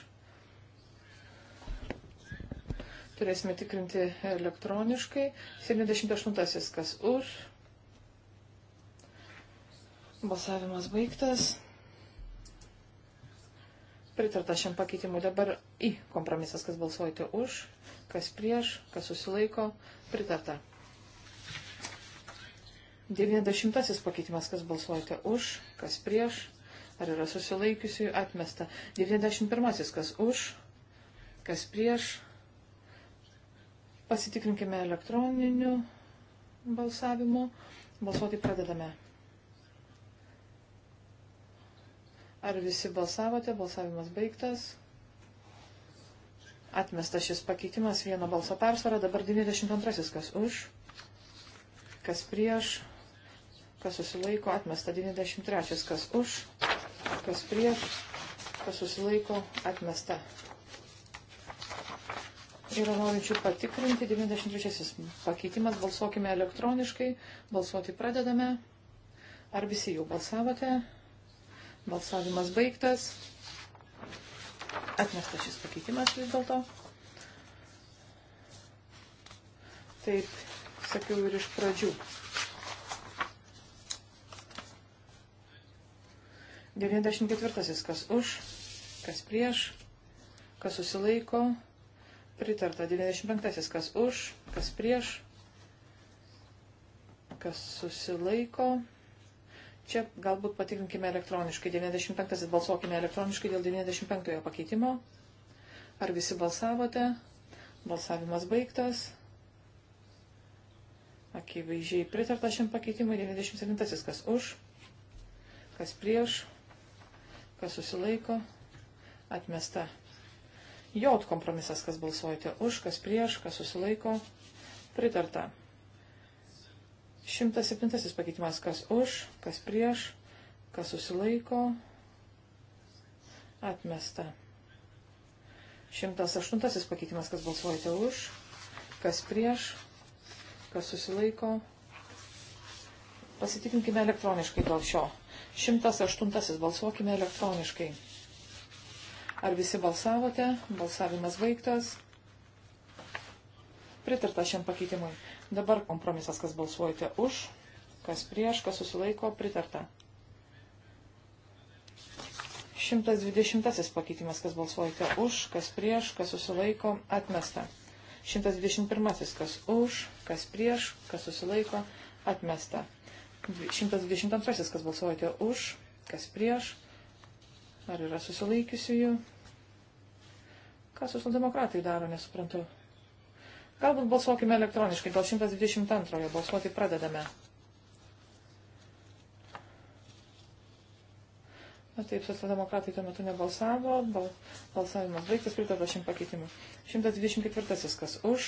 Turėsime tikrinti elektroniškai. 78 kas už. Balsavimas baigtas. Pritarta šiam pakeitimui. Dabar į kompromisas, kas balsuojate už, kas prieš, kas susilaiko. Pritarta. 90 pakeitimas, kas balsuojate už, kas prieš, ar yra susilaikiusių, atmesta. 91 kas už, kas prieš. Pasitikrinkime elektroniniu balsavimu. Balsuoti pradedame. Ar visi balsavote? Balsavimas baigtas. Atmestas šis pakeitimas vieno balso persvara. Dabar 92. Kas už? Kas prieš? Kas susilaiko? Atmesta 93. Kas už? Kas prieš? Kas susilaiko? Atmesta. Yra norinčių patikrinti 93. Pakeitimas. Balsuokime elektroniškai. Balsuoti pradedame. Ar visi jau balsavote? Balsavimas baigtas. Atmestas šis pakeitimas vis dėlto. Taip, sakiau ir iš pradžių. 94. Kas už, kas prieš, kas susilaiko. Pritarta. 95. Kas už, kas prieš, kas susilaiko. Čia galbūt patikrinkime elektroniškai. 95 balsuokime elektroniškai dėl 95 pakeitimo. Ar visi balsavote? Balsavimas baigtas. Akivaizdžiai pritarta šiam pakeitimui 97 kas už, kas prieš, kas susilaiko, atmesta. Jot kompromisas, kas balsuojate už, kas prieš, kas susilaiko, pritarta. 107 pakeitimas, kas už, kas prieš, kas susilaiko, atmesta. 108 pakeitimas, kas balsuojate už, kas prieš, kas susilaiko. Pasitikrinkime elektroniškai dėl šio. 108 balsuokime elektroniškai. Ar visi balsavote? Balsavimas baigtas. Pritarta šiam pakeitimui. Dabar kompromisas, kas balsuojate už, kas prieš, kas susilaiko, pritarta. 120 pakeitimas, kas balsuojate už, kas prieš, kas susilaiko, atmesta. 121 kas už, kas prieš, kas susilaiko, atmesta. 122 kas balsuojate už, kas prieš, ar yra susilaikiusiųjų. Ką socialdemokratai daro, nesuprantu. Galbūt balsuokime elektroniškai, dėl 122 balsuoti pradedame. Na taip, socialdemokratai tuo metu nebalsavo, bal, balsavimas baigtas, pritarta šiam pakeitimui. 124 kas už,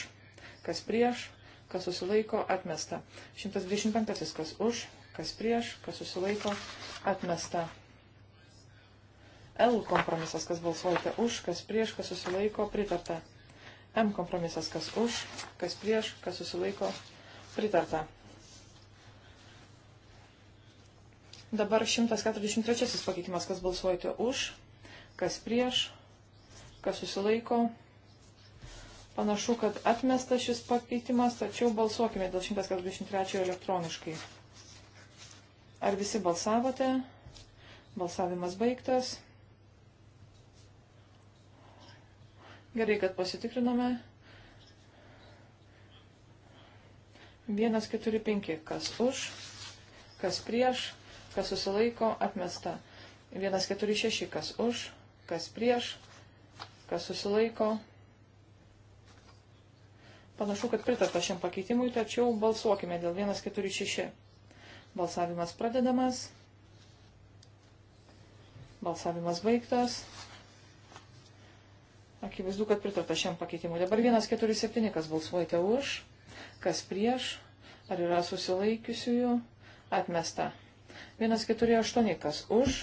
kas prieš, kas susilaiko, atmesta. 125 kas už, kas prieš, kas susilaiko, atmesta. L kompromisas, kas balsuojate už, kas prieš, kas susilaiko, pritarta. M kompromisas kas už, kas prieš, kas susilaiko, pritarta. Dabar 143 pakeitimas, kas balsuojate už, kas prieš, kas susilaiko. Panašu, kad atmestas šis pakeitimas, tačiau balsuokime dėl 143 elektroniškai. Ar visi balsavote? Balsavimas baigtas. Gerai, kad pasitikrinome. 145. Kas už, kas prieš, kas susilaiko, atmesta. 146. Kas už, kas prieš, kas susilaiko. Panašu, kad pritarta šiam pakeitimui, tačiau balsuokime dėl 146. Balsavimas pradedamas. Balsavimas baigtas. Akivaizdu, kad pritarta šiam pakeitimui. Dabar 147, kas balsuojate už, kas prieš, ar yra susilaikiusiųjų, atmesta. 148, kas už,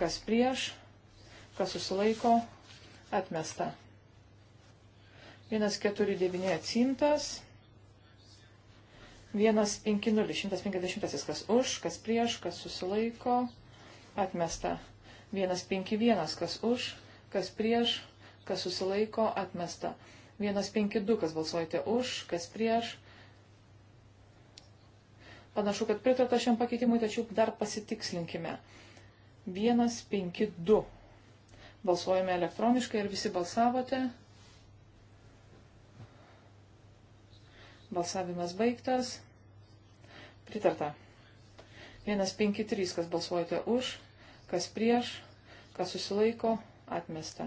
kas prieš, kas susilaiko, atmesta. 149 atsimtas. 150, 150, kas už, kas prieš, kas susilaiko, atmesta. 151, kas už, kas prieš, kas susilaiko, atmesta. 152, kas balsuojate už, kas prieš. Panašu, kad pritarta šiam pakeitimui, tačiau dar pasitikslinkime. 152. Balsuojame elektroniškai ir visi balsavote. Balsavimas baigtas. Pritarta. 153, kas balsuojate už, kas prieš, kas susilaiko, atmesta.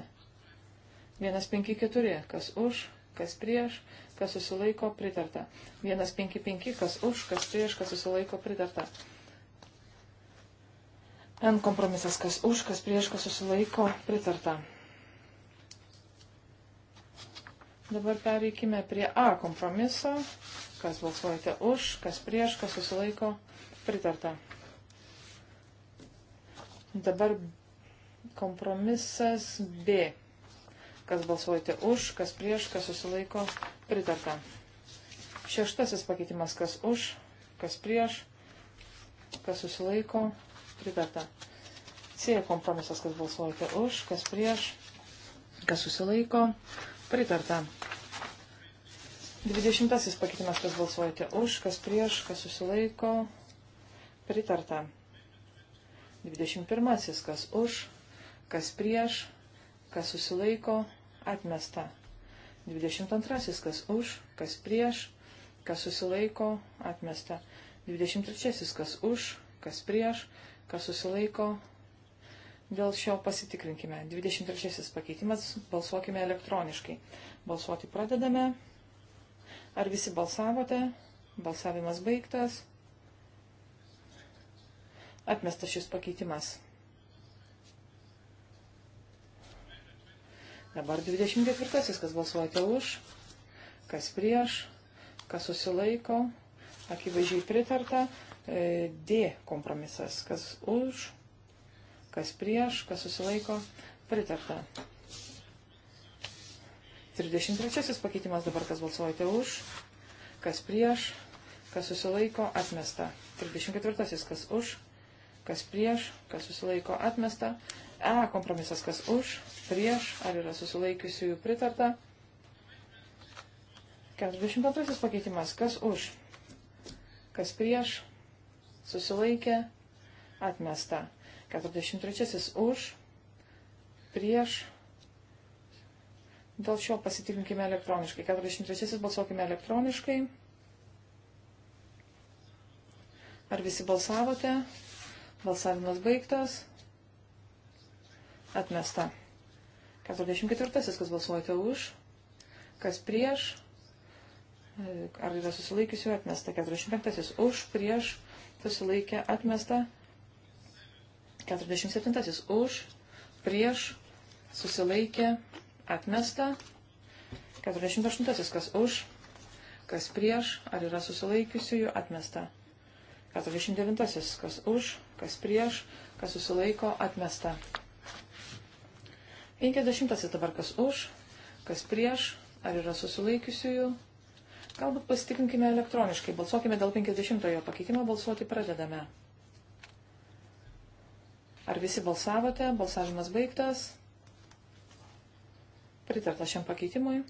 154, kas už, kas prieš, kas susilaiko pritarta. 155, kas už, kas prieš, kas susilaiko pritarta. N kompromisas, kas už, kas prieš, kas susilaiko pritarta. Dabar pereikime prie A kompromiso, kas balsuojate už, kas prieš, kas susilaiko pritarta. Dabar kompromisas B Kas balsuojate už, kas prieš, kas susilaiko, pritarta. Šeštasis pakeitimas, kas už, kas prieš, kas susilaiko, pritarta. C kompromisas, kas balsuojate už, kas prieš, kas susilaiko, pritarta. Dvidešimtasis pakeitimas, kas balsuojate už, kas prieš, kas susilaiko, pritarta. Dvidešimt pirmasis, kas už, kas prieš, kas susilaiko, atmesta. 22. Kas už, kas prieš, kas susilaiko, atmesta. 23. Kas už, kas prieš, kas susilaiko. Dėl šio pasitikrinkime. 23. pakeitimas balsuokime elektroniškai. Balsuoti pradedame. Ar visi balsavote? Balsavimas baigtas. Atmestas šis pakeitimas. Dabar 24. Kas balsuojate už, kas prieš, kas susilaiko, akivaizdžiai pritarta. E, D kompromisas. Kas už, kas prieš, kas susilaiko, pritarta. 33 pakeitimas dabar, kas balsuojate už, kas prieš, kas susilaiko, atmesta. 34 kas už, kas prieš, kas susilaiko, atmesta. E kompromisas kas už, prieš, ar yra susilaikiusiųjų pritarta. 42 pakeitimas kas už, kas prieš, susilaikė, atmesta. 43 už, prieš. Dėl šio pasitikrinkime elektroniškai. 43 balsuokime elektroniškai. Ar visi balsavote? Balsavimas baigtas atmesta. 44. Kas balsuojate už, kas prieš, e, ar yra susilaikiusių atmesta. 45. Už, prieš, susilaikė atmesta. 47. Už, prieš, susilaikė atmesta. 48. Kas už, kas prieš, ar yra susilaikiusiųjų atmesta. 49. Kas už, kas prieš, kas susilaiko atmesta. 50 dabar kas už, kas prieš, ar yra susilaikiusiųjų. Galbūt pasitikinkime elektroniškai. Balsuokime dėl 50 pakeitimo, balsuoti pradedame. Ar visi balsavote? Balsavimas baigtas. Pritarta šiam pakeitimui.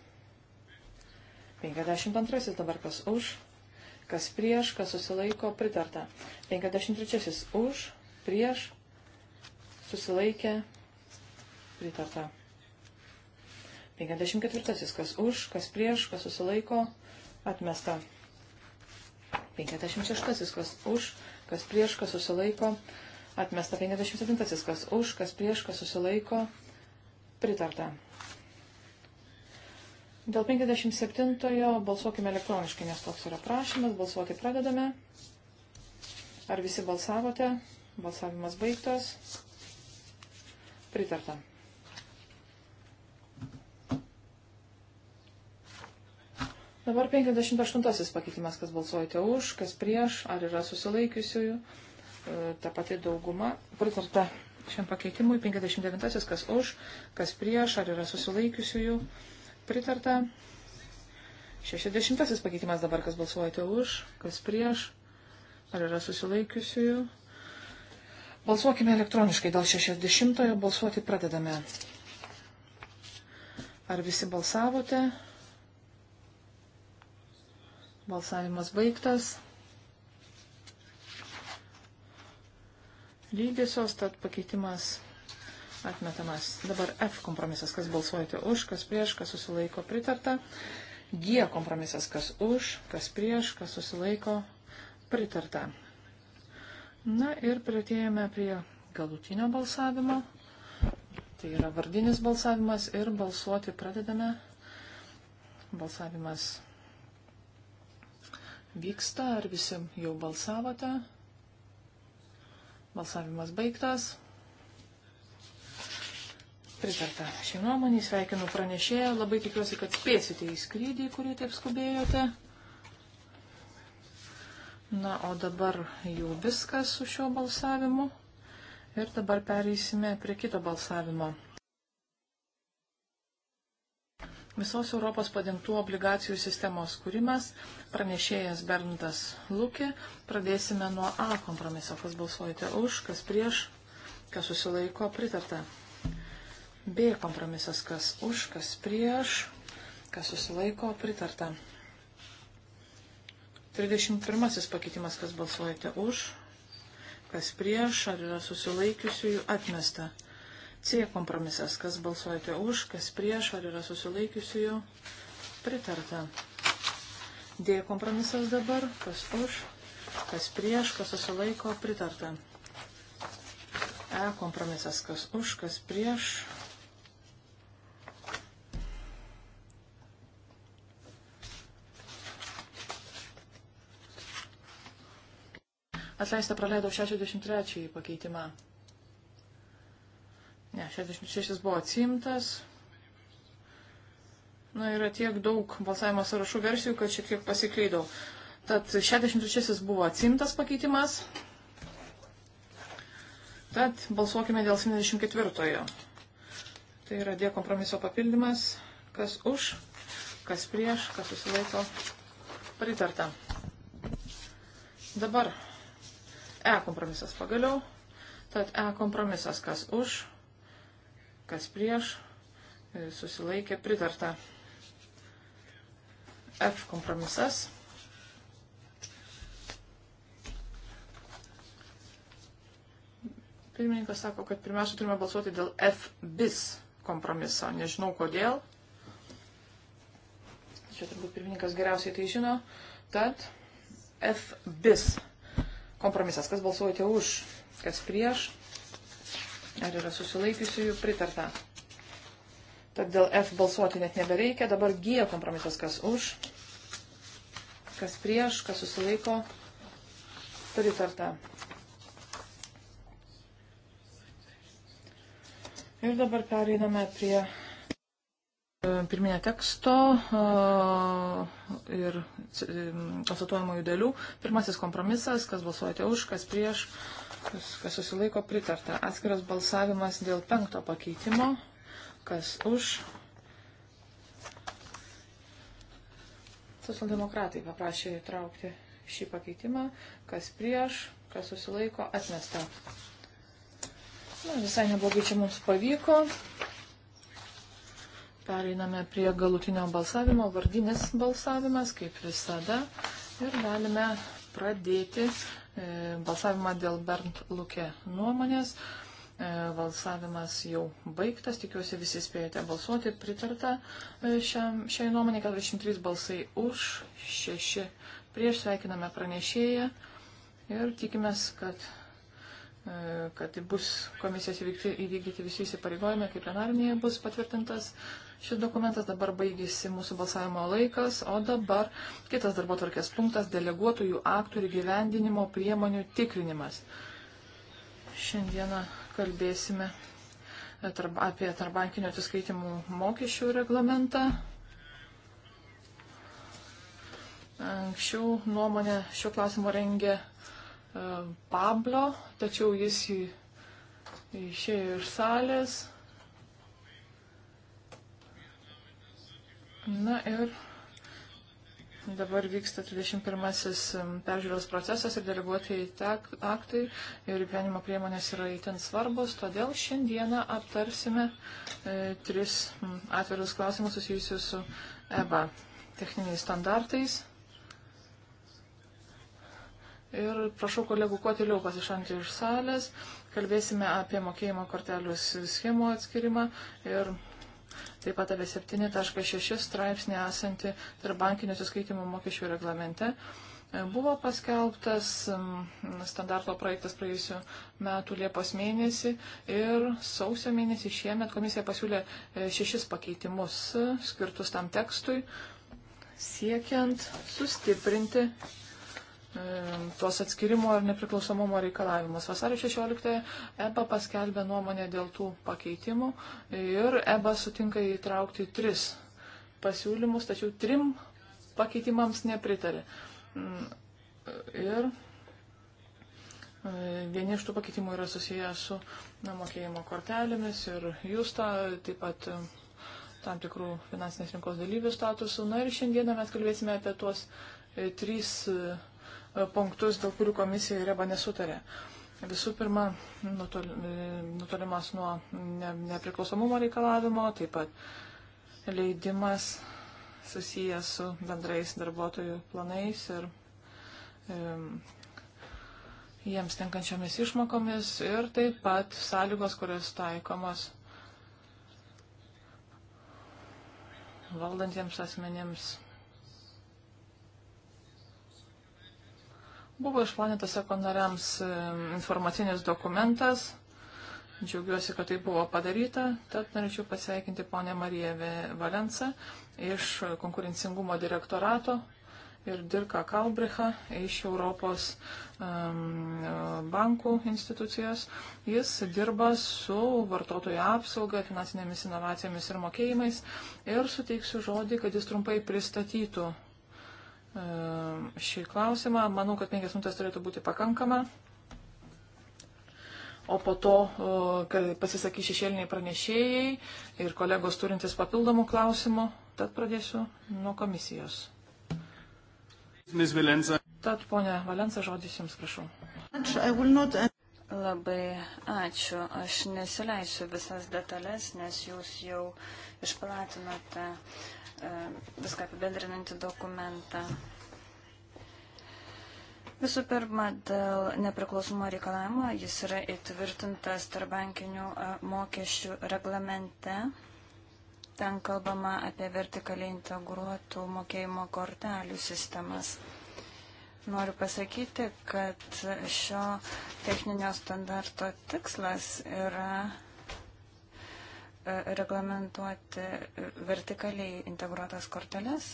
52 dabar kas už, kas prieš, kas susilaiko, pritarta. 53 už, prieš, susilaikė, pritarta. 54. Kas už, kas prieš, kas susilaiko, atmesta. 56. Kas už, kas prieš, kas susilaiko, atmesta. 57. Kas už, kas prieš, kas susilaiko, pritarta. Dėl 57-ojo balsuokime elektroniškai, nes toks yra prašymas. Balsuoti pradedame. Ar visi balsavote? Balsavimas baigtas. Pritarta. Dabar 58 pakeitimas, kas balsuojate už, kas prieš, ar yra susilaikiusiųjų. E, ta pati dauguma pritarta šiam pakeitimui. 59 kas už, kas prieš, ar yra susilaikiusiųjų. Pritarta. 60 pakeitimas dabar, kas balsuojate už, kas prieš, ar yra susilaikiusiųjų. Balsuokime elektroniškai dėl 60-ojo, balsuoti pradedame. Ar visi balsavote? Balsavimas baigtas. Lygiosios, tad pakeitimas atmetamas. Dabar F kompromisas, kas balsuojate už, kas prieš, kas susilaiko pritarta. G kompromisas, kas už, kas prieš, kas susilaiko pritarta. Na ir pritėjome prie galutinio balsavimo. Tai yra vardinis balsavimas ir balsuoti pradedame. Balsavimas vyksta, ar visi jau balsavote. Balsavimas baigtas. Pritarta šį nuomonį, sveikinu pranešėją, labai tikiuosi, kad spėsite į skrydį, kurį taip skubėjote. Na, o dabar jau viskas su šiuo balsavimu. Ir dabar pereisime prie kito balsavimo. visos Europos padengtų obligacijų sistemos kūrimas, pranešėjas Berntas Lukė. Pradėsime nuo A kompromiso. Kas balsuojate už, kas prieš, kas susilaiko, pritarta. B kompromisas, kas už, kas prieš, kas susilaiko, pritarta. 31 pakeitimas, kas balsuojate už, kas prieš, ar yra susilaikiusiųjų atmesta. C kompromisas, kas balsuojate už, kas prieš, ar yra susilaikiusiųjų, pritarta. D kompromisas dabar, kas už, kas prieš, kas susilaiko, pritarta. E kompromisas, kas už, kas prieš, Atleista, praleidau 63 pakeitimą. Ne, 66 buvo atsimtas. Na, yra tiek daug balsavimo sąrašų versijų, kad šiek tiek pasikleidau. Tad 66 buvo atsimtas pakeitimas. Tad balsuokime dėl 74. Tai yra D kompromiso papildymas. Kas už, kas prieš, kas susilaiko. Pritarta. Dabar E kompromisas pagaliau. Tad E kompromisas, kas už, kas prieš, e, susilaikė pritarta. F kompromisas. Pirmininkas sako, kad pirmiausia turime balsuoti dėl F bis kompromiso. Nežinau kodėl. Čia turbūt pirmininkas geriausiai tai žino. Tad F bis kompromisas. Kas balsuojate už, kas prieš, Ar yra susilaikiusiųjų pritarta? Tad dėl F balsuoti net nebereikia. Dabar G kompromisas kas už, kas prieš, kas susilaiko. Pritarta. Ir dabar pereiname prie e, pirminio teksto e, ir e, konstatuojamųjų dalių. Pirmasis kompromisas, kas balsuojate už, kas prieš, kas, kas susilaiko pritarta. Atskiras balsavimas dėl penkto pakeitimo, kas už. Socialdemokratai paprašė įtraukti šį pakeitimą, kas prieš, kas susilaiko, atmesta. Na, visai neblogai čia mums pavyko. Pereiname prie galutinio balsavimo, vardinis balsavimas, kaip visada. Ir galime pradėti E, balsavimą dėl Bernd Luke nuomonės. Valsavimas e, jau baigtas, tikiuosi visi spėjote balsuoti, pritarta e, šiam, šiai nuomonė, 43 balsai už, 6 prieš, sveikiname pranešėją ir tikimės, kad, kad bus komisijos įvykti, įvykdyti visi įsipareigojimai, kai plenarinėje bus patvirtintas šis dokumentas, dabar baigėsi mūsų balsavimo laikas, o dabar kitas darbo tvarkės punktas - deleguotojų aktų ir gyvendinimo priemonių tikrinimas. Šiandieną kalbėsime apie tarbankinio atsiskaitimų mokesčių reglamentą. Anksčiau nuomonę šiuo klausimu rengė e, Pablo, tačiau jis jį išėjo iš salės. Na ir Dabar vyksta 21-asis peržiūros procesas ir deleguotieji aktai ir gyvenimo priemonės yra įtin svarbus, todėl šiandieną aptarsime e, tris atvirus klausimus susijusius su EBA techniniais standartais. Ir prašau kolegų, kuo toliau pasišanti iš salės, kalbėsime apie mokėjimo kortelių schemų atskirimą ir taip pat apie 7.6 straipsnį esantį tarp bankinių atsiskaitimų mokesčių reglamente. E, buvo paskelbtas standarto projektas praėjusiu metu Liepos mėnesį ir sausio mėnesį šiemet komisija pasiūlė e, šešis pakeitimus e, skirtus tam tekstui, siekiant sustiprinti E, tuos atskirimo ir nepriklausomumo reikalavimus. Vasario 16 EBA paskelbė nuomonę dėl tų pakeitimų ir EBA sutinka įtraukti tris pasiūlymus, tačiau trim pakeitimams nepritarė. Mm, ir e, Vieni iš tų pakeitimų yra susiję su na, mokėjimo kortelėmis ir jūsta, taip pat e, tam tikrų finansinės rinkos dalyvių statusų. Na ir šiandieną mes kalbėsime apie tuos trys punktus, dėl kurių komisija ir EBA nesutarė. Visų pirma, nutolimas nuo nepriklausomumo reikalavimo, taip pat leidimas susijęs su bendrais darbuotojų planais ir e, jiems tenkančiomis išmokomis ir taip pat sąlygos, kurios taikomos valdantiems asmenėms Buvo išplanintas ekonariams informacinis dokumentas. Džiaugiuosi, kad tai buvo padaryta. Tad norėčiau pasveikinti ponę Mariją Valensą iš konkurencingumo direktorato ir Dirką Kalbrichą iš Europos um, bankų institucijos. Jis dirba su vartotojų apsauga, finansinėmis inovacijomis ir mokėjimais. Ir suteiksiu žodį, kad jis trumpai pristatytų Ehm, šį klausimą. Manau, kad penkias minutės turėtų būti pakankama. O po to e, pasisakys šešėliniai pranešėjai ir kolegos turintis papildomų klausimų. Tad pradėsiu nuo komisijos. Tad, ponia Valensa, žodis Jums prašau. Labai ačiū. Aš nesileisiu visas detalės, nes jūs jau išplatinote e, viską apibendrinantį dokumentą. Visų pirma, dėl nepriklausomo reikalavimo jis yra įtvirtintas tarbankinių e, mokesčių reglamente. Ten kalbama apie vertikaliai integruotų mokėjimo kortelių sistemas. Noriu pasakyti, kad šio techninio standarto tikslas yra e, reglamentuoti vertikaliai integruotas korteles.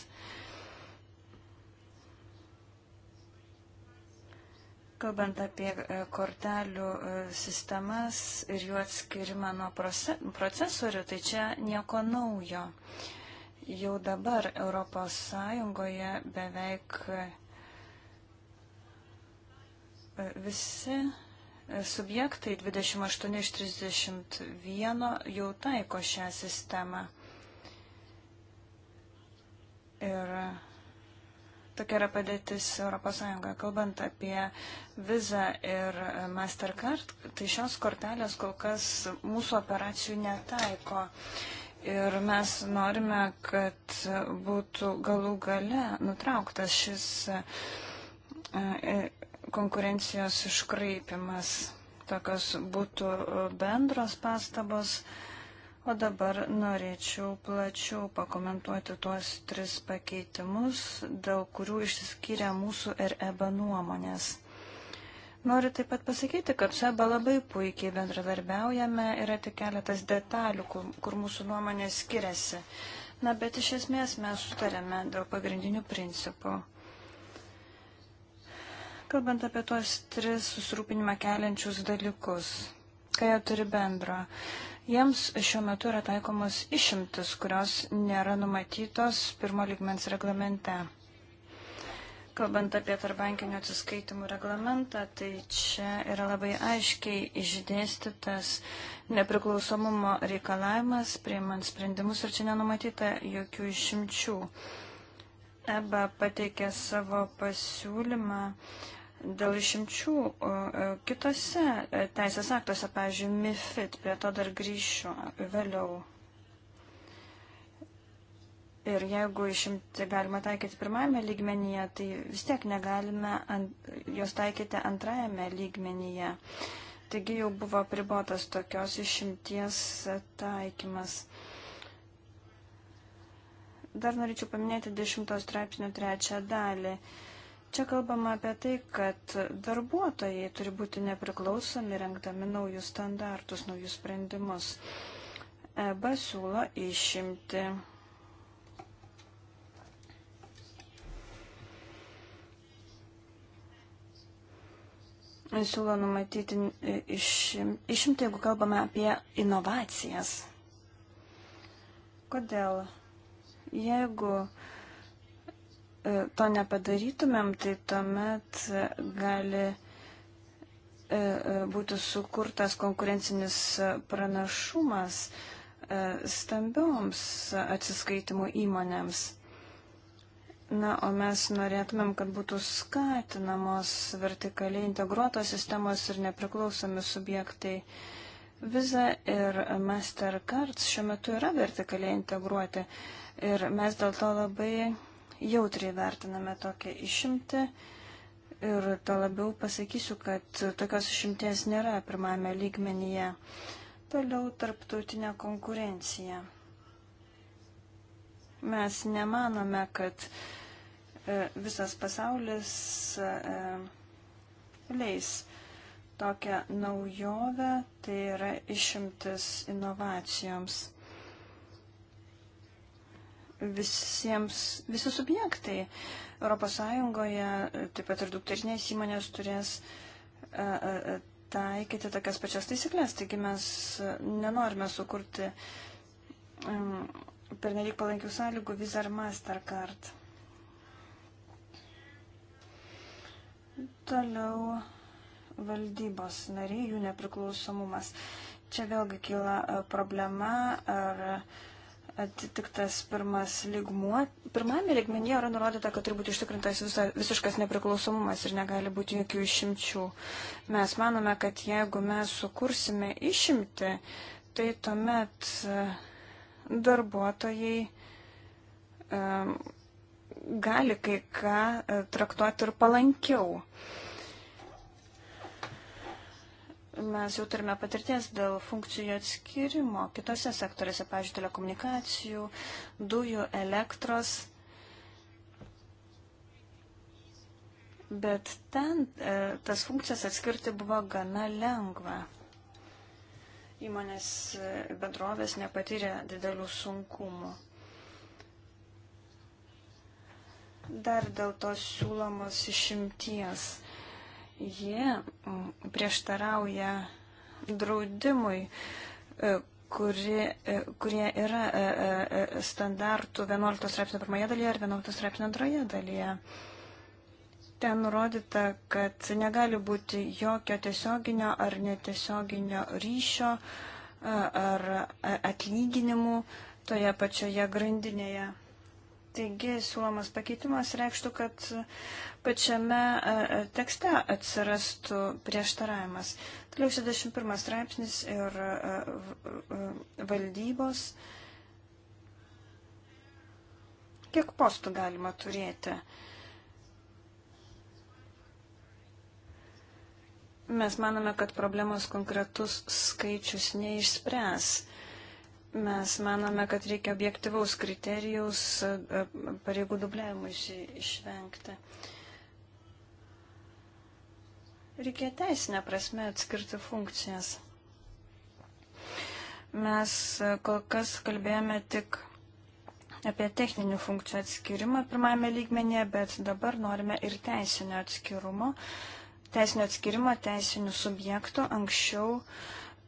Kalbant apie e, kortelių e, sistemas ir jų atskirimą nuo procesorių, tai čia nieko naujo. Jau dabar Europos Sąjungoje beveik Visi e, subjektai 28 iš 31 jau taiko šią sistemą. Ir tokia yra padėtis ES. Kalbant apie Visa ir Mastercard, tai šios kortelės kol kas mūsų operacijų netaiko. Ir mes norime, kad būtų galų gale nutrauktas šis e, e, konkurencijos iškraipimas. Tokios būtų e, bendros pastabos. O dabar norėčiau plačiau pakomentuoti tuos tris pakeitimus, dėl kurių išsiskyrė mūsų ir EBA nuomonės. Noriu taip pat pasakyti, kad su EBA labai puikiai bendradarbiaujame, yra tik keletas detalių, kur, kur mūsų nuomonės skiriasi. Na, bet iš esmės mes sutarėme dėl pagrindinių principų. Kalbant apie tuos tris susirūpinimą keliančius dalykus, ką jie turi bendro, jiems šiuo metu yra taikomos išimtis, kurios nėra numatytos pirmo ligmens reglamente. Kalbant apie tarbankinio atsiskaitimų reglamentą, tai čia yra labai aiškiai išdėstytas nepriklausomumo reikalavimas, prieimant sprendimus ir čia nenumatyta jokių išimčių. Iš EBA pateikė savo pasiūlymą dėl išimčių e, kitose e, teisės aktuose, pavyzdžiui, MIFID, prie to dar grįšiu vėliau. Ir jeigu išimti galima taikyti pirmajame lygmenyje, tai vis tiek negalime ant, jos taikyti antrajame lygmenyje. Taigi jau buvo pribotas tokios išimties taikymas. Dar norėčiau paminėti 10 straipsnio trečią dalį. Čia kalbama apie tai, kad darbuotojai turi būti nepriklausomi, renkdami naujus standartus, naujus sprendimus. EBA siūlo išimti. Siūlo numatyti išim, išimti, jeigu kalbame apie inovacijas. Kodėl? Jeigu e, to nepadarytumėm, tai tuomet gali e, e, būtų sukurtas konkurencinis pranašumas stambioms atsiskaitimų įmonėms. Na, o mes norėtumėm, kad būtų skatinamos vertikaliai integruotos sistemos ir nepriklausomi subjektai. Visa ir Mastercard šiuo metu yra vertikaliai integruoti. Uh, Ir mes dėl to labai jautriai vertiname tokią išimtį. Ir to labiau pasakysiu, kad tokios išimties nėra pirmame lygmenyje. Toliau tarptautinė konkurencija. Mes nemanome, kad e, visas pasaulis e, leis tokią naujovę, tai yra išimtis inovacijoms visiems, visi subjektai. ES, taip pat ir dukterinės įmonės turės e, e, e, taikyti tokias pačias taisyklės. Taigi mes nenorime sukurti pernelyg palankių sąlygų Visa ar Mastercard. Toliau valdybos nariai, jų nepriklausomumas. Čia vėlgi kyla problema, ar atitiktas pirmas lygmuo. Pirmame lygmenyje yra nurodyta, kad turi būti užtikrintas visa, visiškas nepriklausomumas ir negali būti jokių išimčių. Mes manome, kad jeigu mes sukursime išimti, tai tuomet e, darbuotojai um, gali kai ką e, traktuoti ir palankiau. Um, Mes jau turime patirties dėl funkcijų atskirimo kitose sektoriuose, pavyzdžiui, telekomunikacijų, dujų, elektros. Bet ten e, tas funkcijas atskirti buvo gana lengva. Įmonės e, bendrovės nepatyrė didelių sunkumų. Dar dėl tos siūlomos išimties ji prieštarauja draudimui, e, kuri, e, kurie yra e, standartų 11 straipsnio pirmoje dalyje ir 11 straipsnio antroje dalyje. Ten nurodyta, kad negali būti jokio tiesioginio ar netiesioginio ryšio ar atlyginimų toje pačioje grandinėje. Taigi siūlomas pakeitimas reikštų, kad pačiame e, e, tekste atsirastų prieštaravimas. Toliau 61 straipsnis ir e, valdybos. Kiek postų galima turėti? Mes manome, kad problemos konkretus skaičius neišspręs. Mes manome, kad reikia objektivaus kriterijaus e, pareigų dubliavimui išvengti. Reikia teisinę prasme atskirti funkcijas. Mes e, kol kas kalbėjome tik apie techninių funkcijų atskirimą pirmame lygmenyje, bet dabar norime ir teisinio atskirumo, teisinio atskirimo, teisinių subjektų. Anksčiau uh,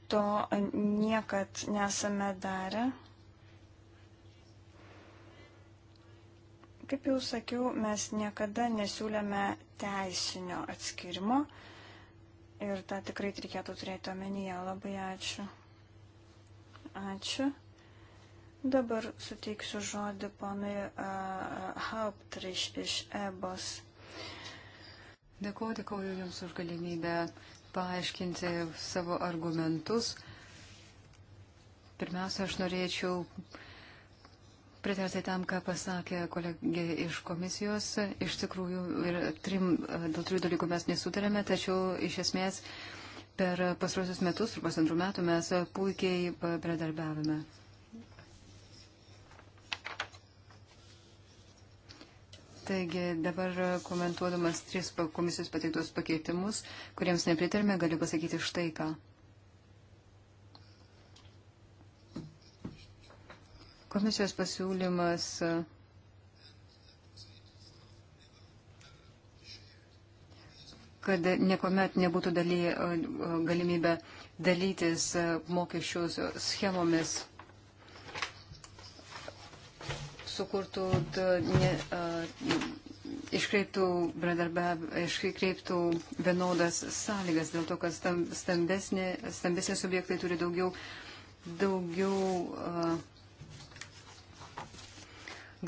to niekad nesame darę. Kaip jau sakiau, mes niekada nesiūlėme teisinio atskirimo ir tą tikrai reikėtų turėti omenyje. Labai ačiū. Ačiū. Dabar suteiksiu žodį ponui uh, Hauptriš iš EBOS. Dėkuoju, dėkuoju Jums už galimybę paaiškinti savo argumentus. Pirmiausia, aš norėčiau pritarti tam, ką pasakė kolegė iš komisijos. Iš tikrųjų, trim, dėl trijų dalykų mes nesutarėme, tačiau iš esmės per pasruosius metus, arba antrų metų mes puikiai e, bendradarbiavime. Taigi dabar komentuodamas tris komisijos pateiktus pakeitimus, kuriems nepritarime, galiu pasakyti štai ką. Komisijos pasiūlymas kad niekuomet nebūtų daly, galimybė dalytis mokesčių schemomis sukurtų ne, iškreiptų, iškreiptų vienodas sąlygas, dėl to, kad stambesnė, stambesnė subjektai turi daugiau, daugiau a,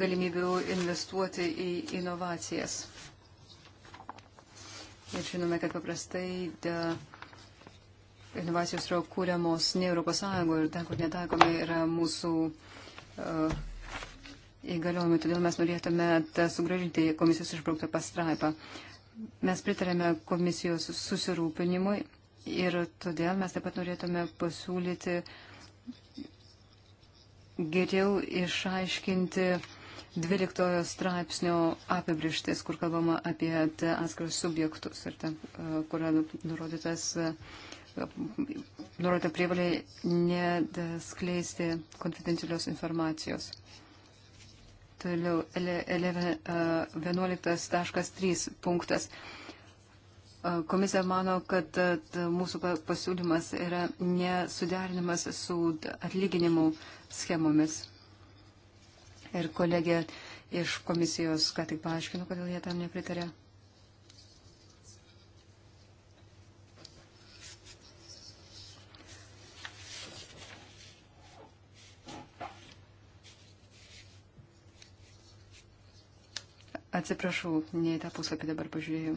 galimybių investuoti į inovacijas. Ir žinome, kad paprastai da, inovacijos yra kūriamos ne Europos Sąjungoje ir ten, kur netaikomi, yra mūsų uh, įgaliojimai, todėl mes norėtume sugražinti komisijos išbrauktą pastraipą. Mes pritarėme komisijos susirūpinimui ir todėl mes taip pat norėtume pasiūlyti geriau išaiškinti 12 straipsnio apibrištis, kur kalbama apie atskirus subjektus ir ten, e, kur nurodytas e, nurodyta prievalė neskleisti konfidencialios informacijos. Toliau 11.3 punktas. Komisija mano, kad mūsų pasiūlymas yra nesuderinimas su atlyginimų schemomis. Ir kolegė iš komisijos ką tik paaiškino, kodėl jie tam nepritarė. Atsiprašau, ne į tą puslapį dabar pažiūrėjau.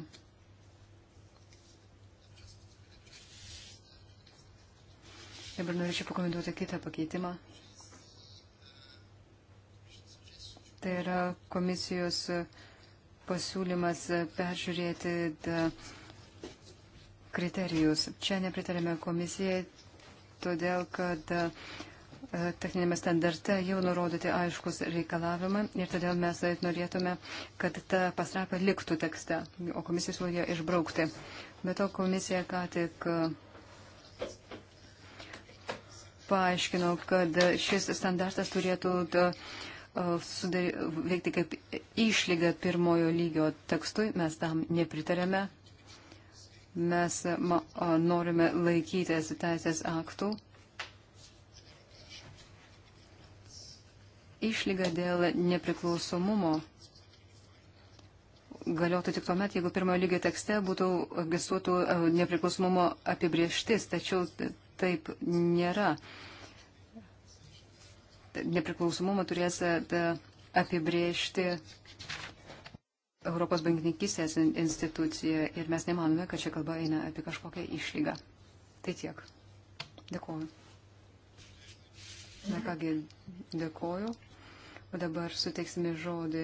Dabar norėčiau pakomentuoti kitą pakeitimą. Tai yra komisijos pasiūlymas peržiūrėti kriterijus. Čia nepritarėme komisijai, todėl kad uh, techninėme standarte jau nurodyti aiškus reikalavimą ir todėl mes norėtume, kad ta pastrapa liktų tekste, o komisija siūlo ją išbraukti. Bet to komisija ką tik uh, paaiškino, kad šis standartas turėtų uh, sudary, veikti kaip išlyga pirmojo lygio tekstui. Mes tam nepritarėme. Mes ma, norime laikytis teisės aktų išlyga dėl nepriklausomumo galiotų tik tuomet, jeigu pirmojo lygio tekste būtų egzistuotų e, nepriklausomumo apibrieštis, tačiau taip nėra. Nepriklausomumą turės e, apibriežti Europos bankininkistės institucija ir mes nemanome, kad čia kalba eina apie kažkokią išlygą. Tai tiek. Dėkuoju. Na kągi, dėkuoju. O dabar suteiksime žodį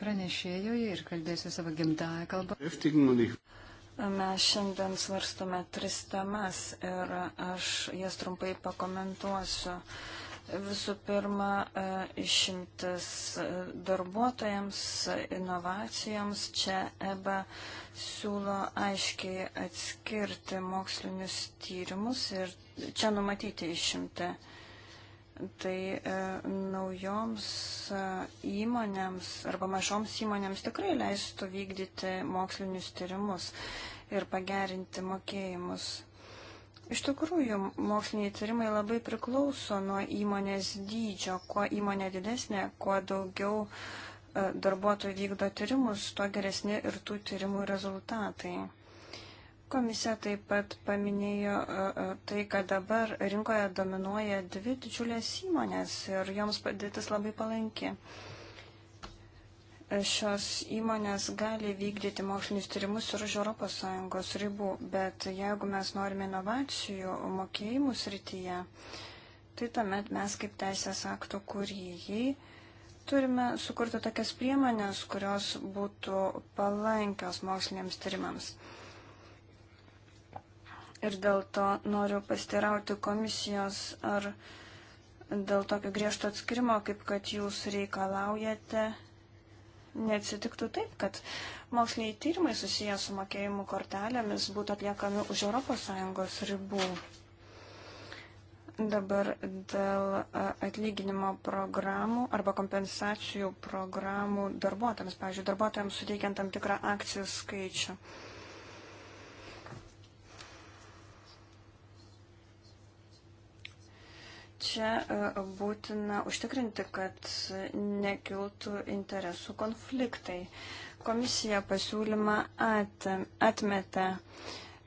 pranešėjui ir kalbėsiu savo gimtąją kalbą. Mes šiandien svarstome tris temas ir aš jas trumpai pakomentuosiu. Visų pirma, e, išimtis e, darbuotojams, inovacijoms. Čia EBA siūlo aiškiai atskirti mokslinius tyrimus ir čia numatyti išimti tai e, naujoms e, įmonėms arba mažoms įmonėms tikrai leistų vykdyti mokslinius tyrimus ir pagerinti mokėjimus. Iš tikrųjų, moksliniai tyrimai labai priklauso nuo įmonės dydžio. Kuo įmonė didesnė, kuo daugiau e, darbuotojų vykdo tyrimus, tuo geresni ir tų tyrimų rezultatai. Komisija taip pat paminėjo e, e, tai, kad dabar rinkoje dominuoja dvi didžiulės įmonės ir joms padėtis labai palanki. E, šios įmonės gali vykdyti mokslinius tyrimus ir už ES ribų, bet jeigu mes norime inovacijų mokėjimų srityje, tai tuomet mes kaip teisės akto kūrėjai turime sukurti tokias priemonės, kurios būtų palankios moksliniams tyrimams ir dėl to noriu pastirauti komisijos ar dėl tokio griežto atskirimo, kaip kad jūs reikalaujate, neatsitiktų taip, kad moksliniai tyrimai susiję su mokėjimų kortelėmis būtų atliekami už ES ribų. Dabar dėl atlyginimo programų arba kompensacijų programų darbuotojams, pavyzdžiui, darbuotojams suteikiant tam tikrą akcijų skaičių. Uh, čia e, būtina užtikrinti, kad nekiltų interesų konfliktai. Komisija pasiūlymą atmetė.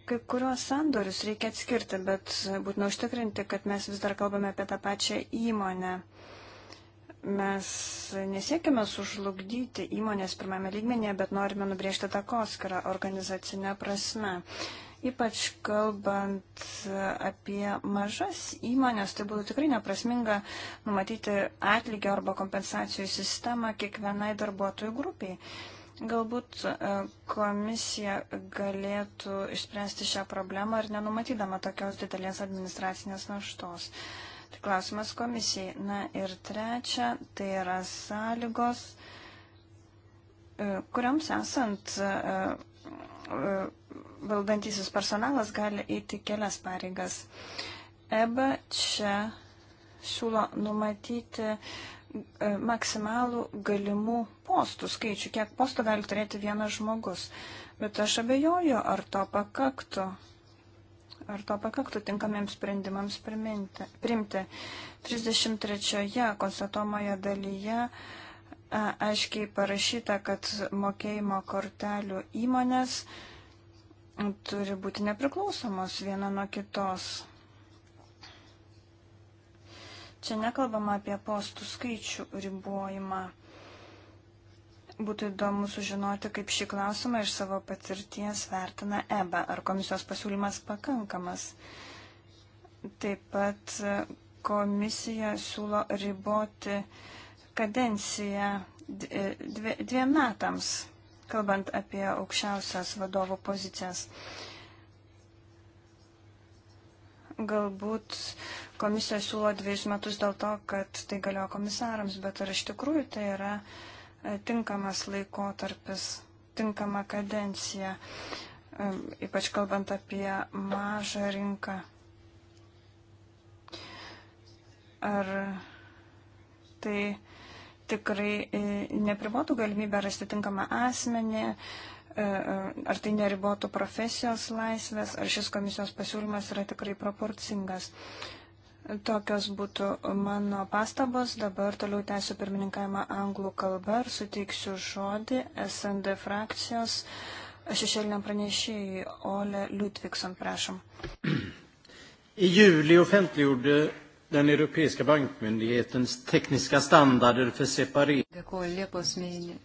Kai kuriuos sandorius reikia atskirti, bet būtina užtikrinti, kad mes vis dar kalbame apie tą pačią įmonę. Mes nesiekime sužlugdyti įmonės pirmame lygmenyje, bet norime nubriežti takoskirą organizacinę prasme. Ypač kalbant apie mažas įmonės, tai būtų tikrai neprasminga numatyti atlygio arba kompensacijų sistemą kiekvienai darbuotojų grupiai. Galbūt e, komisija galėtų išspręsti šią problemą ir nenumatydama tokios didelės administracinės naštos. Tai klausimas komisijai. Na ir trečia, tai yra sąlygos, e, kuriams esant e, valdantysis personalas gali eiti kelias pareigas. EBA čia siūlo numatyti e, maksimalų galimų postų skaičių, kiek postų gali turėti vienas žmogus. Bet aš abejoju, ar to pakaktų. Ar to pakaktų tinkamiems sprendimams priminti, primti. 33 konstatuomoje dalyje e, aiškiai parašyta, kad mokėjimo kortelių įmonės uh, turi būti nepriklausomos viena nuo kitos. Čia nekalbama apie postų skaičių ribojimą. Būtų įdomu sužinoti, kaip šį klausimą iš savo patirties vertina EBA, ar komisijos pasiūlymas pakankamas. Taip pat komisija siūlo riboti kadenciją dviem metams kalbant apie aukščiausias vadovų pozicijas. Galbūt komisija siūlo dviejus metus dėl to, kad tai galioja komisarams, bet ar iš tikrųjų tai yra e, tinkamas laikotarpis, tinkama kadencija, e, ypač kalbant apie mažą rinką. Ar tai tikrai e, nepribotų galimybę rasti tinkamą asmenį, e, e, ar tai neribotų profesijos laisvės, ar šis komisijos pasiūlymas yra tikrai proporcingas. Tokios būtų mano pastabos. Dabar toliau tęsiu pirmininkavimą anglų kalbą ir suteiksiu žodį SND frakcijos šešėliniam pranešėjui Ole Ludvigson, prašom. I juli offentliggjorde den europeiska bankmyndighetens tekniska standarder för separering. Dėkuoju Liepos mėnesį.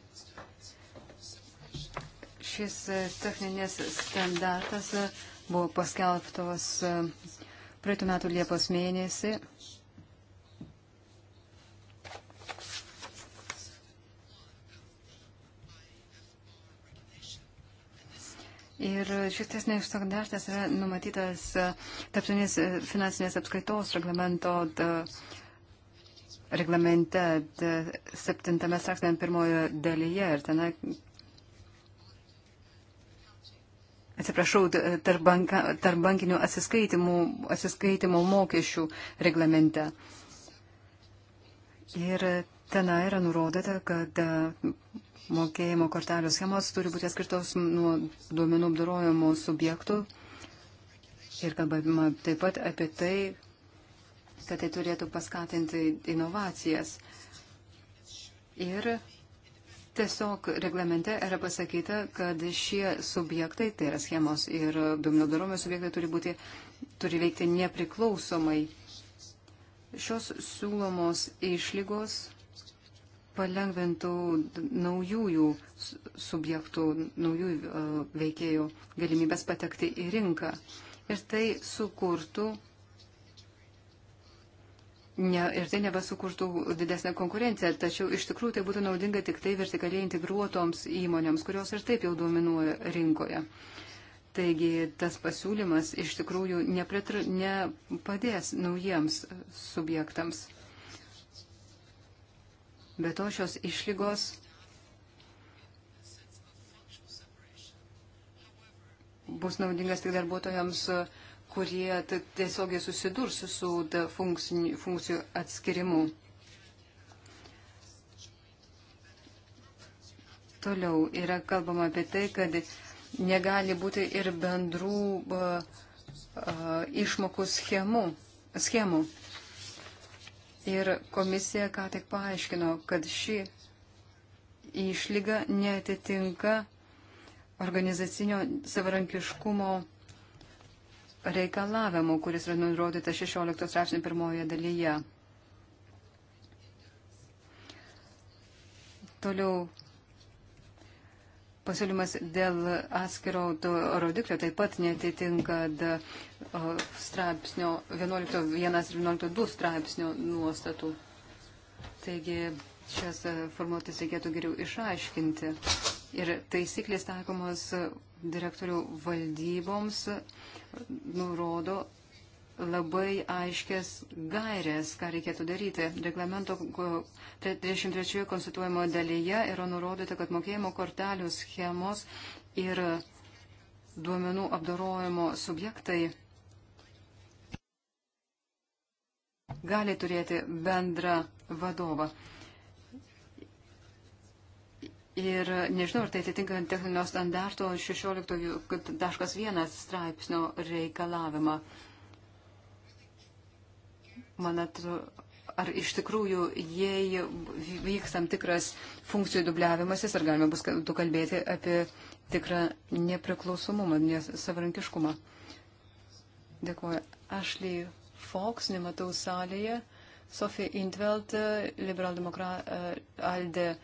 Šis e, techninis standartas e, buvo paskelbtos e, praeitų metų Liepos mėnesį Ir šis teisinis standartas yra numatytas e, tarptautinės e, finansinės apskaitos reglamento da, reglamente da, septintame straksnėje pirmojo dalyje. Ir tenai, atsiprašau, tarp, banka, tarp bankinių atsiskaitimų, atsiskaitimo mokesčių reglamente. Ir tenai yra nurodyta, kad da, mokėjimo kortelių schemos turi būti atskirtos nuo duomenų apdarojimo subjektų. Ir kalbama taip pat apie tai, kad tai turėtų paskatinti inovacijas. Ir Tiesiog reglamente yra pasakyta, kad šie subjektai, tai yra schemos ir duomenų daromio subjektai, turi, būti, turi veikti nepriklausomai. Šios siūlomos išlygos palengventų naujųjų subjektų, naujųjų e, veikėjų galimybės patekti į rinką. Ir tai sukurtų, ne, ir tai nebesukurtų didesnę konkurenciją, tačiau iš tikrųjų tai būtų naudinga tik tai vertikaliai integruotoms įmonėms, kurios ir taip jau dominuoja rinkoje. Taigi tas pasiūlymas iš tikrųjų nepadės naujiems subjektams. Be to šios išlygos bus naudingas tik darbuotojams, kurie tiesiogiai susidurs su funkcijų atskirimu. Toliau yra kalbama apie tai, kad negali būti ir bendrų uh, išmokų schemų. schemų. Ir komisija ką tik paaiškino, kad ši išlyga netitinka organizacinio savarankiškumo reikalavimų, kuris yra nurodyta 16 straipsnių pirmoje dalyje. Toliau pasiūlymas dėl atskiro rodiklio taip pat netitinka straipsnio 11.1.11.2 straipsnio nuostatų. Taigi šias e, formuotis reikėtų geriau išaiškinti. Ir taisyklės taikomos direktorių valdyboms e, nurodo, labai aiškės gairės, ką reikėtų daryti. Reglamento 33 konstituojamo dalyje yra nurodyta, kad mokėjimo kortelių schemos ir duomenų apdarojimo subjektai gali turėti bendrą vadovą. Ir nežinau, ar tai atitinka techninio standarto 16.1 straipsnio reikalavimą man atrodo, ar iš tikrųjų, jei vyks tam tikras funkcijų dubliavimasis, ar galima bus tu kalbėti apie tikrą nepriklausomumą, nesavankiškumą. Dėkuoju. Ashley Fox, nematau salėje. Sofija Intveld, liberaldemokratė e,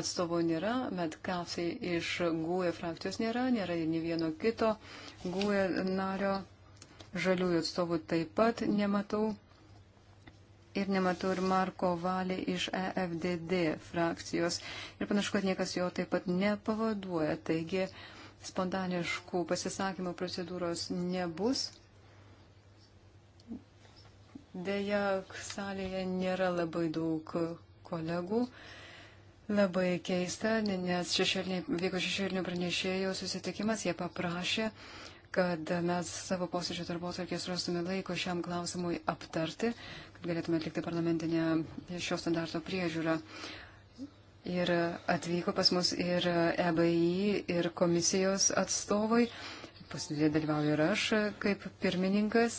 atstovų nėra, bet Kafsai iš GUE frakcijos nėra, nėra nei vieno kito GUE nario, žaliųjų atstovų taip pat nematau ir nematau ir Marko Valį iš EFDD frakcijos. Ir panašu, kad niekas jo taip pat nepavaduoja. Taigi spontaniškų pasisakymų procedūros nebus. Deja, salėje nėra labai daug kolegų. Labai keista, nes šešėlinė, vyko šešėlinių pranešėjų susitikimas, jie paprašė, kad mes savo posėdžio darbo tarkės rastume laiko šiam klausimui aptarti, galėtume atlikti parlamentinę šio standarto priežiūrą. Ir atvyko pas mus ir EBI, ir komisijos atstovai. Posėdėje dalyvauju ir aš kaip pirmininkas.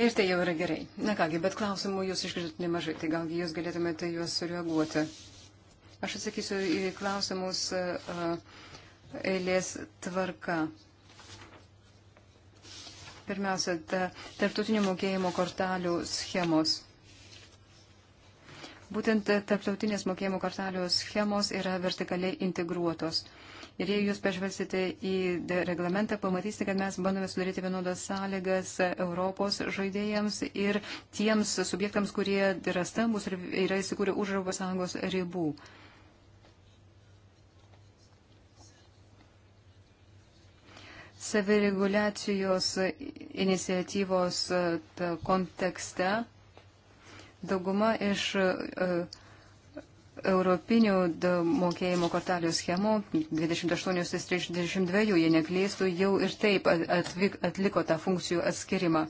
Ir tai jau yra gerai. Na kągi, bet klausimų jūs išgirdot nemažai, tai galgi jūs galėtumėte juos sureaguoti. Aš atsakysiu į klausimus e, e, eilės tvarka. Pirmiausia, tarptautinių mokėjimo kortelių schemos. Būtent tarptautinės mokėjimo kortelių schemos yra vertikaliai integruotos. Ir jei jūs pažvelgsite į reglamentą, pamatysite, kad mes bandome sudaryti vienodas sąlygas Europos žaidėjams ir tiems subjektams, kurie yra stambus ir yra įsikūrę už ES ribų. ribų. savireguliacijos iniciatyvos e, kontekste dauguma iš e, europinių mokėjimo kortelių schemų, 28 iš 32, jie neklėstų, jau ir taip atvyk, atliko tą funkcijų atskirimą.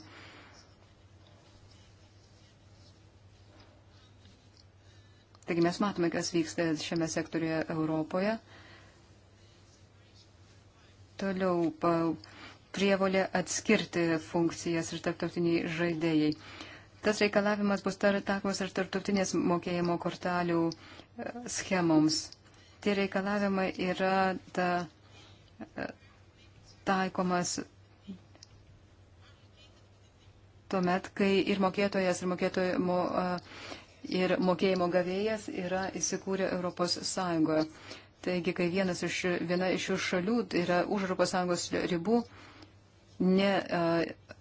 Taigi mes matome, kas vyksta šiame sektoriuje Europoje. Toliau prievolė atskirti funkcijas ir tarptautiniai žaidėjai. Tas reikalavimas bus taikomas ir tarptautinės mokėjimo kortelių e, schemoms. Tie reikalavimai yra ta, e, taikomas tuomet, kai ir mokėtojas, ir mokėtojimo. Uh, ir mokėjimo gavėjas yra įsikūrę Europos Sąjungoje. Taigi, kai vienas iš, viena iš šių šalių tai yra už ES ribų, ne, a,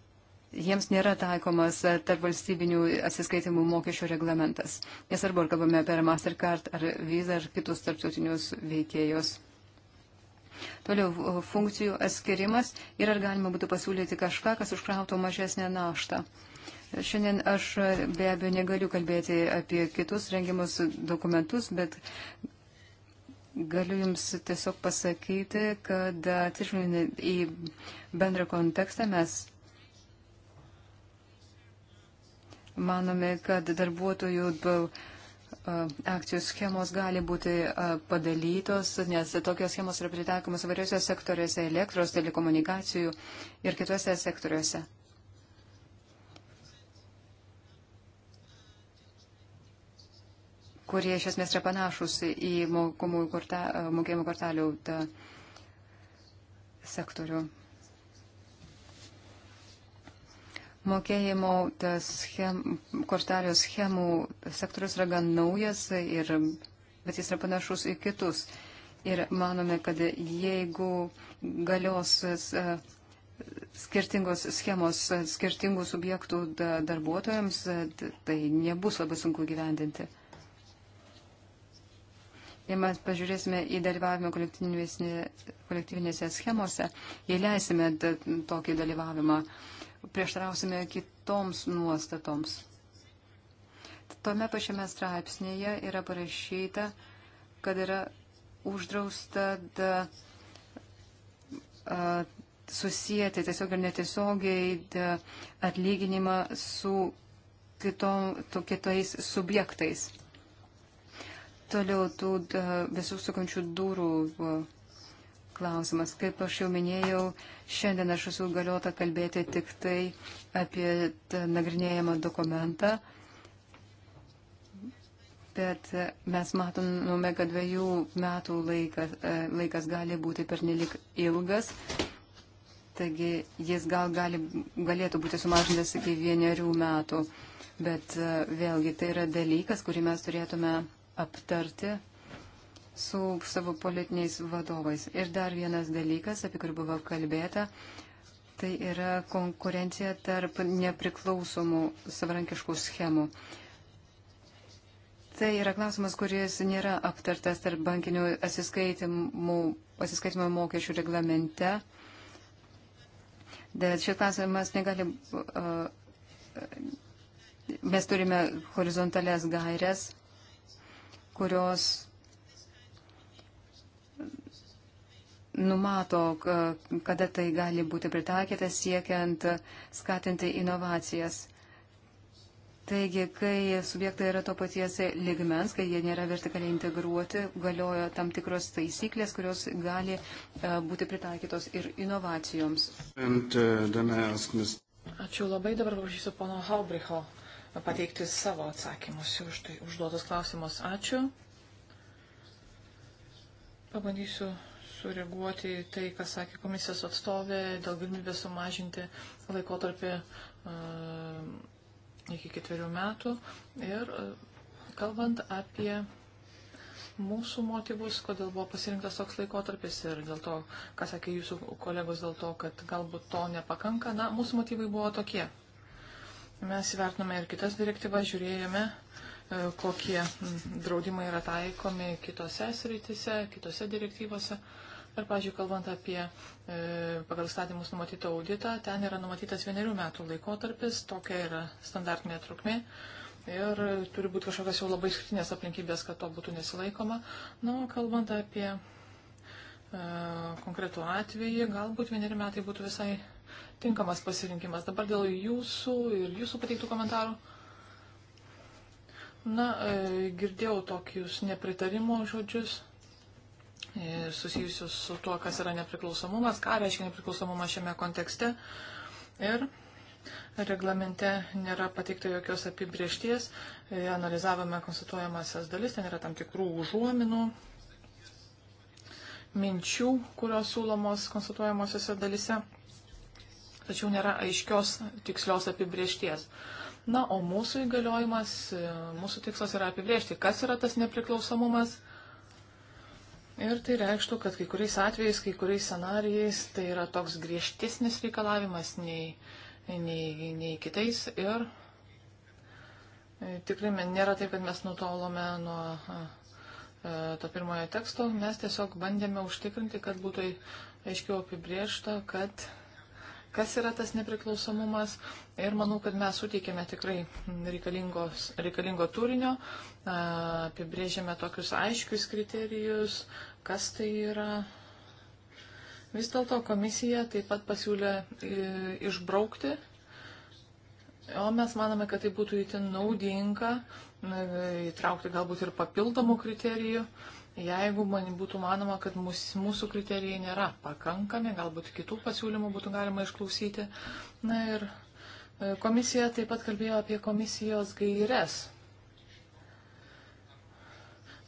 jiems nėra taikomas tarp valstybinių atsiskaitimų mokesčių reglamentas. Nesvarbu, ar kalbame apie Mastercard, ar Visa, ar kitus tarptautinius veikėjus. Toliau funkcijų atskirimas ir ar galima būtų pasiūlyti kažką, kas užkrautų mažesnę naštą. Šiandien aš be abejo negaliu kalbėti apie kitus rengimus dokumentus, bet Galiu Jums tiesiog pasakyti, kad atsižvelgiant į bendrą kontekstą mes manome, kad darbuotojų akcijos schemos gali būti padalytos, nes tokios schemos yra pritaikomas įvairiuose sektoriuose - elektros, telekomunikacijų ir kitose sektoriuose. kurie iš esmės yra panašus į korta, mokėjimo kortelių tą sektorių. Mokėjimo schem, kortelių schemų sektorius yra gan naujas, ir, bet jis yra panašus į kitus. Ir manome, kad jeigu galios e, skirtingos schemos skirtingų subjektų darbuotojams, e, tai nebus labai sunku gyvendinti. Jei mes pažiūrėsime į dalyvavimą kolektyvinėse schemose, jei leisime tokį dalyvavimą, prieštarausime kitoms nuostatoms. Tome pačiame straipsnėje yra parašyta, kad yra uždrausta da, a, susijęti tiesiog ir netiesiogiai da, atlyginimą su kito, to, kitais subjektais. Toliau tų visų sukančių durų klausimas. Kaip aš jau minėjau, šiandien aš esu galiota kalbėti tik tai apie nagrinėjimą dokumentą. Bet e, mes matome, kad dviejų metų laikas, e, laikas gali būti pernelik ilgas. Taigi jis gal gali, galėtų būti sumažintas iki vienerių metų. Bet e, vėlgi tai yra dalykas, kurį mes turėtume aptarti su savo politiniais vadovais. Ir dar vienas dalykas, apie kurį buvo kalbėta, tai yra konkurencija tarp nepriklausomų savarankiškų schemų. Tai yra klausimas, kuris nėra aptartas tarp bankinių atsiskaitimų, atsiskaitimo mokesčių reglamente. Bet šis klausimas negali. Uh, mes turime horizontales gairias kurios numato, kada tai gali būti pritaikyta siekiant skatinti inovacijas. Taigi, kai subjektai yra to paties ligmens, kai jie nėra vertikaliai integruoti, galioja tam tikros taisyklės, kurios gali e, būti pritaikytos ir inovacijoms. And, uh, Ačiū labai, dabar prašysiu pono Haubricho pateikti savo atsakymus už tai užduotus klausimus. Ačiū. Pabandysiu sureaguoti į tai, ką sakė komisijos atstovė dėl galimybės sumažinti laikotarpį e, iki ketverių metų. Ir e, kalbant apie mūsų motyvus, kodėl buvo pasirinktas toks laikotarpis ir dėl to, ką sakė jūsų kolegos, dėl to, kad galbūt to nepakanka. Na, mūsų motyvai buvo tokie. Mes vertinome ir kitas direktyvas, žiūrėjome, e, kokie draudimai yra taikomi kitose sritise, kitose direktyvose. Ir, pažiūrėjau, kalbant apie e, pagal statymus numatytą auditą, ten yra numatytas vienerių metų laikotarpis, tokia yra standartinė trukmė. Ir turi būti kažkokios jau labai išskirtinės aplinkybės, kad to būtų nesilaikoma. Na, nu, kalbant apie e, konkretų atvejį, galbūt vieneri metai būtų visai tinkamas pasirinkimas. Dabar dėl jūsų ir jūsų pateiktų komentarų. Na, e, girdėjau tokius nepritarimo žodžius e, susijusius su tuo, kas yra nepriklausomumas, ką reiškia nepriklausomumas šiame kontekste. Ir reglamente nėra pateikta jokios apibriešties, e, analizavome konstatuojamasias dalis, ten yra tam tikrų užuominų, minčių, kurios siūlomos konstatuojamosiose dalise tačiau nėra aiškios tikslios apibriešties. Na, o mūsų įgaliojimas, e, mūsų tikslas yra apibriežti, kas yra tas nepriklausomumas. Ir tai reikštų, kad kai kuriais atvejais, kai kuriais scenarijais tai yra toks griežtesnis reikalavimas nei, nei, nei kitais. Ir e, tikrai nėra taip, kad mes nutolome nuo e, to pirmojo teksto. Mes tiesiog bandėme užtikrinti, kad būtų aiškiau apibriešta, kad kas yra tas nepriklausomumas. Ir manau, kad mes suteikėme tikrai reikalingo turinio, apibrėžėme tokius aiškius kriterijus, kas tai yra. Vis dėlto komisija taip pat pasiūlė išbraukti, o mes manome, kad tai būtų įtin naudinga, įtraukti galbūt ir papildomų kriterijų. Jeigu man būtų manoma, kad mūs, mūsų kriterijai nėra pakankami, galbūt kitų pasiūlymų būtų galima išklausyti. Na ir e, komisija taip pat kalbėjo apie komisijos gairias.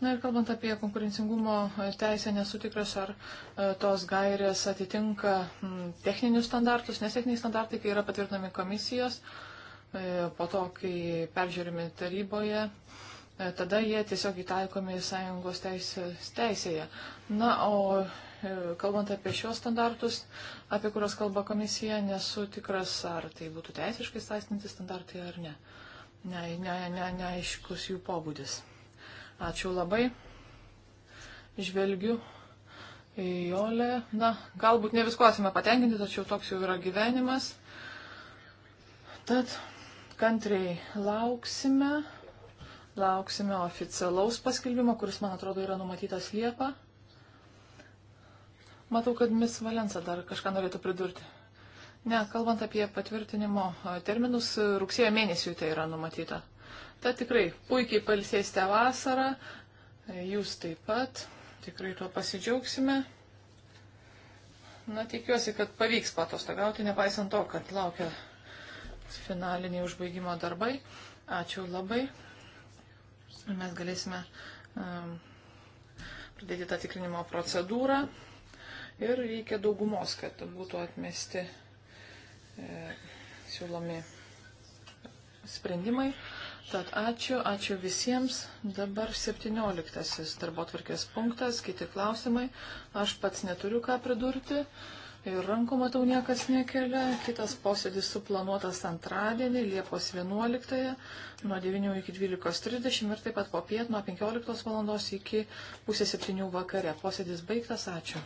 Na ir kalbant apie konkurencingumo e, teisę, nesu tikras, ar e, tos gairės atitinka techninius standartus, nes techniniai standartai, kai yra patvirtinami komisijos, po to, kai peržiūrimi taryboje, E, tada jie tiesiog įtaikomi sąjungos teisės, teisėje. Na, o e, kalbant apie šios standartus, apie kurios kalba komisija, nesu tikras, ar tai būtų teisiškai sąstinti standartai ar ne. ne, ne, ne neaiškus jų pobūdis. Ačiū labai. Žvelgiu Jolė, na, galbūt ne visko esame patenkinti, tačiau toks jau yra gyvenimas. Tad kantriai lauksime Lauksime oficialaus paskelbimo, kuris, man atrodo, yra numatytas Liepą. Matau, kad Miss Valensa dar kažką norėtų pridurti. Ne, kalbant apie patvirtinimo e, terminus, rugsėjo mėnesį tai yra numatyta. Ta tikrai puikiai palsėsite vasarą, jūs taip pat, tikrai tuo pasidžiaugsime. Na, tikiuosi, kad pavyks patostagauti, nepaisant to, kad laukia finaliniai užbaigimo darbai. Ačiū labai mes galėsime um, pradėti tą tikrinimo procedūrą ir reikia daugumos, kad būtų atmesti e, siūlomi sprendimai. Tad ačiū, ačiū visiems. Dabar 17 darbo tvarkės punktas, kiti klausimai. Aš pats neturiu ką pridurti ir rankų matau niekas nekelia. Kitas posėdis suplanuotas antradienį, Liepos 11 nuo 9 iki 12.30 ir taip pat po pietų nuo 15 val. iki pusės 7 vakare. Posėdis baigtas, ačiū.